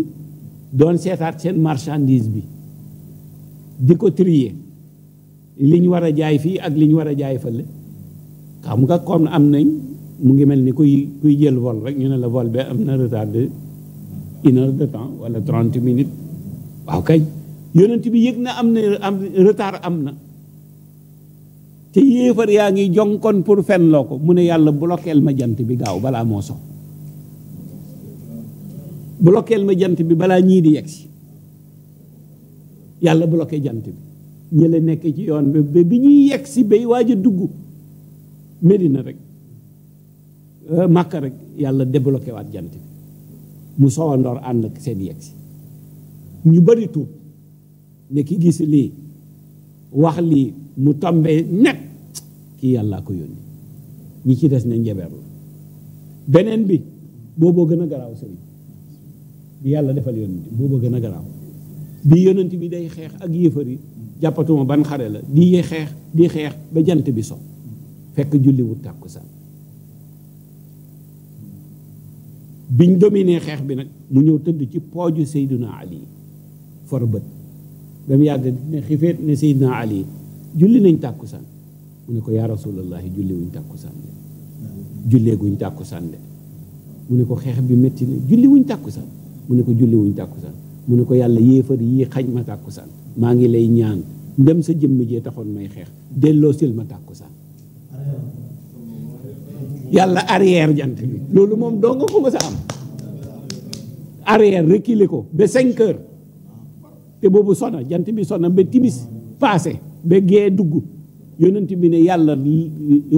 [SPEAKER 1] doon seetaat seen marchandise bi di ko trier li ñu war a jaay fii ak li ñu war a jaay fële xam nga kon am nañ mu ngi mel ni kuy kuy jël vol rek ñu ne la vol be am na retard de une heure de temps wala trente minutes waaw kay yonent bi yëg na am na am am na te yéefar yaa ngi jonkon pour fen loo ko mu ne yàlla bloqueel ma jant bi gaaw balaa moo so bloqueel ma jant bi balaa ñii di yegsi yàlla bloqué jant bi ñële nekk ci yoon bi ba bi ñuy yegsi bay waaj a dugg Medina rek euh, Màkka rek yàlla débloqué waat jant bi mu a ndoor ànd ak seen yegsi ñu bari tuub ne gis lii wax lii mu tombee nekk kii yàllaa ko yónni ñi ci des na njabeer la beneen bi booboo gën a garaaw sëriñ bi yàlla defal yónni booboo gën a garaaw bi yonent bi day xeex ak yéefar yi jàppatuma ban xare la di xeex di xeex ba jant bi so fekk julli wu tàkkusaan biñ dominee xeex bi nag mu ñëw tëdd ci pooju Seydina Ali for bët ba mu yàgg ne xifeet ne Seydina Ali julli nañ tàkkusaan mu ne ko yaa rasulallahi julli wuñ tàkkusaan de jullee guñ de mu ne ko xeex bi métti na julli wuñ tàkkusaan mu ne ko julli wuñ tàkkusaan mu ne ko yàlla yéefar yii xañ ma tàkku tàkkusaan maa ngi lay ñaan ndem sa jëmm jee taxoon may xeex delloo sil ma tàkkusaan yàlla arrière jant bi loolu moom doo nga ko ma sa am arrière reculer ko ba cinq te boobu sona jant bi sona ba timis passé ba gee dugg yonent bi ne yàlla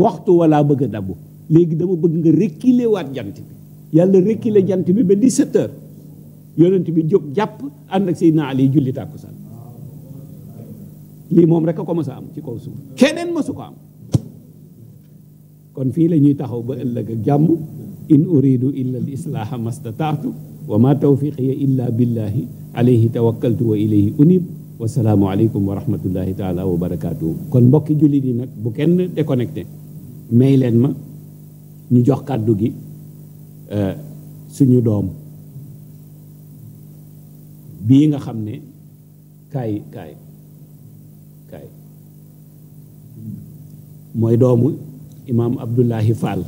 [SPEAKER 1] waxtu walaa bëgg a dabu léegi dama bëgg nga reculer waat jant bi yàlla reculer jant bi ba 17 heures yonent bi jóg jàpp ànd ak Seydina Ali julli tàkkusaan lii moom rek a ko mës a am ci kaw suuf keneen mësu ko am kon fii la ñuy taxaw ba ëllëg ak jàmm in uridu illa al islaaha mastataatu wa ma tawfiqiya illa billahi alayhi tawakkaltu wa ilayhi unib wasalaamualeykum wa rahmatullahi taala wa barakaatu. kon mbokki jullit yi nag bu kenn déconnecté may leen ma ñu jox kàddu gi euh, suñu doom bii nga xam ne kaay kaay kaay mooy doomu imaam Abdullahi Fall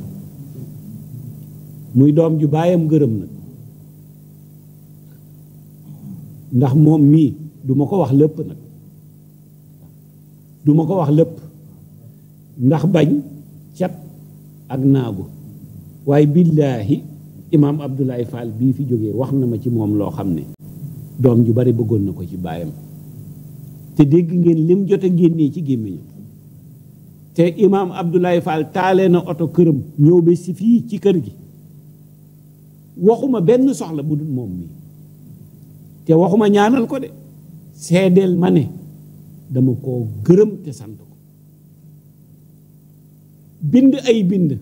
[SPEAKER 1] muy doom ju baayam gërëm nag ndax moom mii duma ko wax lëpp nag du ko wax lépp ndax bañ cat ak naagu waaye billaahi imaam Abdoulaye Fall bii fi jógee wax na ma ci moom loo xam ne doom ju bare bëggoon na ko ci baayam te dégg ngeen lim jot jote génnee ci gémmiñam te imaam Abdoulaye Fall taale na oto këram ñëw ba si fii ci kër gi waxuma benn soxla bu dul moom mii te waxuma ñaanal ko de seedeel ma ne dama koo gërëm te sant ko bind ay bind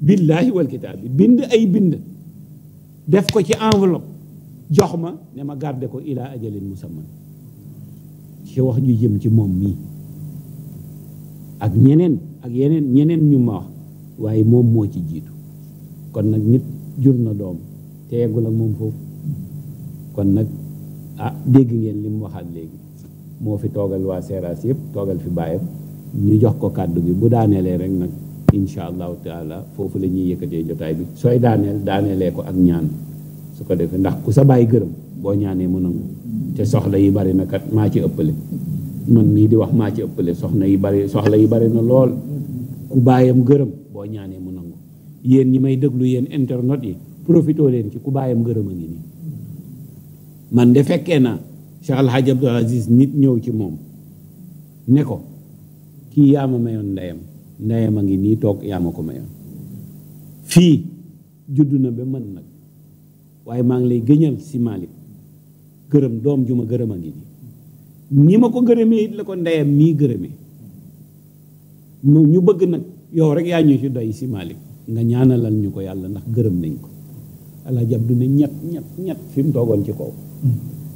[SPEAKER 1] billaahi wal bind ay bind def ko ci enveloppe jox ma ne ma garde ko ilaa ajalin musamman ci wax ñu jëm ci moom mii ak ñeneen ak yeneen ñeneen ñu ma wax waaye moom moo ci jiitu kon nag nit jur na doom te yeggul ak moom foofu kon nag ah dégg ngeen li mu waxaat léegi moo fi toogal waa seeraas yëpp toogal fi bàyyam ñu jox ko kàddu bi bu daaneelee rek nag incha allahu taala foofu la ñuy yëkkatee jotaay bi sooy daaneel daaneelee ko ak ñaan su ko defee ndax ku sa bàyyi gërëm boo ñaanee mu nangu te soxla yi bari na kat maa ci ëppale man mii di wax maa ci ëppale soxna yi bari soxla yi bari na lool ku baayam gërëm boo ñaanee mu nangu yéen ñi may déglu yéen internet yi profitoo leen ci ku baayam gërëm a ngi man de fekkee naa Cheikh Al Hadj Abdoul nit ñëw ci moom ne ko kii yaa ma mayoon ndeyam ndeyam a ngi nii toog yaa ko mayoon fii juddu na ba man nag waaye maa ngi lay gëñal si Malick gërëm doom juma gërëm a ngi nii ni ma ko gërëmee it la ko ndeyam mii gërëmee mu ñu bëgg nag yow rek yaa ñu ci doy si Malick nga ñaanalal ñu ko yàlla ndax gërëm nañ ko El Hadj ne ñett ñett ñett fi mu toogoon ci kaw.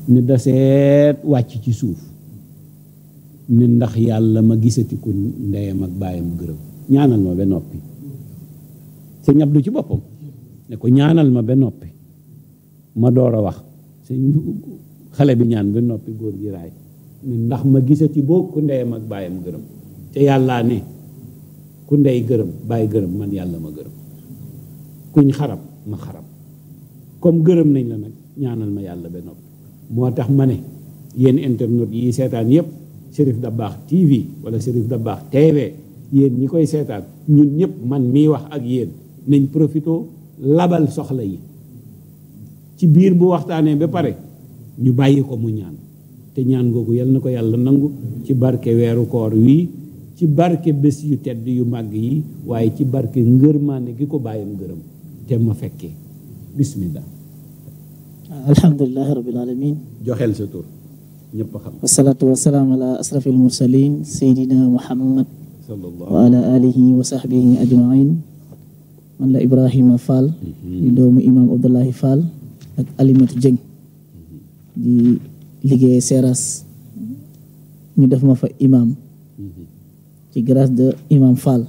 [SPEAKER 1] ni daseet wàcc ci suuf ni ndax yàlla ma gisati ku ndeyam ak baayam gërëm ñaanal ma ba noppi sëñ Abdu ci boppam ne ko ñaanal ma ba noppi ma door a wax sëñ xale bi ñaan ba noppi góor gi raay ni ndax ma gisati boo ku ndeyam ak baayam gërëm te yàllaa ne ku ndey gërëm bàyyi gërëm man yàlla ma gërëm kuñ xarab ma xarab comme gërëm nañ la nag ñaanal ma yàlla ba noppi moo tax ma ne yéen internet yi seetaan yëpp Cherif Dabakh TV wala Cherif Dabakh TV yéen ñi koy seetaan ñun ñëpp man mii wax ak yéen nañ profito labal soxla yi ci biir bu waxtaanee ba pare ñu bàyyi ko mu ñaan te ñaan googu yal na ko yàlla nangu ci barke weeru koor wii ci barke bés yu tedd yu màgg yi waaye ci barke ngërmaane gi ko bàyyam gërëm te ma fekkee bismillah
[SPEAKER 4] alhamdulilah rabil alamin joxel
[SPEAKER 1] sa tur ñëpp muhammad wa ala
[SPEAKER 4] wa sahbihi ajmain man la ibrahima fall mhm. di doomu imam abdoulahi fall ak alimatu mhm. di liggéey seras ñu def ma fa imam mhm. ci grâce de imam fall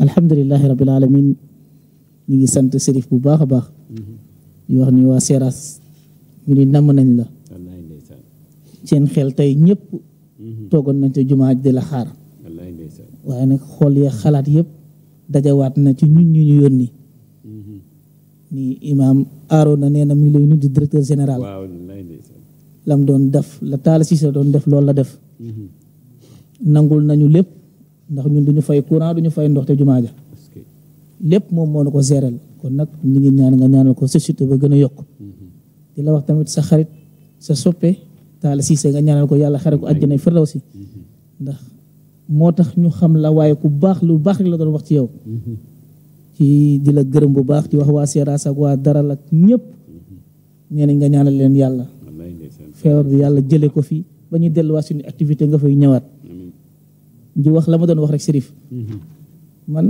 [SPEAKER 4] alhamdulilahi rabil alamin ñi ngi sant sérif bu baax a baax di wax ni waa Seras ñu ni namm nañ la seen xel tey ñëpp mhm. toogoon nañ te jumaa di la xaar waaye nag xool ya xalaat yëpp dajawaat na ci ñun ñu ñu yónni mhm. ni imaam Arona nee na mu ngi lay di directeur général lam doon def la taal si sa doon def loolu la def mhm. nangul nañu lépp ndax ñun duñu fay courant duñu fay ndox te jumaa ja lépp moom moo na ko géral ko nag ñu ngi ñaan nga ñaanal ko sa surtout ba gën a yokk di la wax tamit sa xarit sa soppe Talla Cissé nga ñaanal ko yàlla xare ko àjjana firdawsi ndax moo tax ñu xam la waaye ku baax lu baax rek la doon wax ci yow ci di la gërëm bu baax di wax waa Seras ak waa Daral ak ñëpp nee nga ñaanal leen yàlla
[SPEAKER 2] feewar bi yàlla jële ko
[SPEAKER 4] fi ba ñu delluwaat suñu activité nga fay ñëwaat di wax la ma doon wax rek Serif mhm. man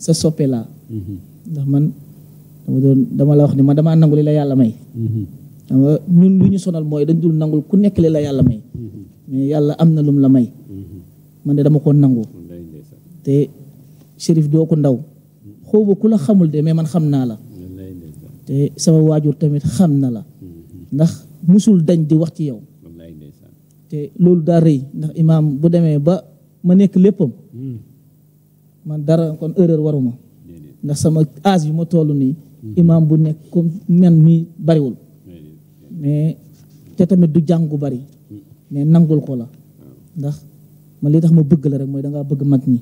[SPEAKER 4] sa soppe laa mm-hmm. ndax man dama la wax ni ma damaa nangu li la yàlla may mm-hmm. xam lu ñu sonal mooy dañ dul nangul ku nekk li la yàlla may
[SPEAKER 2] mm-hmm.
[SPEAKER 4] yàlla am na lum la may man de dama koo nangu te Chérif doo ko ndaw xaw ku la xamul de mais man xam naa la te sama waajur tamit xam na la ndax musul dañ di wax ci yow te loolu daa rëy ndax imaam bu demee ba ma nekk léppam mm. man dara kon erreur waruma ndax sama âge yu ma toll nii hmm. imam bu nekk comme men mi bariwul mais te tamit du jàng bu bari hmm. mais nangul ko la hmm. ndax ma li tax ma bëgg la rek mooy danga bëgg mag ñi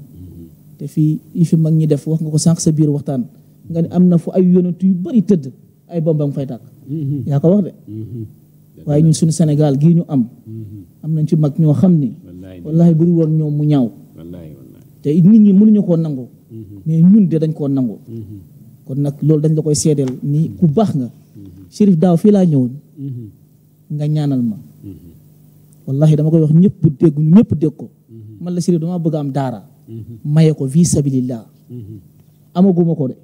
[SPEAKER 4] te fii yi fi mag ñi def wax nga ko sànq sa biir waxtaan nga ne am na fu ay yonent yu bari tëdd ay bombam fay tàkk yaa ko wax de waaye ñu suñu senegal gii ñu am am nañ ci mag ñoo xam ni wallahi buri woon ñoom mu ñaaw te nit ñi mënuñu koo nangu mhm. mais ñun de dañ koo nangu mhm. kon nag loolu dañ la koy seedeel ni ku mhm. baax nga Chérif daaw fii laa ñëwoon nga ñaanal ma wallahi dama koy wax ñëpp dégg ñëpp dégg ko man la Chérif dama bëgg am daara maye ko fii sabilillah amaguma ko de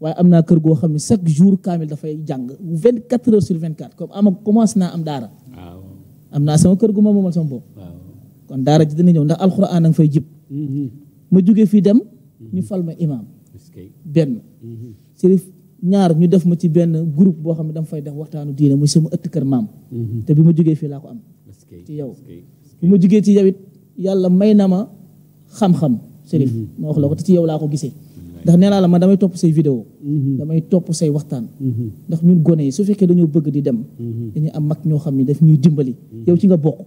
[SPEAKER 4] waaye am naa kër goo xam ne chaque jour kaamil dafay jàng vingt quatre heures sur vingt quatre comme ama commencé naa am daara am naa sama kër gu ma moomal sama bopp kon daara ji dina ñëw ndax alxuraan a nga fay jib ma jóge fii dem mhm. ñu fal ma imaam benn mhm. sërif ñaar ñu def ma ci benn groupe boo xam ne dama fay def waxtaanu diine muy sama ëtt kër maam mhm. te bi ma jugee fii laa ko am ci yow bi ma jugee ci yow it yàlla may na ma xam-xam sërif ma wax la ko te ci yow laa ko gisee ndax nee naa la man damay topp say vidéo damay topp say waxtaan ndax ñun gone yi su fekkee dañoo bëgg di dem dañuy am mag ñoo xam ni daf ñuy dimbali yow ci nga bokk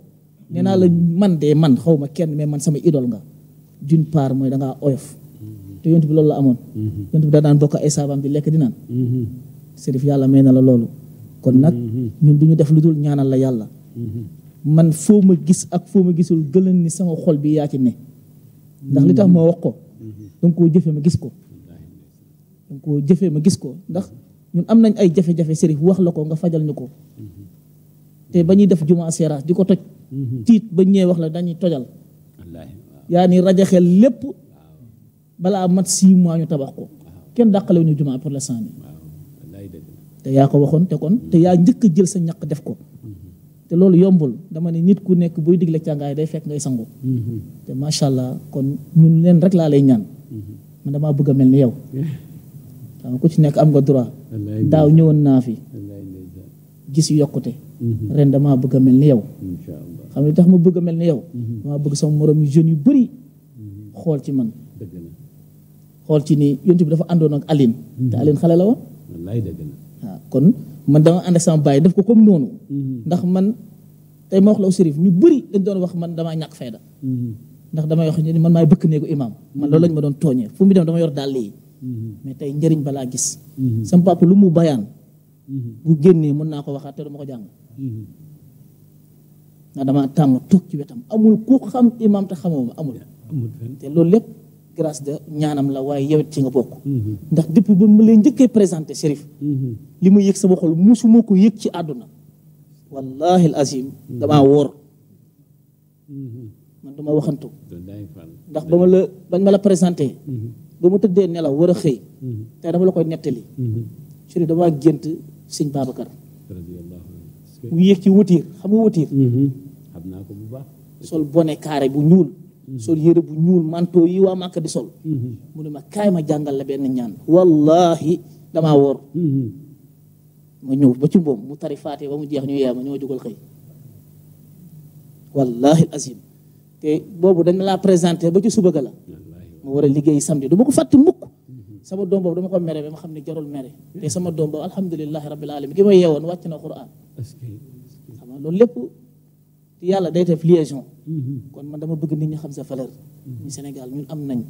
[SPEAKER 4] nee naa la man de man xaw kenn mais man sama idol nga jun part mooy dangaa oyof mm-hmm. te yontu bi loolu la amoon mm-hmm. yontu bi daa daan bokk ay saabaam bi lekk di naan mm-hmm. sërif yàlla may na la loolu kon nag ñun du ñu def lu dul ñaanal la yàlla man foo ma gis ak foo ma gisul gëlën ni sama xol bi yaa ci ne ndax li tax moo wax ko danga koo jëfee ma gis ko danga koo jëfee ma gis ko ndax ñun am nañ ay jafe-jafe sërif wax la ko nga fajal ñu ko te ba ñuy def jumaa seeraas di ko toj tiit ba ñëwee wax la dañuy tojal yaa ni rajaxel lépp balaa mat six mois ñu tabax ko kenn dàqalewu ñu jumaa pour l'instant te yaa ko waxoon te kon te yaa njëkk a jël sa ñaq def ko te loolu yombul dama ne nit ku nekk buy digle càngaay day fekk ngay sangu te macha allah kon ñun leen rek laa lay ñaan man damaa bëgg a mel ni yow xam ku ci nekk am nga droit daaw ñëwoon naa fi gis yokkute mhm. ren damaa bëgg mel ni yow xam ne tax ma bëgg mel ni yow mhm. dama bëgg sama morom yu jeunes yu bëri mhm. xool ci man xool ci ni yontu bi dafa àndoon ak Aline mhm. te Aline xale la woon wallaay dëgg ah, kon man dama ànd ak sama bàyyi def ko comme noonu ndax man tey ma wax la Chérif ñu bëri dañ doon wax man damaa ñàkk fayda ndax damay wax ñu ni man maay bëkk néegu man loolu lañ ma doon fu mu dem dama yor dàll mais tey njëriñ balaa gis sama lu mu bayaan bu génnee mën naa ko waxaat te dama ko jàng ndax damaa tàmm toog ci wetam amul ku xam imaam te xamoo ma amul te loolu lépp grâce de ñaanam la waaye yow ci nga bokk mm-hmm. ndax depuis ba ma lay njëkkee présenté Chérif mm-hmm. li ma yëg sama xol musuma ko yëg ci àdduna wallahi al azim mm-hmm. damaa wóor man duma waxantu ndax ba ma la bañ ma la présenté ba ma tëddee nelaw war a xëy te dama la koy nettali Chérif damaa gént sëñ Babacar mu
[SPEAKER 1] yéeg ci watiir xam nga
[SPEAKER 4] xam bu baax. sol bonnet carré bu ñuul. Mm-hmm. sol yére bu ñuul manteau yi waa Màkka di sol. Mm-hmm. mu ne ma kaay ma jàngal la benn ñaan. wallahi damaa woor. Mm-hmm. ma ñëw ba ci mboom mu tari faate ba mu jeex ñu yaa ma ñoo jógal xëy. wallahi azim te boobu dañ laa présenté ba ci suba ga la. ma war a liggéey samedi du ko fàtte mukk. sama doom boobu dama ko mere ba ma xam ne jarul mere. te sama doom boobu alhamdulilahi rabbil alamin ki ma yeewoon wàcc na Qur'an. xam nga loolu lépp. yàlla day def liaison mm-hmm. kon man dama bëgg nit ñi xam sa valeur Sénégal ñun am nañ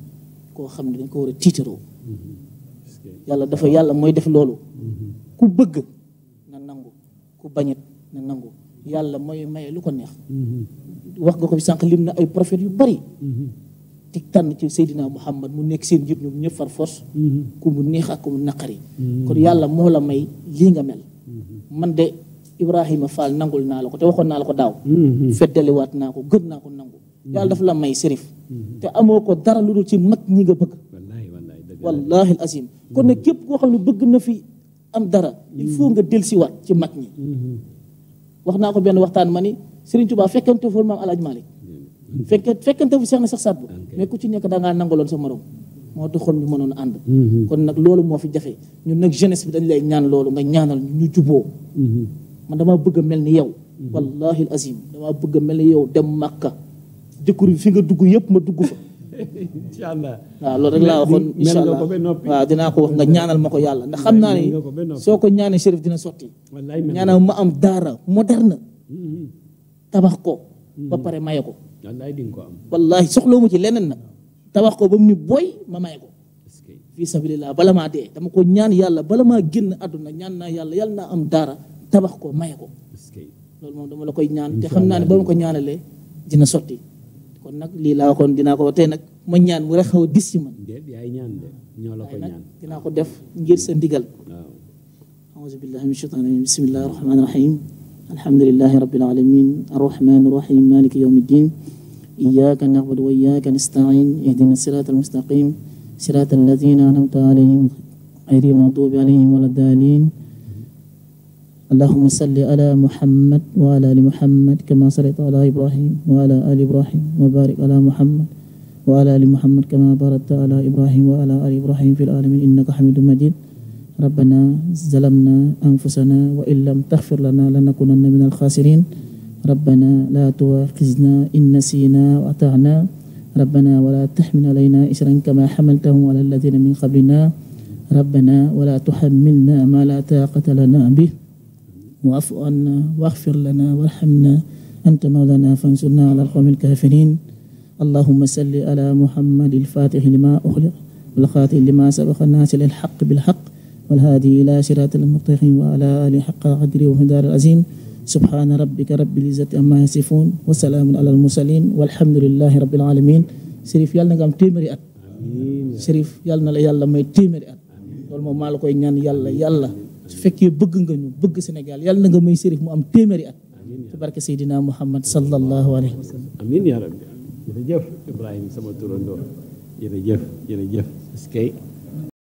[SPEAKER 4] koo xam ne dañ ko war a tiitaroo mm-hmm. yàlla dafa yàlla mooy def loolu mm-hmm. ku bëgg na nangu ku bañit na nangu yàlla mooy maye lu ko neex wax nga ko bi sànq lim na ay prophètes yu bari te tànn ci Seydina Muhammad mu nekk seen jiit ñoom ñëpp far force ku mu neex ak ku mu naqari kon yàlla moo la may lii nga mel man de Ibrahima Fall nangul naa la ko te waxoon naa la ko daaw mm-hmm. feddaliwaat naa ko gën naa ko nangu mm-hmm. yàlla dafa la may sérif mm-hmm. te amoo ko dara lu dul ci mag ñi nga bëgg wallahi al azim kon nag képp koo xam ne bëgg na fi am dara il faut nga dellusiwaat ci mag ñi naa ko benn waxtaan ma ni Serigne Touba fekkante foofu maam Alaaji Malik fekkee fekkante fu seex na sax sàbbu mais ku ci nekk da ngaa nangaloon sa morom moo taxoon ñu mënoon ànd kon nag loolu moo fi jafe ñun nag jeunesse bi dañ lay ñaan loolu nga ñaanal ñu juboo man dama bëgg a mel ni yow mm-hmm. wallahi al azim damaa bëgg a mel ni yow dem màkka jëkkër fi nga dugg yëpp ma dugg fa *laughs* incha allah waaw loolu rek laa waxoon incha allah waaw dinaa ko wax nga ñaanal ma ko yàlla ndax xam naa ne soo ko ñaanee chérif dina sotti ñaanal ma am daara moderne mm-hmm. tabax ko mm-hmm. ba pare maye ko wallahi soxloo mu ci leneen nag tabax ko ba mu ni booy ma maye ko fii sabilillah bala maa dee dama ko ñaan yàlla bala maa génn àdduna ñaan naa yàlla yàlla naa am daara tabax ko maye ko loolu moom dama la koy ñaan te naa ne ba ko ñaanalee dina sotti kon nag lii laa waxoon dinaa ko tey nag ma ñaan mu rek xaw a dis ci man waaye nag dinaa ko def ngir sa ndigal auzu billahi min shaytaani rajim bismillahi rahmaani rahim alhamdulillahi rabbil alamin arrahmaani rahim maliki yawmi ddin iyyaka na'budu wa iyyaka nasta'in ihdina siraatal mustaqim siraatal lazina an'amta alayhim ghayril maghdubi اللهم صل على محمد وعلى آل محمد كما صليت على إبراهيم وعلى آل إبراهيم وبارك على محمد وعلى آل محمد كما باركت على إبراهيم وعلى آل إبراهيم في العالمين إنك حميد مجيد ربنا ظلمنا أنفسنا وإن لم تغفر لنا لنكونن من الخاسرين ربنا لا تؤاخذنا إن نسينا وأطعنا ربنا ولا تحمل علينا إسرا كما حملته على الذين من قبلنا ربنا ولا تحملنا ما لا طاقة لنا به واعف عنا واغفر لنا وارحمنا أنت مولانا فانصرنا على القوم الكافرين اللهم صل على محمد الفاتح لما أغلق والخاتم لما سبق الناس للحق بالحق والهادي إلى صراط المستقيم وعلى آله حق قدره ومقداره العظيم سبحان ربك رب العزة عما يصفون وسلام على المرسلين والحمد لله رب العالمين Chérif yàlla na nga am téeméeri at Chérif yàlla na la yàlla may téeméeri at loolu moom maa la koy ñaan yàlla yàlla su fekkee bëgg nga ñu bëgg Sénégal yàlla na nga may sérif mu am téeméeri at ci barke Seydina Muhammad sallallahu alayhi wa sallam amin ya rabbi jërëjëf
[SPEAKER 1] Ibrahima sama turandoo jërëjëf jërëjëf